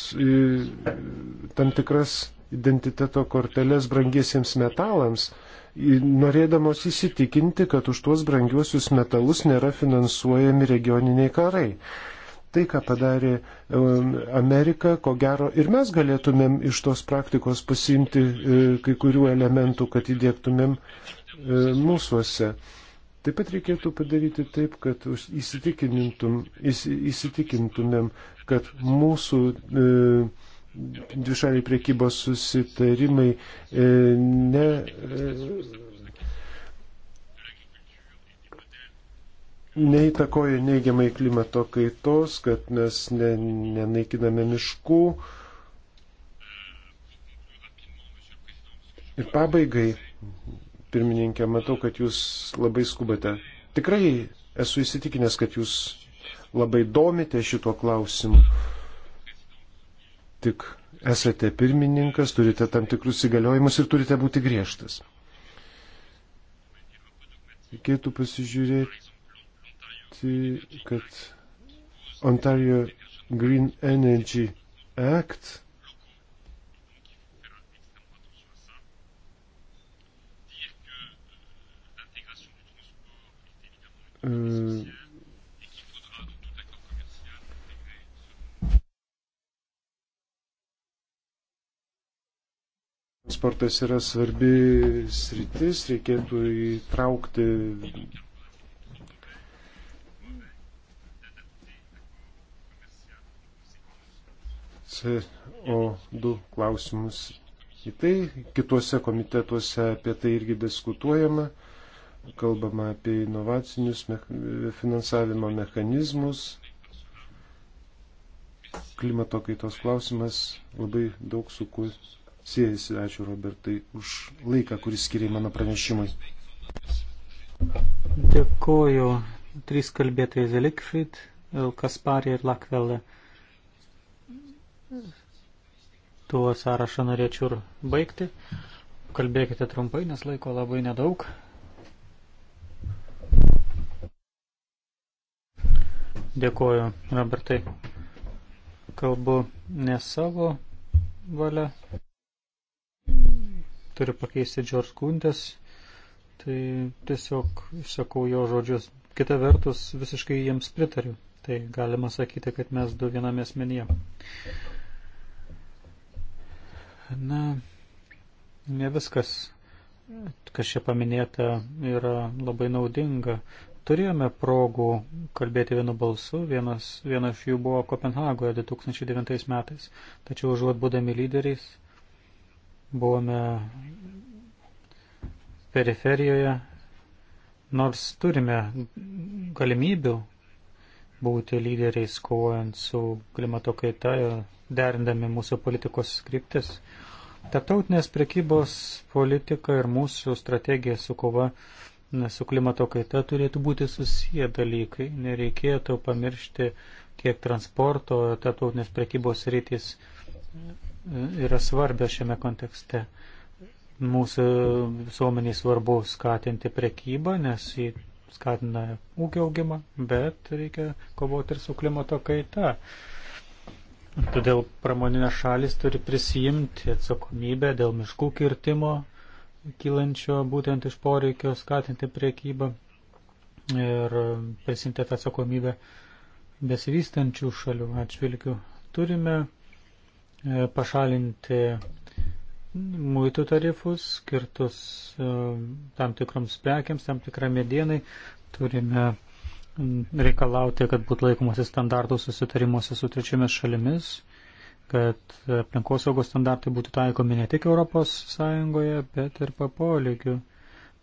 tam tikras identiteto korteles brangiesiems metalams, norėdamos įsitikinti, kad už tuos brangiuosius metalus nėra finansuojami regioniniai karai. Tai, ką padarė e, Amerika, ko gero ir mes galėtumėm iš tos praktikos pasimti e, kai kurių elementų, kad įdėktumėm e, mūsųse. Taip pat reikėtų padaryti taip, kad įsitikintum, įsitikintumėm, kad mūsų e, dvišaliai priekybos susitarimai e, ne. E, neįtakoja neigiamai klimato kaitos, kad mes ne, nenaikiname miškų. Ir pabaigai, pirmininkė, matau, kad jūs labai skubate. Tikrai esu įsitikinęs, kad jūs labai domite šituo klausimu. Tik esate pirmininkas, turite tam tikrus įgaliojimus ir turite būti griežtas. Reikėtų pasižiūrėti kad Ontario Green Energy Act e, Transportas yra svarbi sritis, reikėtų įtraukti CO2 klausimus. Į tai kituose komitetuose apie tai irgi diskutuojama, kalbama apie inovacinius finansavimo mechanizmus. Klimato kaitos klausimas labai daug su kuo siejasi. Ačiū Robertai už laiką, kuris skiriai mano pranešimui. Dėkuoju. Trys kalbėtojai Zelikfrid, Kasparė ir Lakvelė tuo sąrašą norėčiau ir baigti. Kalbėkite trumpai, nes laiko labai nedaug. Dėkuoju, Robertai. Kalbu ne savo valia. Turiu pakeisti George Kundės. Tai tiesiog sakau jo žodžius. Kita vertus, visiškai jiems pritariu. Tai galima sakyti, kad mes du viename asmenyje. Na, ne viskas, kas čia paminėta, yra labai naudinga. Turėjome progų kalbėti vienu balsu, vienas, viena iš jų buvo Kopenhagoje 2009 metais, tačiau užuot būdami lyderiais buvome periferijoje, nors turime galimybių būti lyderiais kovojant su klimato kaita ir derindami mūsų politikos skriptis. Tartautinės prekybos politika ir mūsų strategija su kova su klimato kaita turėtų būti susiję dalykai. Nereikėtų pamiršti, kiek transporto tartautinės prekybos rytis e, yra svarbia šiame kontekste. Mūsų visuomeniai svarbu skatinti prekybą, nes jį skatina ūkio augimą, bet reikia kovoti ir su klimato kaita. Todėl pramoninės šalis turi prisijimti atsakomybę dėl miškų kirtimo, kylančio būtent iš poreikio skatinti priekybą ir prisimti tą atsakomybę besivystančių šalių atšvilgių. Turime e, pašalinti muitų tarifus skirtus e, tam tikroms prekiams, tam tikram medienai. Turime reikalauti, kad būtų laikomasi standartų susitarimuose su trečiamis šalimis, kad aplinkosaugos standartai būtų taikomi ne tik ES, bet ir PPO lygių.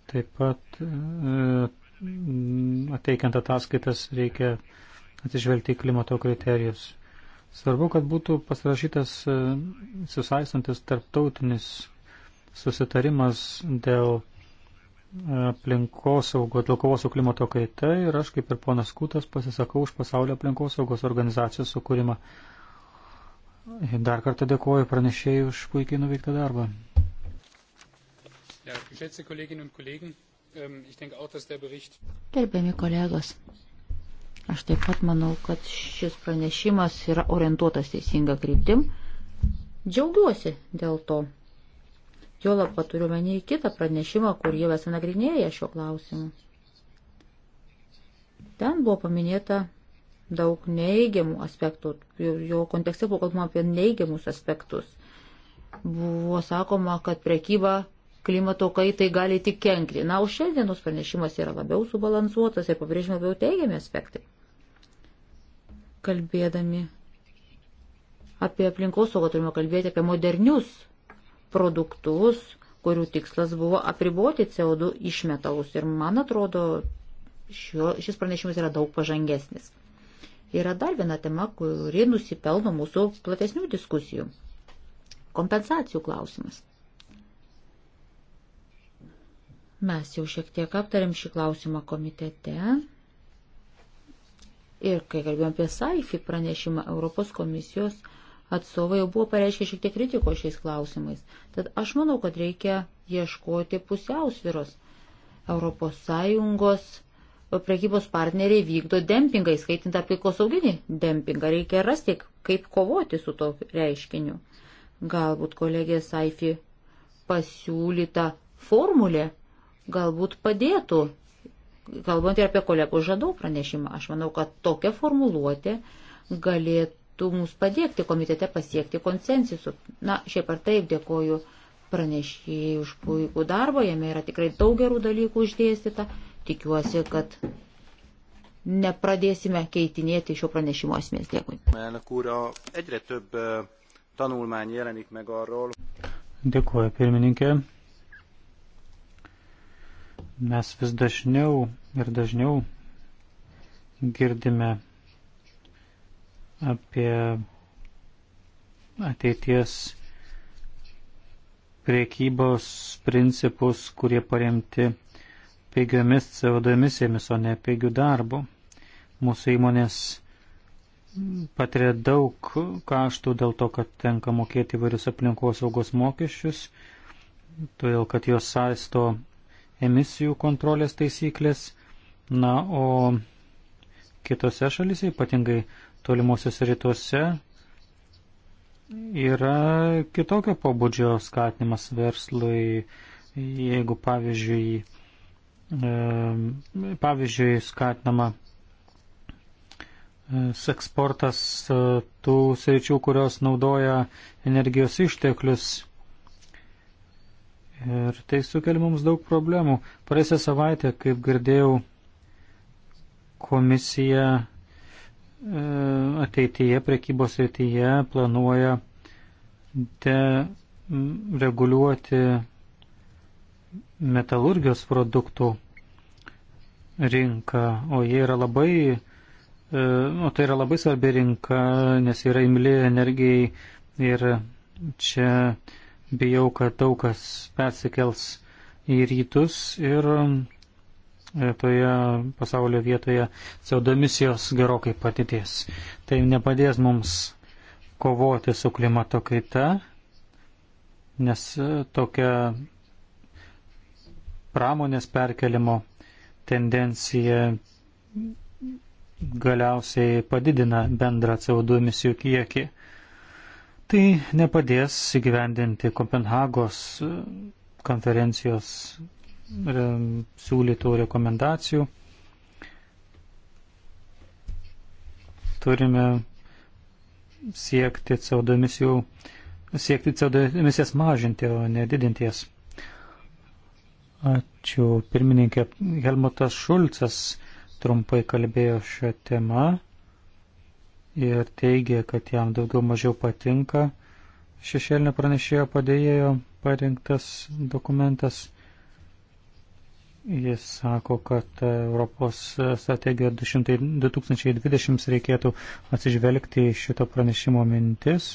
Taip pat e, ateikiant ataskaitas reikia atsižvelgti į klimato kriterijus. Svarbu, kad būtų pasirašytas e, susaistantis tarptautinis susitarimas dėl aplinkosaugų, dėl kovos su klimato kaita ir aš kaip ir ponas Kutas pasisakau už pasaulio aplinkosaugos organizacijos sukūrimą. Dar kartą dėkuoju pranešėjai už puikiai nuveiktą darbą. Ähm, Gerbiami kolegos, aš taip pat manau, kad šis pranešimas yra orientuotas teisinga kryptim. Džiaugiuosi dėl to. Jo labai turiu menį į kitą pranešimą, kur jau esu nagrinėję šio klausimu. Ten buvo paminėta daug neigiamų aspektų. Jo kontekste buvo kalbama apie neigiamus aspektus. Buvo sakoma, kad prekyba klimato kaitai gali tik kenkti. Na, o šiandienos pranešimas yra labiau subalansuotas ir pabrėžime labiau teigiami aspektai. Kalbėdami apie aplinkosaugą turime kalbėti apie modernius produktus, kurių tikslas buvo apriboti CO2 išmetalus. Ir man atrodo, šio, šis pranešimas yra daug pažangesnis. Yra dar viena tema, kuri nusipelno mūsų platesnių diskusijų. Kompensacijų klausimas. Mes jau šiek tiek aptarėm šį klausimą komitete. Ir kai kalbėjom apie SAIFI pranešimą Europos komisijos, atstovai jau buvo pareiškę šiek tiek kritiko šiais klausimais. Tad aš manau, kad reikia ieškoti pusiausviros. Europos Sąjungos prekybos partneriai vykdo dempingą, įskaitint aplinkosauginį dempingą. Reikia rasti, kaip kovoti su to reiškiniu. Galbūt kolegė Saifi pasiūlyta formulė galbūt padėtų, kalbant ir apie kolegų žadau pranešimą. Aš manau, kad tokia formuluotė galėtų galėtų mums padėkti komitete pasiekti konsensusų. Na, šiaip ar taip dėkoju pranešėjai už puikų darbą, jame yra tikrai daug gerų dalykų uždėstyta. Tikiuosi, kad nepradėsime keitinėti šio pranešimo esmės. Dėkui. Dėkuoju, pirmininkė. Mes vis dažniau ir dažniau girdime apie ateities priekybos principus, kurie paremti pigiomis CO2 emisijomis, o ne pigių darbų. Mūsų įmonės patiria daug kaštų dėl to, kad tenka mokėti įvairius aplinkos saugos mokesčius, todėl kad jos saisto emisijų kontrolės taisyklės. Na, o kitose šalise, ypatingai tolimuosiuose rytuose yra kitokio pobūdžio skatinimas verslui, jeigu pavyzdžiui, pavyzdžiui skatinama e, eksportas e, tų sričių, kurios naudoja energijos išteklius. Ir tai sukelia mums daug problemų. Praėjusią savaitę, kaip girdėjau, komisija E, ateityje prekybos srityje planuoja reguliuoti metalurgijos produktų rinką, o jie yra labai, e, o tai yra labai svarbi rinka, nes yra imli energijai ir čia bijau, kad daug kas persikels į rytus ir toje pasaulio vietoje CO2 misijos gerokai patidės. Tai nepadės mums kovoti su klimato kaita, nes e, tokia pramonės perkelimo tendencija galiausiai padidina bendrą CO2 emisijų kiekį. Tai nepadės įgyvendinti Kopenhagos e, konferencijos siūlytų rekomendacijų. Turime siekti CO2 emisijų, siekti CO2 emisijas mažinti, o ne didinti jas. Ačiū pirmininkė. Helmutas Šulcas trumpai kalbėjo šią temą ir teigė, kad jam daugiau mažiau patinka šešėlinio pranešėjo padėjėjo parinktas dokumentas. Jis sako, kad e, Europos strategija 2020 reikėtų atsižvelgti į šito pranešimo mintis,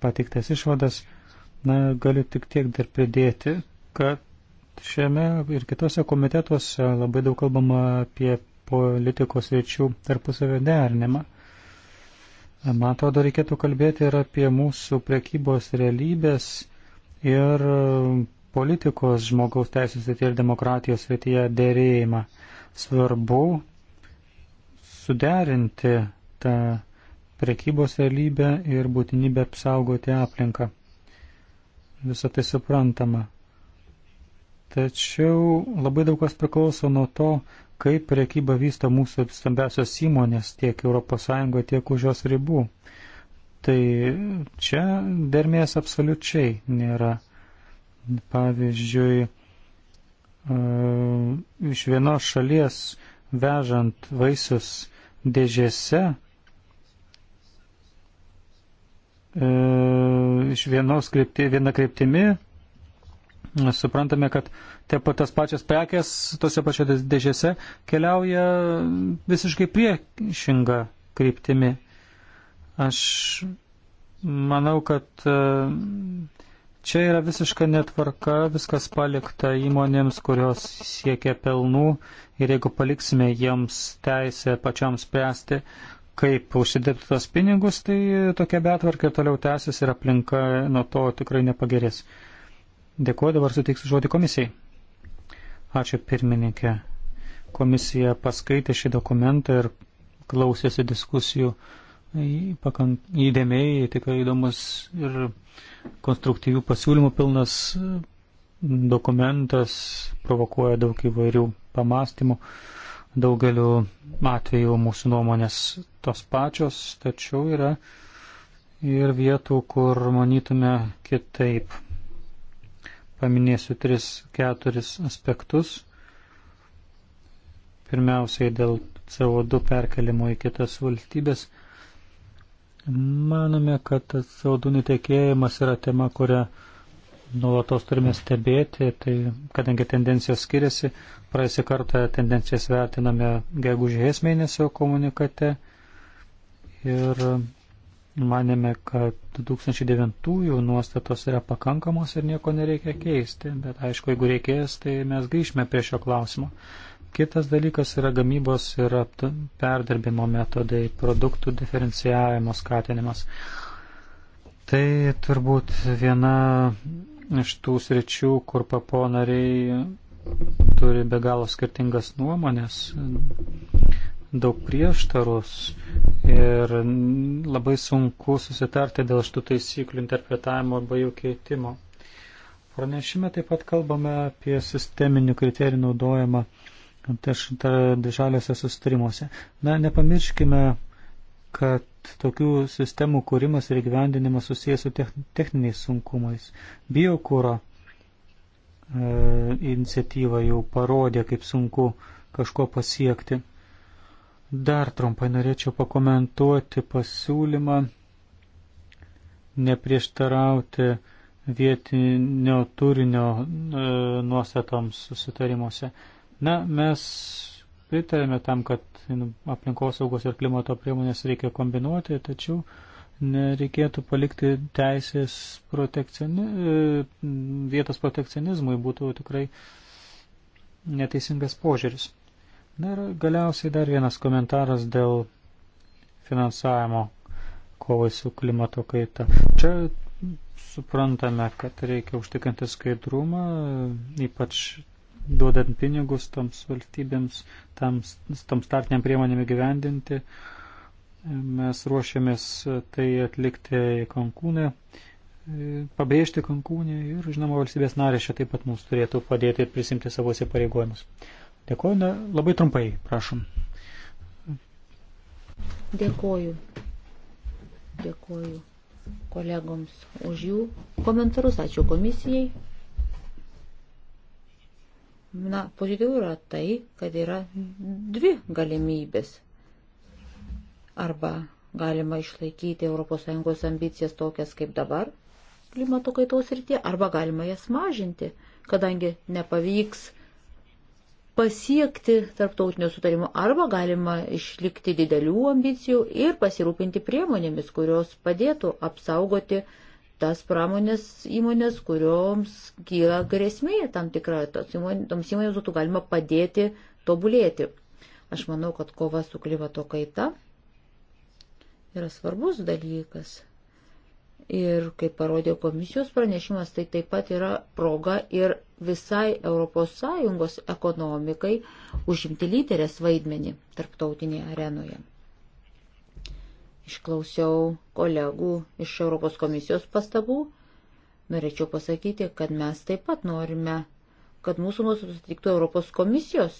pateiktas išvadas. Na, galiu tik tiek dar pridėti, kad šiame ir kitose komitetuose labai daug kalbama apie politikos ryčių tarpusavio derinimą. Man atrodo, reikėtų kalbėti ir apie mūsų prekybos realybės ir politikos žmogaus teisės ir demokratijos srityje dėrėjimą. Svarbu suderinti tą prekybos realybę ir būtinybę apsaugoti aplinką. Visą tai suprantama. Tačiau labai daug kas priklauso nuo to, kaip prekyba vysto mūsų stambiausios įmonės tiek ES, tiek už jos ribų. Tai čia dermės absoliučiai nėra. Pavyzdžiui, e, iš vienos šalies vežant vaisius dėžėse, e, iš vienos krypti, viena kryptimi, suprantame, kad taip pat tas pačias prekes tose pačiose dėžėse keliauja visiškai priešinga kryptimi. Aš manau, kad e, Čia yra visiška netvarka, viskas palikta įmonėms, kurios siekia pelnų ir jeigu paliksime jiems teisę pačioms spręsti, kaip užsidirbti tos pinigus, tai tokia betvarkė toliau tęsis ir aplinka nuo to tikrai nepagerės. Dėkuoju, dabar suteiksiu žodį komisijai. Ačiū pirmininkė. Komisija paskaitė šį dokumentą ir klausėsi diskusijų pakank, įdėmiai, tikrai įdomus ir konstruktyvių pasiūlymų pilnas dokumentas, provokuoja daug įvairių pamastymų. Daugeliu atveju mūsų nuomonės tos pačios, tačiau yra ir vietų, kur manytume kitaip. Paminėsiu tris, keturis aspektus. Pirmiausiai dėl CO2 perkelimo į kitas valstybės Manome, kad tas CO2 nutekėjimas yra tema, kurią nuolatos turime stebėti, tai kadangi tendencijos skiriasi, praėjusią kartą tendencijas vertiname gegužės mėnesio komunikate ir manėme, kad 2009 nuostatos yra pakankamos ir nieko nereikia keisti, bet aišku, jeigu reikės, tai mes grįžime prie šio klausimo. Kitas dalykas yra gamybos ir perdirbimo metodai, produktų diferencijavimo skatinimas. Tai turbūt viena iš tų sričių, kur papo nariai turi be galo skirtingas nuomonės, daug prieštarus ir labai sunku susitarti dėl šitų taisyklių interpretavimo arba jų keitimo. Pranešime taip pat kalbame apie sisteminį kriterijų naudojimą dvišaliuose sustarimuose. Na, nepamirškime, kad tokių sistemų kūrimas ir gyvendinimas susijęs su techniniais sunkumais. Biokūro e, iniciatyva jau parodė, kaip sunku kažko pasiekti. Dar trumpai norėčiau pakomentuoti pasiūlymą neprieštarauti vietinio turinio e, nuostatoms susitarimuose. E, Na, mes pritarėme tam, kad aplinkosaugos ir klimato priemonės reikia kombinuoti, tačiau nereikėtų palikti teisės protekcioni, e, vietos protekcionizmui, būtų tikrai neteisingas požiūris. Na ir galiausiai dar vienas komentaras dėl finansavimo kovai su klimato kaita. Čia suprantame, kad reikia užtikrinti skaidrumą, ypač duodant pinigus toms valstybėms, toms, toms startiniam priemonėm įgyvendinti. Mes ruošiamės tai atlikti Kankūne, pabrėžti Kankūne ir, žinoma, valstybės narės čia taip pat mums turėtų padėti ir prisimti savo įsipareigojimus. Dėkuoju, na, labai trumpai, prašom. Dėkuoju. Dėkuoju kolegoms už jų komentarus. Ačiū komisijai. Na, pozityvų yra tai, kad yra dvi galimybės. Arba galima išlaikyti ES ambicijas tokias kaip dabar klimato kaitos rytie, arba galima jas mažinti, kadangi nepavyks pasiekti tarptautinio sutarimo, arba galima išlikti didelių ambicijų ir pasirūpinti priemonėmis, kurios padėtų apsaugoti uh, tas pramonės įmonės, kurioms kyla grėsmė tam tikra, įmonė, toms įmonėms būtų galima padėti tobulėti. Aš manau, kad kova su klimato kaita yra svarbus dalykas. Ir kaip parodė komisijos pranešimas, tai taip pat yra proga ir visai ES ekonomikai užimti lyderės vaidmenį tarptautinėje arenoje. Išklausiau kolegų iš Europos komisijos pastabų. Norėčiau pasakyti, kad mes taip pat norime, kad mūsų nuostatos atitiktų Europos komisijos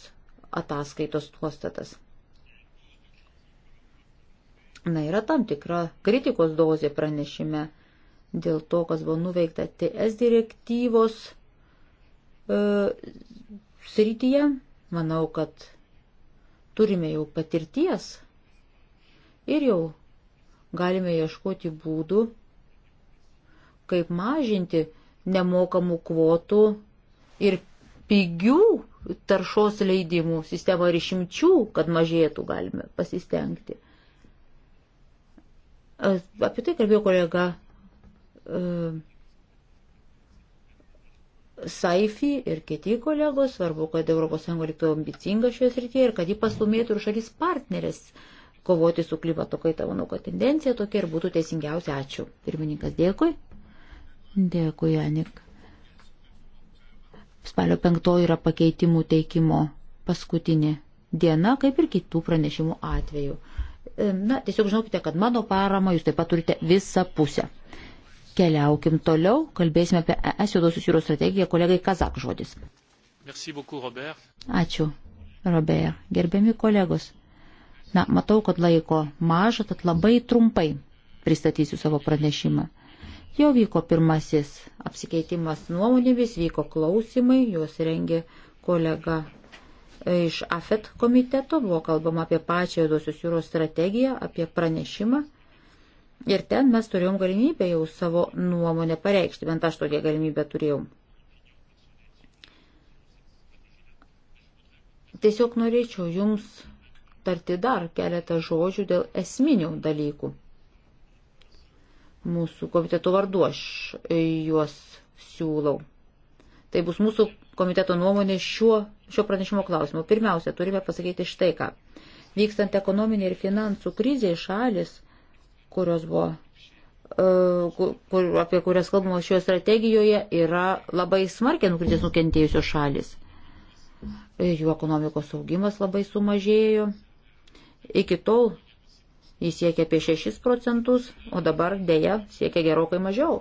ataskaitos nuostatas. Na, yra tam tikra kritikos dozė pranešime dėl to, kas buvo nuveikta TS direktyvos e, srityje. Manau, kad turime jau patirties ir jau galime ieškoti būdų, kaip mažinti nemokamų kvotų ir pigių taršos leidimų sistemą ir išimčių, kad mažėtų, galime pasistengti. Apie tai kalbėjo kolega uh, Saifi ir kiti kolegos. Svarbu, kad ES liktų ambicinga šioje srityje ir kad ji pastumėtų ir šalis partnerės uh, kovoti su klimato kaita. Manau, kad tendencija tokia ir būtų teisingiausia. Ačiū. Pirmininkas, dėkui. Dėkui, Janik. Spalio penktoji yra pakeitimų teikimo paskutinė diena, kaip ir kitų pranešimų atveju. Na, tiesiog žinokite, kad mano paramą jūs taip pat turite visą pusę. Keliaukim toliau, kalbėsime apie ES juodosios jūros strategiją, kolegai Kazak žodis. Beaucoup, Robert. Ačiū, Robert. Gerbiami kolegos. Na, matau, kad laiko maža, tad labai trumpai pristatysiu savo pranešimą. Jau vyko pirmasis apsikeitimas nuomonėmis, vyko klausimai, juos rengė kolega iš AFET komiteto, buvo kalbama apie pačią Jodosios jūros strategiją, apie pranešimą. Ir ten mes turėjom galimybę jau savo nuomonę pareikšti, bent aš tokią galimybę turėjau. Tiesiog norėčiau jums tarti dar keletą žodžių dėl esminių dalykų. Mūsų komiteto vardu aš juos siūlau. Tai bus mūsų komiteto nuomonė šiuo, šio pranešimo klausimu. Pirmiausia, turime pasakyti štai ką. Vykstant ekonominė ir finansų kriziai šalis, kurios buvo, e, kur, apie kurias kalbama šioje strategijoje, yra labai smarkiai nukritęs nukentėjusios šalis jų ekonomikos augimas labai sumažėjo, Iki tol jis siekia apie 6 procentus, o dabar dėja siekia gerokai mažiau.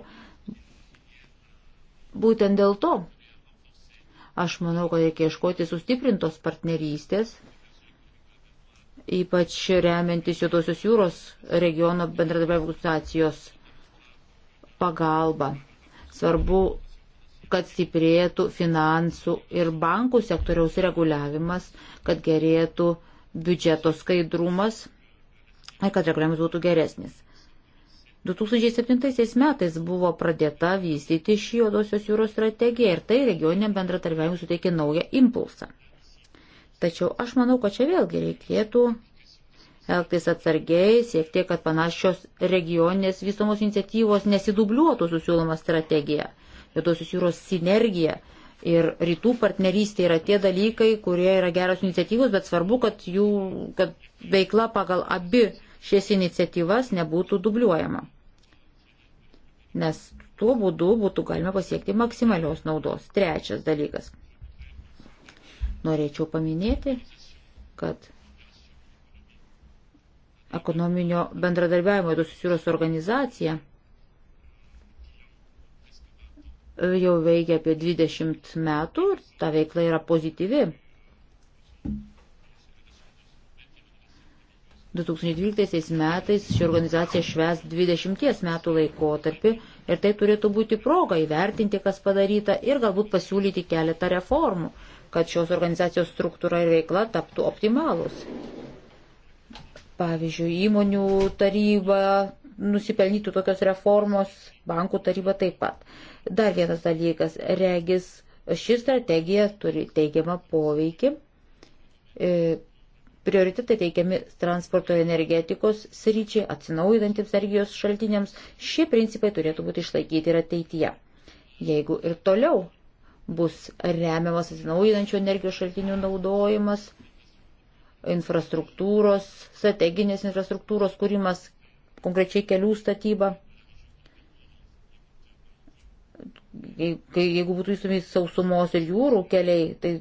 Būtent dėl to aš manau, kad reikia ieškoti sustiprintos partnerystės, ypač remiantis Juodosios jūros regiono bendradarbiavimo organizacijos pagalba. Svarbu, kad stiprėtų finansų ir bankų sektoriaus reguliavimas, kad gerėtų uh, biudžeto skaidrumas ir kad reglamentas būtų geresnis. 2007 metais buvo pradėta vystyti šį juodosios jūros strategiją ir tai regioniniam bendratarbiavimui suteikė naują impulsą. Tačiau aš manau, kad čia vėlgi reikėtų elgtis atsargiai, siekti, kad panašios regioninės vystomos iniciatyvos nesidubliuotų su siūloma strategija. Juodosios jūros sinergija Ir rytų partnerystė yra tie dalykai, kurie yra geros iniciatyvos, bet svarbu, kad jų kad veikla pagal abi šias iniciatyvas nebūtų dubliuojama. Nes tuo būdu būtų galima pasiekti maksimalios naudos. Trečias dalykas. Norėčiau paminėti, kad ekonominio bendradarbiavimo Rusijos jūros organizacija – jau veikia apie 20 metų ir ta veikla yra pozityvi. 2012 metais ši organizacija šves 20 metų laikotarpį ir tai turėtų būti proga įvertinti, kas padaryta ir galbūt pasiūlyti keletą reformų, kad šios organizacijos struktūra ir veikla taptų optimalus. Pavyzdžiui, įmonių taryba nusipelnytų tokios reformos, bankų taryba taip pat. Dar vienas dalykas, regis, ši strategija turi teigiamą poveikį. E, prioritetai teikiami transporto energetikos sryčiai, atsinaujinantiems energijos šaltiniams. Šie principai turėtų būti išlaikyti ir ateityje. Jeigu ir toliau bus remiamas atsinaujinančių energijos šaltinių naudojimas, infrastruktūros, strateginės infrastruktūros kūrimas, konkrečiai kelių statyba, kai, jeigu būtų įstumiai sausumos ir jūrų keliai, tai,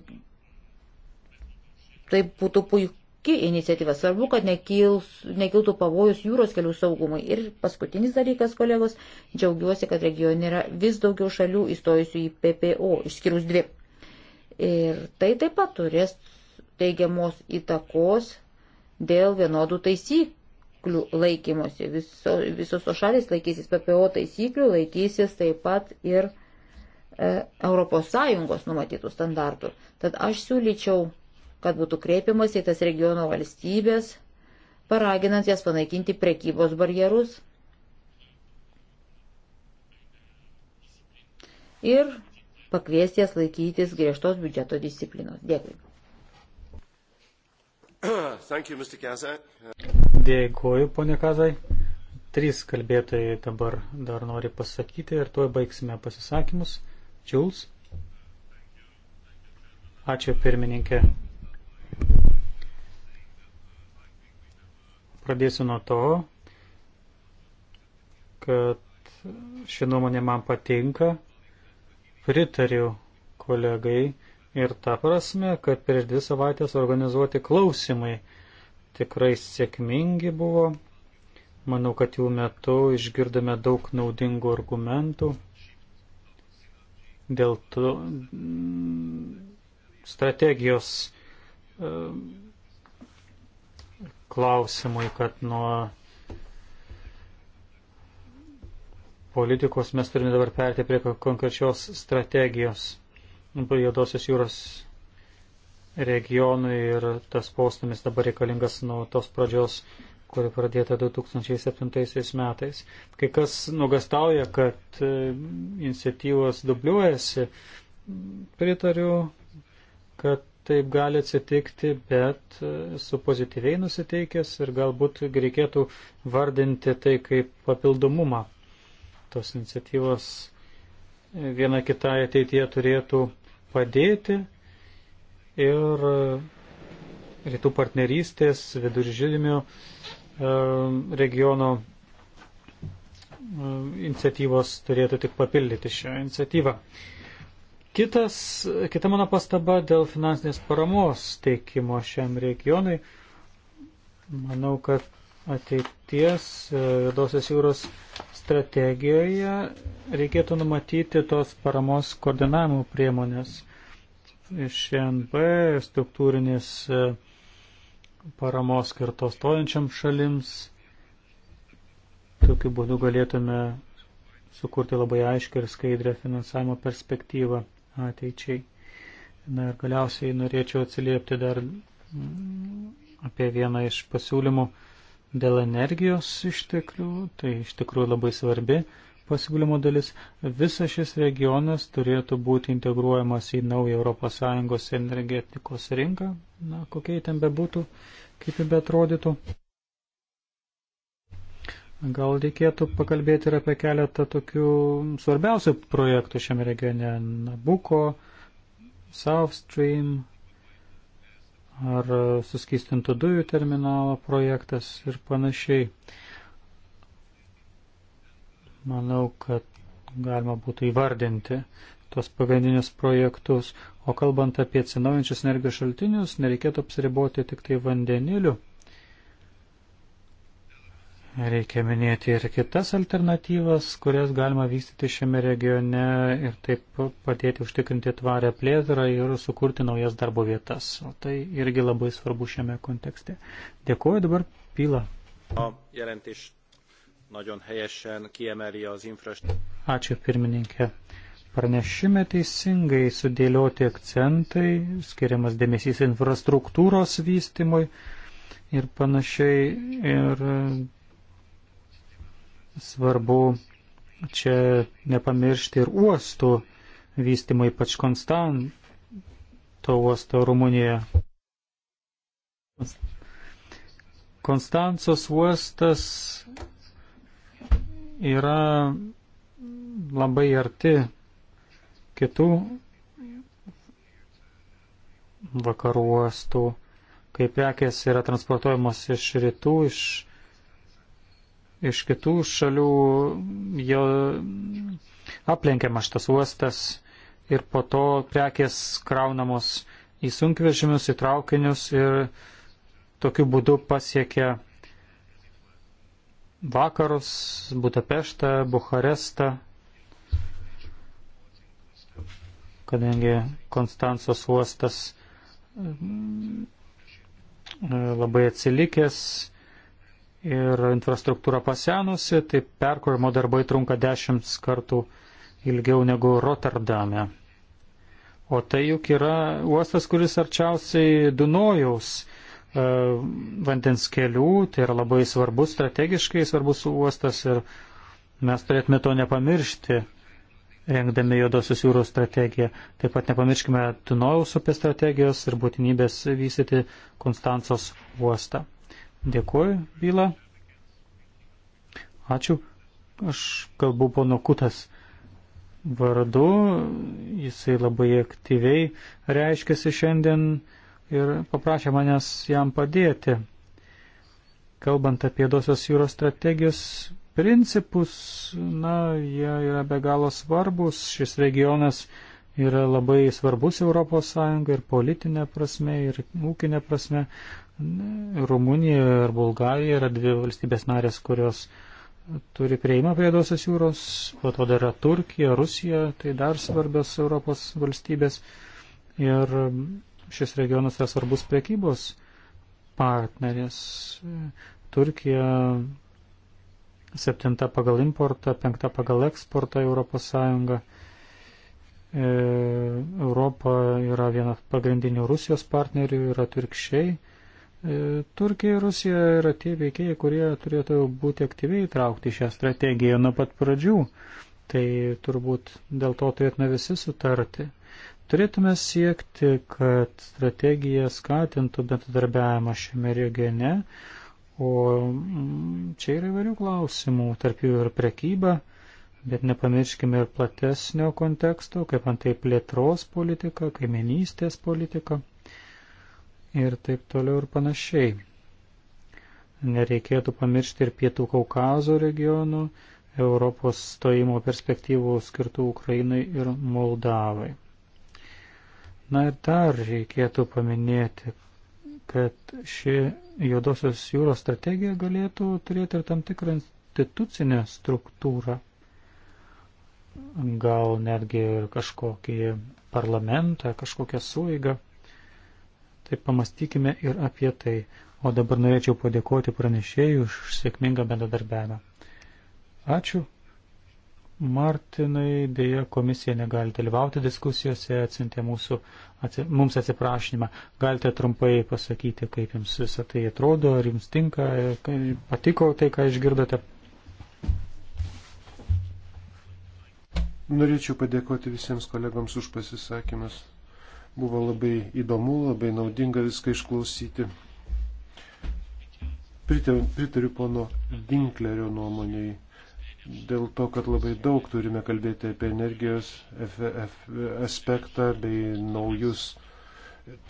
tai būtų puikiai iniciatyva. Svarbu, kad nekils, nekiltų pavojus jūros kelių saugumui. Ir paskutinis dalykas, kolegos, džiaugiuosi, kad regione yra vis daugiau šalių įstojusių į PPO, išskyrus dvi. Ir tai taip pat turės teigiamos įtakos dėl vienodų taisyklių taisyklių laikymosi. Viso, visos tos šalis laikysis PPO taisyklių, laikysis taip pat ir e, ES numatytų standartų. Tad aš siūlyčiau, kad būtų kreipiamas į tas regiono valstybės, paraginant jas panaikinti prekybos barjerus ir pakviesti jas laikytis griežtos biudžeto disciplinos. Dėkui. Thank you, Mr. Kazak. Dėkuoju, ponė Kazai. Trys kalbėtojai dabar dar nori pasakyti ir tuoj baigsime pasisakymus. Čiuls. Ačiū pirmininkė. Pradėsiu nuo to, kad ši nuomonė man patinka. Pritariu kolegai ir ta prasme, kad prieš dvi savaitės organizuoti klausimai tikrai sėkmingi buvo. Manau, kad jų metu išgirdome daug naudingų argumentų. Dėl to mm, strategijos e, klausimui, kad nuo politikos mes turime dabar perti prie konkrečios strategijos juodosios jūros regionui ir tas postumis dabar reikalingas nuo tos pradžios, kuri pradėta 2007 metais. Kai kas nugastauja, kad e, iniciatyvos dubliuojasi, pritariu, kad taip gali atsitikti, bet e, su pozityviai nusiteikęs ir galbūt reikėtų vardinti tai kaip papildomumą. Tos iniciatyvos e, viena kitai ateityje turėtų padėti ir e, rytų partnerystės viduržydimių e, regiono e, iniciatyvos turėtų tik papildyti šią iniciatyvą. Kitas, kita mano pastaba dėl finansinės paramos teikimo šiam regionui. Manau, kad ateities Juodosios jūros strategijoje reikėtų numatyti tos paramos koordinavimo priemonės iš NP struktūrinės e, paramos skirtos stojančiam šalims. Tokiu būdu galėtume sukurti labai aiškę ir skaidrę finansavimo perspektyvą ateičiai. Na ir galiausiai norėčiau atsiliepti dar mm, apie vieną iš pasiūlymų dėl energijos išteklių. Tai iš tikrųjų labai svarbi pasiūlymo dalis, visas šis regionas turėtų būti integruojamas į naują ES energetikos rinką, na, kokie ten bebūtų, kaip jį betrodytų. Gal reikėtų pakalbėti ir apie keletą tokių svarbiausių projektų šiame regione - Nabuko, South Stream ar suskistintų dujų terminalo projektas ir panašiai manau, kad galima būtų įvardinti tuos pagrindinius projektus. O kalbant apie atsinaujančius energijos šaltinius, nereikėtų apsiriboti tik tai vandeniliu. Reikia minėti ir kitas alternatyvas, kurias galima vystyti šiame regione ir taip padėti užtikrinti tvarę plėtrą ir sukurti naujas darbo vietas. O tai irgi labai svarbu šiame kontekste. Dėkuoju dabar Pila. O, jelentis nagyon helyesen kiemeli az infrastruktūrą. Ačiū pirmininkė. Pranešime teisingai sudėlioti akcentai, skiriamas dėmesys infrastruktūros vystimui ir panašiai. Ir svarbu čia nepamiršti ir uostų vystimo, ypač Konstanto uosto Rumunijoje. Konstancos uostas yra labai arti kitų vakarų uostų, kai prekės yra transportuojamos iš rytų, iš, iš kitų šalių, jo aplenkiamas šitas uostas ir po to prekės kraunamos į sunkvežimius, į traukinius ir tokiu būdu pasiekia vakarus, Budapeštą, Bucharestą, kadangi Konstancijos uostas mm, e, labai atsilikęs ir infrastruktūra pasenusi, tai perkurimo darbai trunka dešimt kartų ilgiau negu Rotterdame. O tai juk yra uostas, kuris arčiausiai Dunojaus E, vandens kelių, tai yra labai svarbus, strategiškai svarbus uostas ir mes turėtume to nepamiršti, rengdami juodosios jūros strategiją. Taip pat nepamirškime Dunojaus upės strategijos ir būtinybės vystyti Konstancos uostą. Dėkuoju, Vyla. Ačiū. Aš kalbu pono Kutas vardu. Jisai labai aktyviai reiškiasi šiandien ir paprašė manęs jam padėti. Kalbant apie Dosios jūros strategijos principus, na, jie yra be galo svarbus. Šis regionas yra labai svarbus ES ir politinė prasme, ir ūkinė prasme. Rumunija ir Bulgarija yra dvi valstybės narės, kurios turi prieimą prie Dosios jūros, po to dar yra Turkija, Rusija, tai dar svarbios Europos valstybės. Ir šis regionas yra svarbus priekybos partneris. Turkija septinta pagal importą, penkta pagal eksportą Europos Sąjunga. E, Europa yra vienas pagrindinių Rusijos partnerių ir atvirkščiai. E, Turkija ir Rusija yra tie veikėjai, kurie turėtų būti aktyviai įtraukti šią strategiją nuo pat pradžių. Tai turbūt dėl to turėtume visi sutarti. Turėtume siekti, kad strategija skatintų bendradarbiavimą šiame regione, o mm, čia yra įvairių klausimų, tarp jų ir prekyba, bet nepamirškime ir platesnio konteksto, kaip antai plėtros politika, kaiminystės politika ir taip toliau ir panašiai. Nereikėtų pamiršti ir Pietų Kaukazo regionų, Europos stojimo perspektyvų skirtų Ukrainai ir Moldavai. Na ir dar reikėtų paminėti, kad ši juodosios jūros strategija galėtų turėti ir tam tikrą institucinę struktūrą, gal netgi ir kažkokį parlamentą, kažkokią suigą. Tai pamastykime ir apie tai. O dabar norėčiau padėkoti pranešėjų už sėkmingą bendradarbiavimą. Ačiū. Martinai, dėja komisija negali dalyvauti diskusijose, atsintė mūsų, atsi, mums atsiprašymą. Galite trumpai pasakyti, kaip jums visą tai atrodo, ar jums tinka, patiko tai, ką išgirdote. Norėčiau padėkoti visiems kolegams už pasisakymus. Buvo labai įdomu, labai naudinga viską išklausyti. Pritariu pono Dinklerio nuomonėjai dėl to, kad labai daug turime kalbėti apie energijos aspektą bei naujus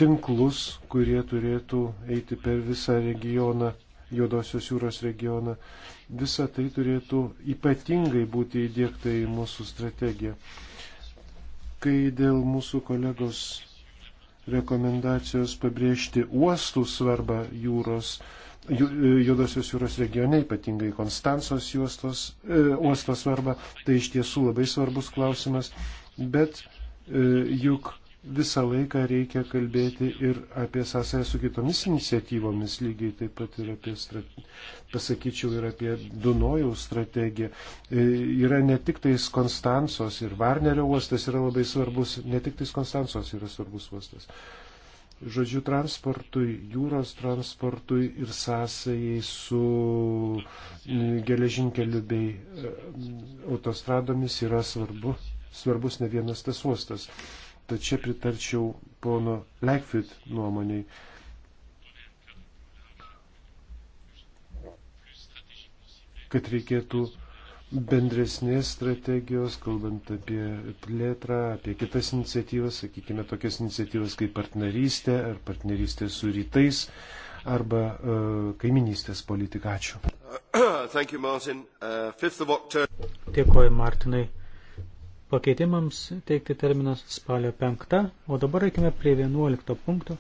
tinklus, kurie turėtų eiti per visą regioną, Juodosios jūros regioną. Visa tai turėtų ypatingai būti įdėkta į mūsų strategiją. Kai dėl mūsų kolegos rekomendacijos pabrėžti uostų svarbą jūros, Judosios jūros regione, ypatingai Konstancijos juostos, e, uosto svarbą. Tai iš tiesų labai svarbus klausimas, bet e, juk visą laiką reikia kalbėti ir apie sąsąją su kitomis iniciatyvomis, lygiai taip pat ir apie, strate... pasakyčiau, ir apie Dunojaus strategiją. E, yra ne tik tais Konstancijos ir Varnerio uostas yra labai svarbus, ne tik tais Konstancijos yra svarbus uostas žodžiu transportui, jūros transportui ir sąsajai su mm, geležinkeliu bei e, autostradomis yra svarbu, svarbus ne vienas tas uostas. Tad čia pritarčiau pono Lekfit nuomoniai. kad reikėtų bendresnės strategijos, kalbant apie plėtrą, apie kitas iniciatyvas, sakykime, tokias iniciatyvas kaip partnerystė ar partnerystė su rytais arba uh, kaiminystės politika. Ačiū. [clears throat] You, Martin. Uh, Dėkuoju, Martinai. Pakeitimams teikti terminas spalio 5, o dabar reikime prie 11 punktų.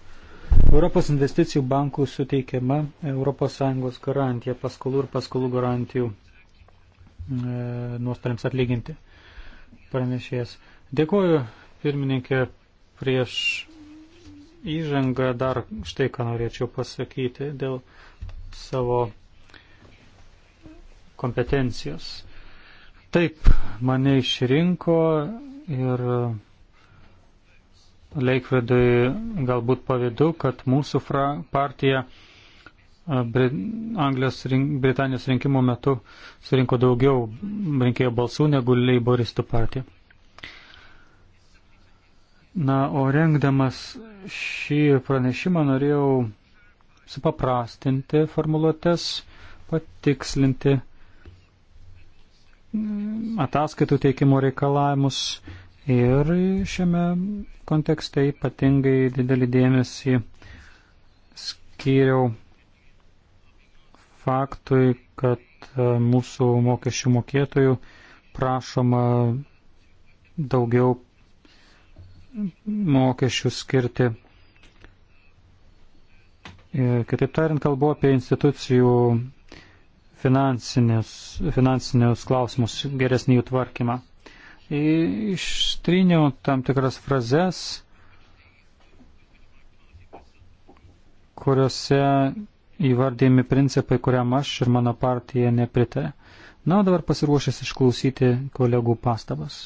Europos investicijų bankų suteikiama ES garantija paskolų ir paskolų garantijų E, nuostoliams atlyginti. Pranešėjas. Dėkuoju, pirmininkė, prieš įžangą dar štai ką norėčiau pasakyti dėl savo kompetencijos. Taip, mane išrinko ir Leikvedui galbūt pavydu, kad mūsų partija Anglijos, Britanijos rinkimų metu surinko daugiau rinkėjo balsų negu Leiboristų partija. Na, o rengdamas šį pranešimą norėjau supaprastinti formuluotės, patikslinti mm, ataskaitų teikimo reikalavimus ir šiame kontekste ypatingai didelį dėmesį skyriau faktui, kad e, mūsų mokesčių mokėtojų prašoma daugiau mokesčių skirti. E, kitaip tariant, kalbu apie institucijų finansinius, finansinius klausimus, geresnį jų tvarkymą. Ištryniau tam tikras frazes, kuriuose įvardėjami principai, kuriam aš ir mano partija nepritarė. Na, o dabar pasiruošęs išklausyti kolegų pastabas.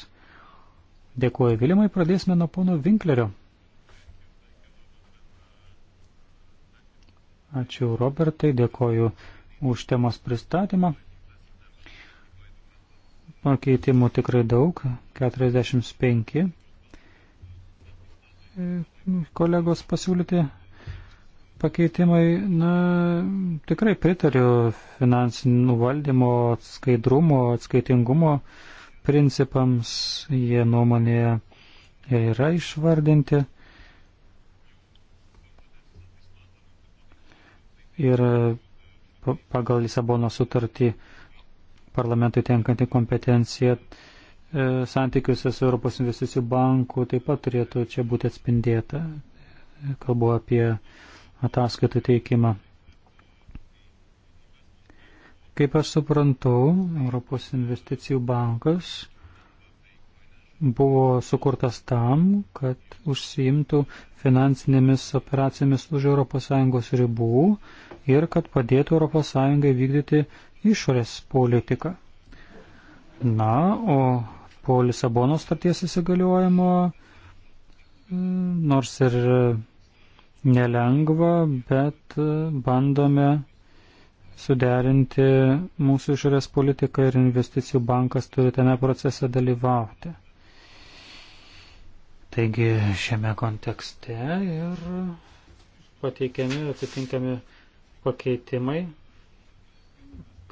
Dėkuoju Vilimai, pradėsime nuo pono Vinklerio. Ačiū Robertai, dėkoju už temos pristatymą. Pakeitimų tikrai daug, 45 kolegos pasiūlyti pakeitimai, na, tikrai pritariu finansinių valdymo, skaidrumo, atskaitingumo principams, jie nuomonėje yra išvardinti. Ir pagal Lisabono sutartį parlamentui tenkanti kompetencija e, santykiuose su Europos investicijų banku taip pat turėtų čia būti atspindėta. Kalbu apie ataskaitų teikimą. Kaip aš suprantu, Europos investicijų bankas buvo sukurtas tam, kad užsiimtų finansinėmis operacijomis už ES ribų ir kad padėtų ES vykdyti išorės politiką. Na, o po Lisabono starties įsigaliojimo, nors ir nelengva, bet e, bandome suderinti mūsų išorės politiką ir investicijų bankas turi tame procese dalyvauti. Taigi šiame kontekste ir pateikiami atitinkami pakeitimai,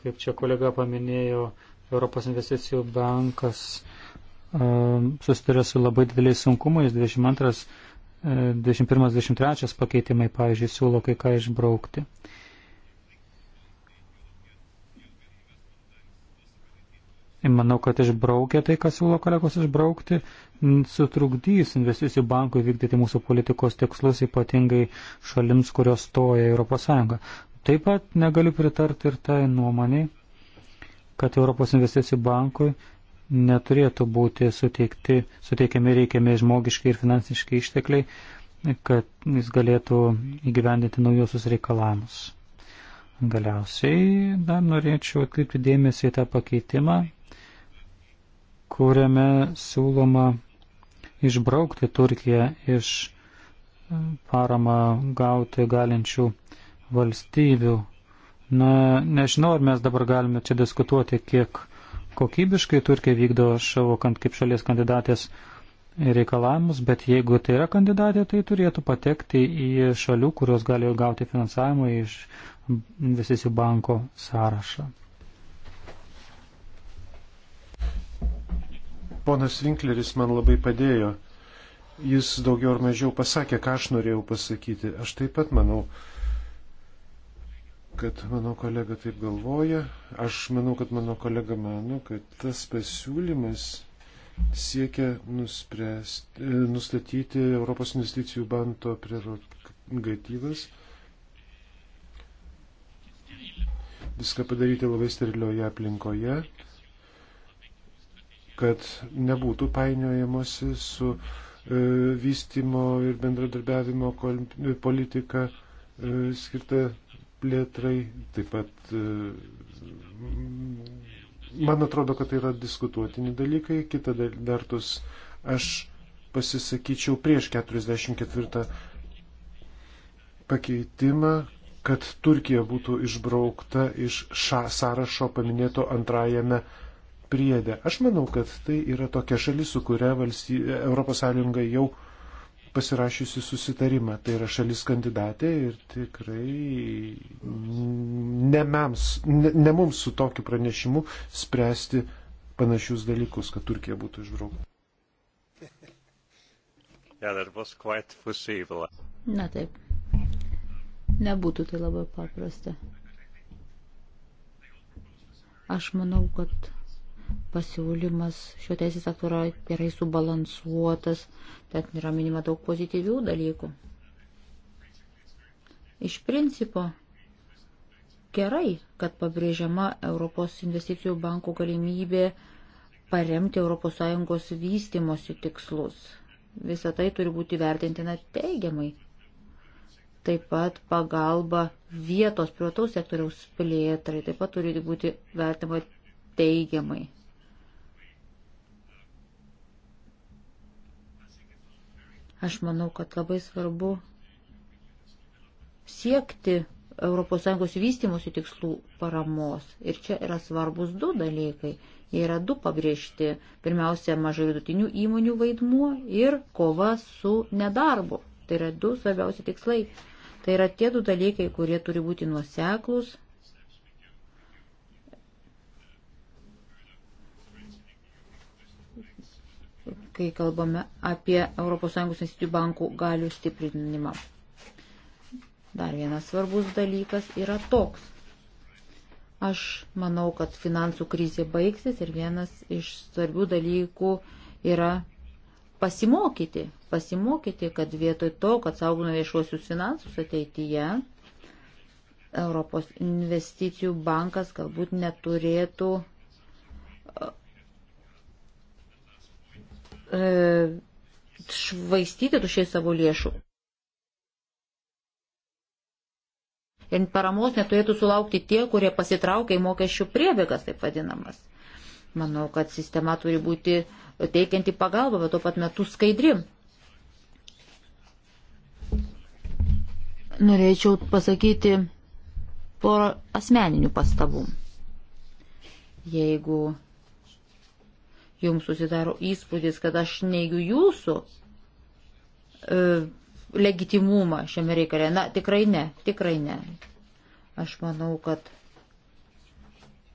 kaip čia kolega paminėjo, Europos investicijų bankas e, susiduria su labai dideliais sunkumais. 22 21-23 pakeitimai, pavyzdžiui, siūlo kai ką išbraukti. Manau, kad išbraukė tai, ką siūlo kolegos išbraukti, sutrukdys investicijų bankui vykdyti mūsų politikos tikslus, ypatingai šalims, kurios stoja Europos Sąjunga. Taip pat negaliu pritarti ir tai nuomonį, kad Europos investicijų bankui neturėtų būti suteikti, suteikiami reikiami žmogiškai ir finansiškai ištekliai, kad jis galėtų įgyvendinti naujosius reikalavimus. Galiausiai dar norėčiau atkreipti dėmesį į tą pakeitimą, kuriame siūloma išbraukti Turkiją iš e, paramą gauti galinčių valstybių. Na, nežinau, ar mes dabar galime čia diskutuoti, kiek kokybiškai Turkija vykdo savo kaip šalies kandidatės reikalavimus, bet jeigu tai yra kandidatė, tai turėtų patekti į šalių, kurios gali gauti finansavimą iš visisi banko sąrašą. Ponas Winkleris man labai padėjo. Jis daugiau ar mažiau pasakė, ką aš norėjau pasakyti. Aš taip pat manau, kad mano kolega taip galvoja. Aš manau, kad mano kolega mano, kad tas pasiūlymas siekia nuspręsti, e, nustatyti Europos investicijų banto prerogatyvas. Viską padaryti labai sterilioje aplinkoje, kad nebūtų painiojamosi su e, vystimo ir bendradarbiavimo kol, politika e, skirta plėtrai, taip pat e, man atrodo, kad tai yra diskutuotini dalykai. Kita vertus, aš pasisakyčiau prieš 44 pakeitimą, kad Turkija būtų išbraukta iš ša, sąrašo paminėto antrajame priedė. Aš manau, kad tai yra tokia šalis, su kuria valstybė, ES jau pasirašysi susitarimą. Tai yra šalis kandidatė ir tikrai ne, mems, ne, ne mums su tokiu pranešimu spręsti panašius dalykus, kad Turkija būtų išbraukta. [laughs] Yeah, Na taip. Nebūtų tai labai paprasta. Aš manau, kad pasiūlymas šio teisės akto yra gerai subalansuotas, tad yra minima daug pozityvių dalykų. Iš principo, gerai, kad pabrėžiama Europos investicijų bankų galimybė paremti ES vystimosi tikslus. Visą tai turi būti vertintina teigiamai. Taip pat pagalba vietos privataus sektoriaus plėtrai taip pat turi būti vertinama teigiamai. Aš manau, kad labai svarbu siekti ES vystimosi tikslų paramos. Ir čia yra svarbus du dalykai. Jie yra du pabrėžti. Pirmiausia, mažai vidutinių įmonių vaidmuo ir kova su nedarbu. Tai yra du svarbiausi tikslai. Tai yra tie du dalykai, kurie turi būti nuoseklus kai kalbame apie ES institucijų bankų galių stiprinimą. Dar vienas svarbus dalykas yra toks. Aš manau, kad finansų krizė baigsis ir vienas iš svarbių dalykų yra pasimokyti. Pasimokyti, kad vietoj to, kad saugome viešuosius finansus ateityje, Europos investicijų bankas galbūt neturėtų e, švaistyti tušiai savo lėšų. Ir paramos neturėtų sulaukti tie, kurie pasitraukia į mokesčių priebėgas, taip vadinamas. Manau, kad sistema turi būti teikianti pagalbą, bet tuo pat metu skaidri. Norėčiau pasakyti porą asmeninių pastabų. Jeigu jums susidaro įspūdis, kad aš neigiu jūsų e, legitimumą šiame reikale. Na, tikrai ne, tikrai ne. Aš manau, kad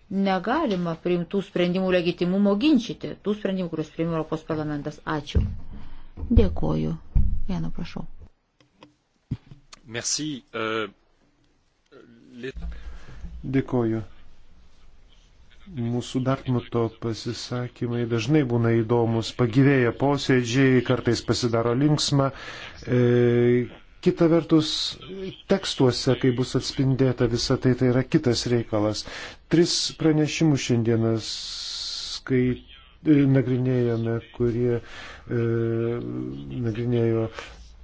negalima priimtų sprendimų legitimumo ginčyti. Tų sprendimų, kuriuos priimė Europos parlamentas. Ačiū. Dėkoju. Vieną prašau. Merci. Uh, let... Dėkoju. Mūsų Dartmuto pasisakymai dažnai būna įdomus, pagyvėja posėdžiai, kartais pasidaro linksma. E, kita vertus, tekstuose, kai bus atspindėta visa tai, tai yra kitas reikalas. Tris pranešimus šiandienas skait, e, nagrinėjome, kurie e, nagrinėjo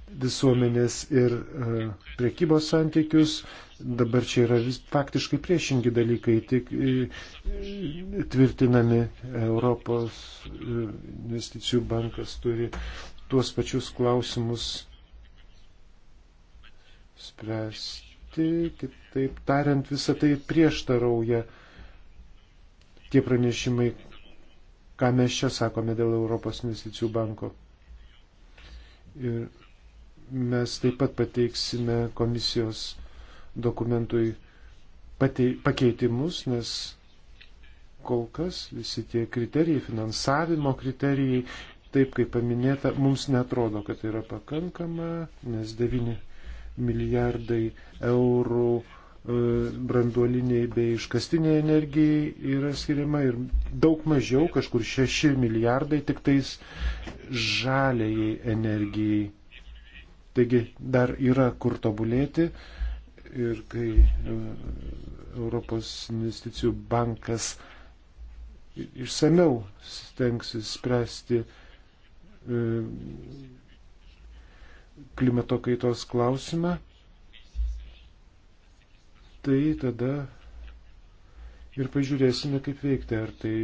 visuomenės ir e, priekybos santykius. Dabar čia yra vis, faktiškai priešingi dalykai, tik e, e tvirtinami Europos e, investicijų bankas turi tuos pačius klausimus spręsti, kitaip tariant, visą tai prieštarauja tie pranešimai, ką mes čia sakome dėl Europos investicijų banko. Ir mes taip pat pateiksime komisijos dokumentui patei, pakeitimus, nes kol kas visi tie kriterijai, finansavimo kriterijai, taip kaip paminėta, mums netrodo, kad tai yra pakankama, nes 9 milijardai eurų e, branduoliniai bei iškastiniai energijai yra skiriama ir daug mažiau, kažkur 6 milijardai tik tais žaliai energijai Taigi dar yra kur tobulėti ir kai e, Europos investicijų bankas išsameu stengsis spręsti e, klimato kaitos klausimą, tai tada ir pažiūrėsime, kaip veikti, ar tai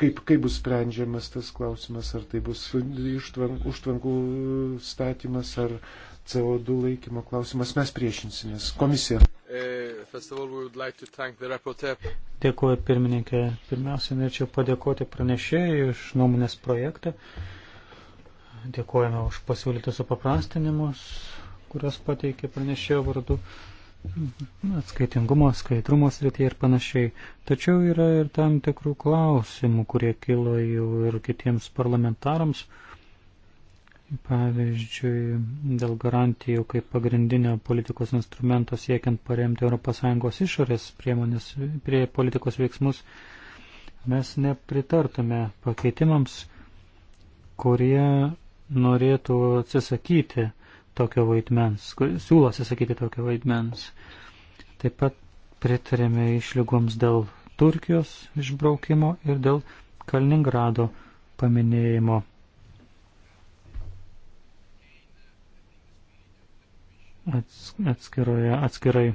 kaip, kaip bus sprendžiamas tas klausimas, ar tai bus ištvan, užtvankų statymas, ar CO2 laikymo klausimas, mes priešinsimės. Komisija. Eh, Dėkuoju pirmininkė. Pirmiausia, norėčiau padėkoti pranešėjai iš nuomonės projektą. Dėkuojame už pasiūlytus supaprastinimus, kuriuos pateikė pranešėjo vardu. Uh, atskaitingumo, skaidrumo srityje ir panašiai. Tačiau yra ir tam tikrų klausimų, kurie kilo jau ir kitiems parlamentarams. Pavyzdžiui, dėl garantijų kaip pagrindinio politikos instrumento siekiant paremti ES išorės priemonės prie politikos veiksmus, mes nepritartume pakeitimams, kurie norėtų atsisakyti tokio vaidmens, siūlo atsisakyti tokio vaidmens. Taip pat pritarėme išlygoms dėl Turkijos išbraukimo ir dėl Kaliningrado paminėjimo. Atskiroje, atskirai.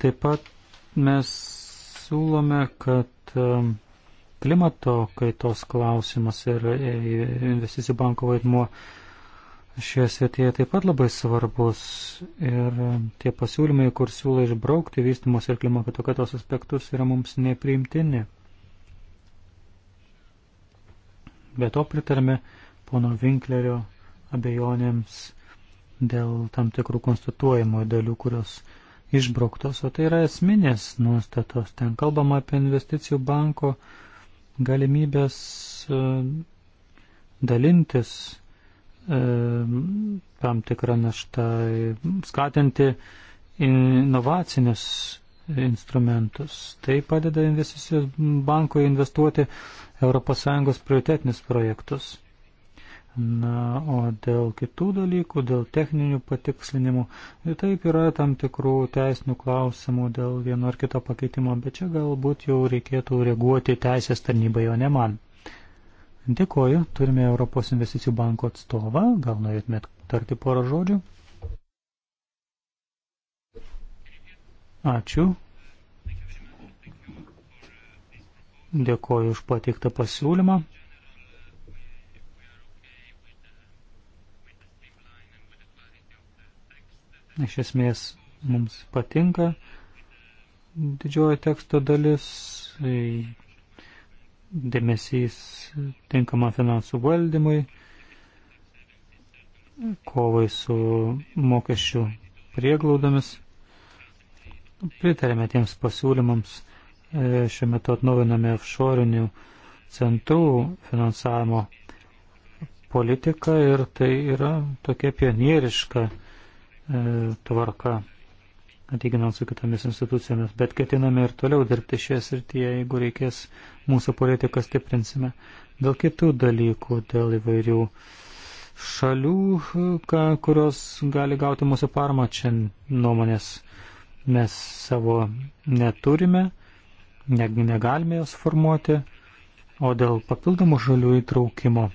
Taip pat mes siūlome, kad um, klimato kaitos klausimas ir e, investicijų banko vaidmuo šioje srityje taip pat labai svarbus ir tie pasiūlymai, kur siūlo išbraukti vystimus ir klimato kaitos aspektus, yra mums nepriimtini. Be to pritarame pono Vinklerio abejonėms dėl tam tikrų konstatuojimo dalių, kurios išbrauktos, o tai yra esminės nuostatos. Ten kalbama apie investicijų banko galimybės e, dalintis E, tam tikrą naštą, skatinti inovacinius instrumentus. Tai padeda investicijos bankui investuoti ES prioritetinius projektus. Na, o dėl kitų dalykų, dėl techninių patikslinimų, tai taip yra tam tikrų teisinių klausimų dėl vieno ar kito pakeitimo, bet čia galbūt jau reikėtų reaguoti teisės tarnybai, o ne man. Dėkoju, turime Europos investicijų banko atstovą, gal norėtumėt tarti porą žodžių? Ačiū. Dėkoju už pateiktą pasiūlymą. Iš esmės mums patinka didžioji teksto dalis, dėmesys tinkama finansų valdymui, kovai su mokesčių prieglaudomis. Pritarėme tiems pasiūlymams, e, šiuo metu atnaujiname offshore'inių centrų finansavimo politiką ir tai yra tokia pionieriška e, tvarka lyginant su kitomis institucijomis, bet ketiname ir toliau dirbti šioje srityje, jeigu reikės mūsų politiką stiprinsime. Dėl kitų dalykų, dėl įvairių šalių, ka, kurios gali gauti mūsų parmą, čia nuomonės mes savo neturime, ne, negalime jos formuoti, o dėl papildomų žalių įtraukimo.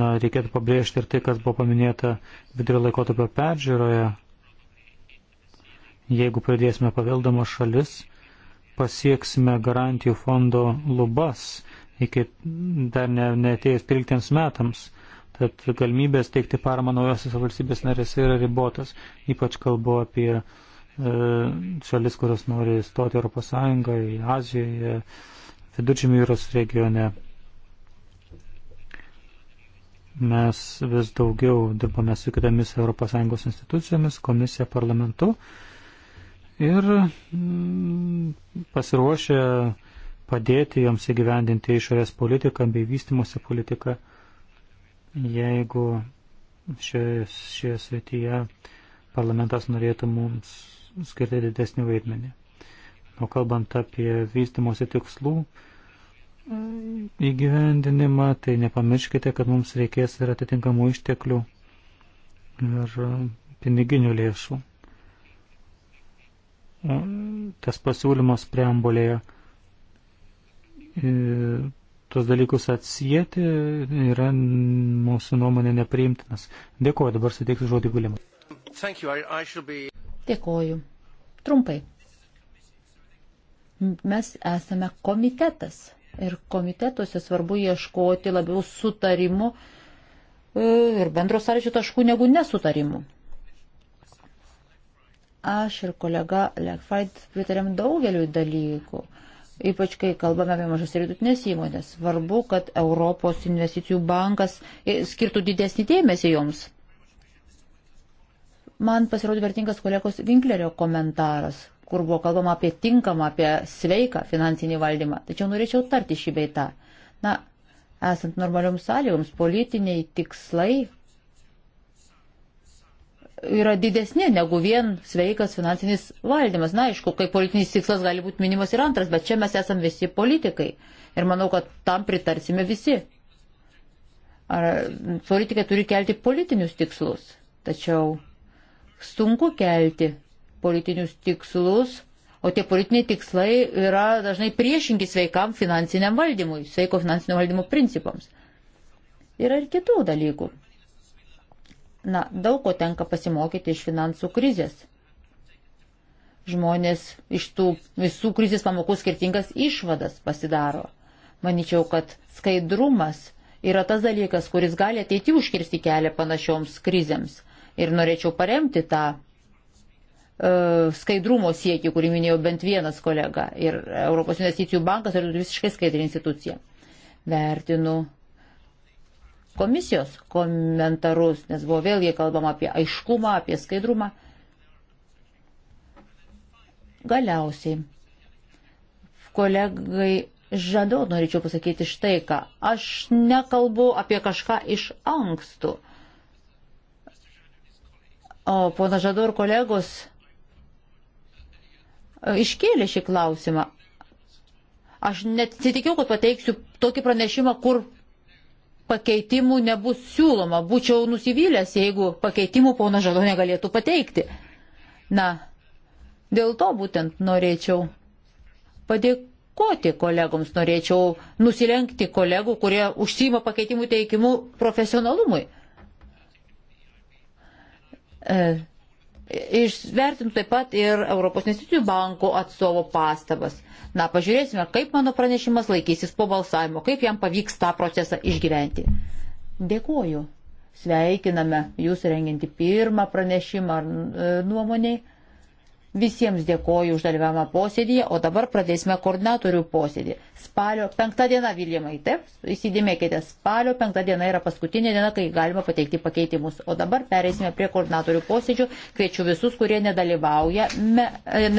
Na, reikėtų pabrėžti ir tai, kas buvo paminėta vidurio laikotarpio peržiūroje, jeigu pradėsime paveldamas šalis, pasieksime garantijų fondo lubas iki dar ne, netėjus 13 metams. Tad galimybės teikti paramą naujosios valstybės narėse yra ribotas, ypač kalbu apie e, šalis, kurios nori stoti Europos Sąjungoje, Azijoje, Viduržymio jūros regione. Mes vis daugiau dirbame su kitomis ES institucijomis, komisija, parlamentu. E, ir mm, pasiruošę padėti joms įgyvendinti išorės politiką bei vystimosi politiką, jeigu šioje, šioje srityje parlamentas norėtų mums skirti didesnį vaidmenį. O kalbant apie vystimosi tikslų mm, įgyvendinimą, tai nepamirškite, kad mums reikės ir atitinkamų išteklių ir mm, piniginių lėšų tas pasiūlymas preambulėje e, tuos dalykus atsijėti yra mūsų nuomonė nepriimtinas. Dėkuoju, dabar suteiksiu žodį Gulimui. Dėkuoju. Trumpai. Mes esame komitetas ir komitetuose svarbu ieškoti labiau sutarimų e, ir bendros sąlyčio taškų negu nesutarimų. Aš ir kolega Lekfait pritarėm daugeliu dalykų, ypač kai kalbame apie mažas ir vidutinės įmonės. Svarbu, kad Europos investicijų bankas skirtų didesnį dėmesį joms. Man pasirodė vertingas kolegos Vinklerio komentaras, kur buvo kalbama apie tinkamą, apie sveiką finansinį valdymą. Tačiau norėčiau tarti šį beitą. Na, esant normalioms sąlygoms, politiniai tikslai yra didesni negu vien sveikas finansinis valdymas. Na, aišku, kaip politinis tikslas gali būti minimas ir antras, bet čia mes esame visi politikai. Ir manau, kad tam pritarsime visi. Ar politikai turi kelti politinius tikslus. Tačiau sunku kelti politinius tikslus, o tie politiniai tikslai yra dažnai priešingi sveikam finansiniam valdymui, sveiko finansinio valdymo principams. Yra ir kitų dalykų Na, daug ko tenka pasimokyti iš finansų krizės. Žmonės iš tų visų krizės pamokų skirtingas išvadas pasidaro. Maničiau, kad skaidrumas yra tas dalykas, kuris gali ateiti užkirsti kelią panašioms krizėms. Ir norėčiau paremti tą e, skaidrumo siekį, kurį minėjo bent vienas kolega. Ir Europos investicijų bankas yra visiškai skaidri institucija. Vertinu komisijos komentarus, nes buvo vėlgi kalbama apie aiškumą, apie skaidrumą. Galiausiai, kolegai Žado, norėčiau pasakyti štai ką, aš nekalbu apie kažką iš ankstų. O pona Žado ir kolegos e, iškėlė šį klausimą. Aš net netikiu, kad pateiksiu tokį pranešimą, kur pakeitimų nebus siūloma. Būčiau nusivylęs, jeigu pakeitimų pono Žado negalėtų pateikti. Na, dėl to būtent norėčiau padėkoti kolegoms, norėčiau nusilenkti kolegų, kurie užsima pakeitimų teikimų profesionalumui. E, Išvertintų taip pat ir Europos institucijų banko atstovo pastabas. Na, pažiūrėsime, kaip mano pranešimas laikysis po balsavimo, kaip jam pavyks tą procesą išgyventi. Dėkuoju. Sveikiname jūs renginti pirmą pranešimą ar e, nuomoniai. Visiems dėkoju už dalyvavimą posėdėje, o dabar pradėsime koordinatorių posėdį. Spalio penktą dieną, Viljamai, taip, įsidėmėkite, spalio penktą diena yra paskutinė diena, kai galima pateikti pakeitimus. O dabar pereisime prie koordinatorių posėdžių. Kviečiu visus, kurie nedalyvauja, me,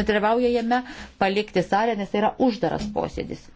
nedalyvauja jame, palikti salę, nes tai yra uždaras posėdis.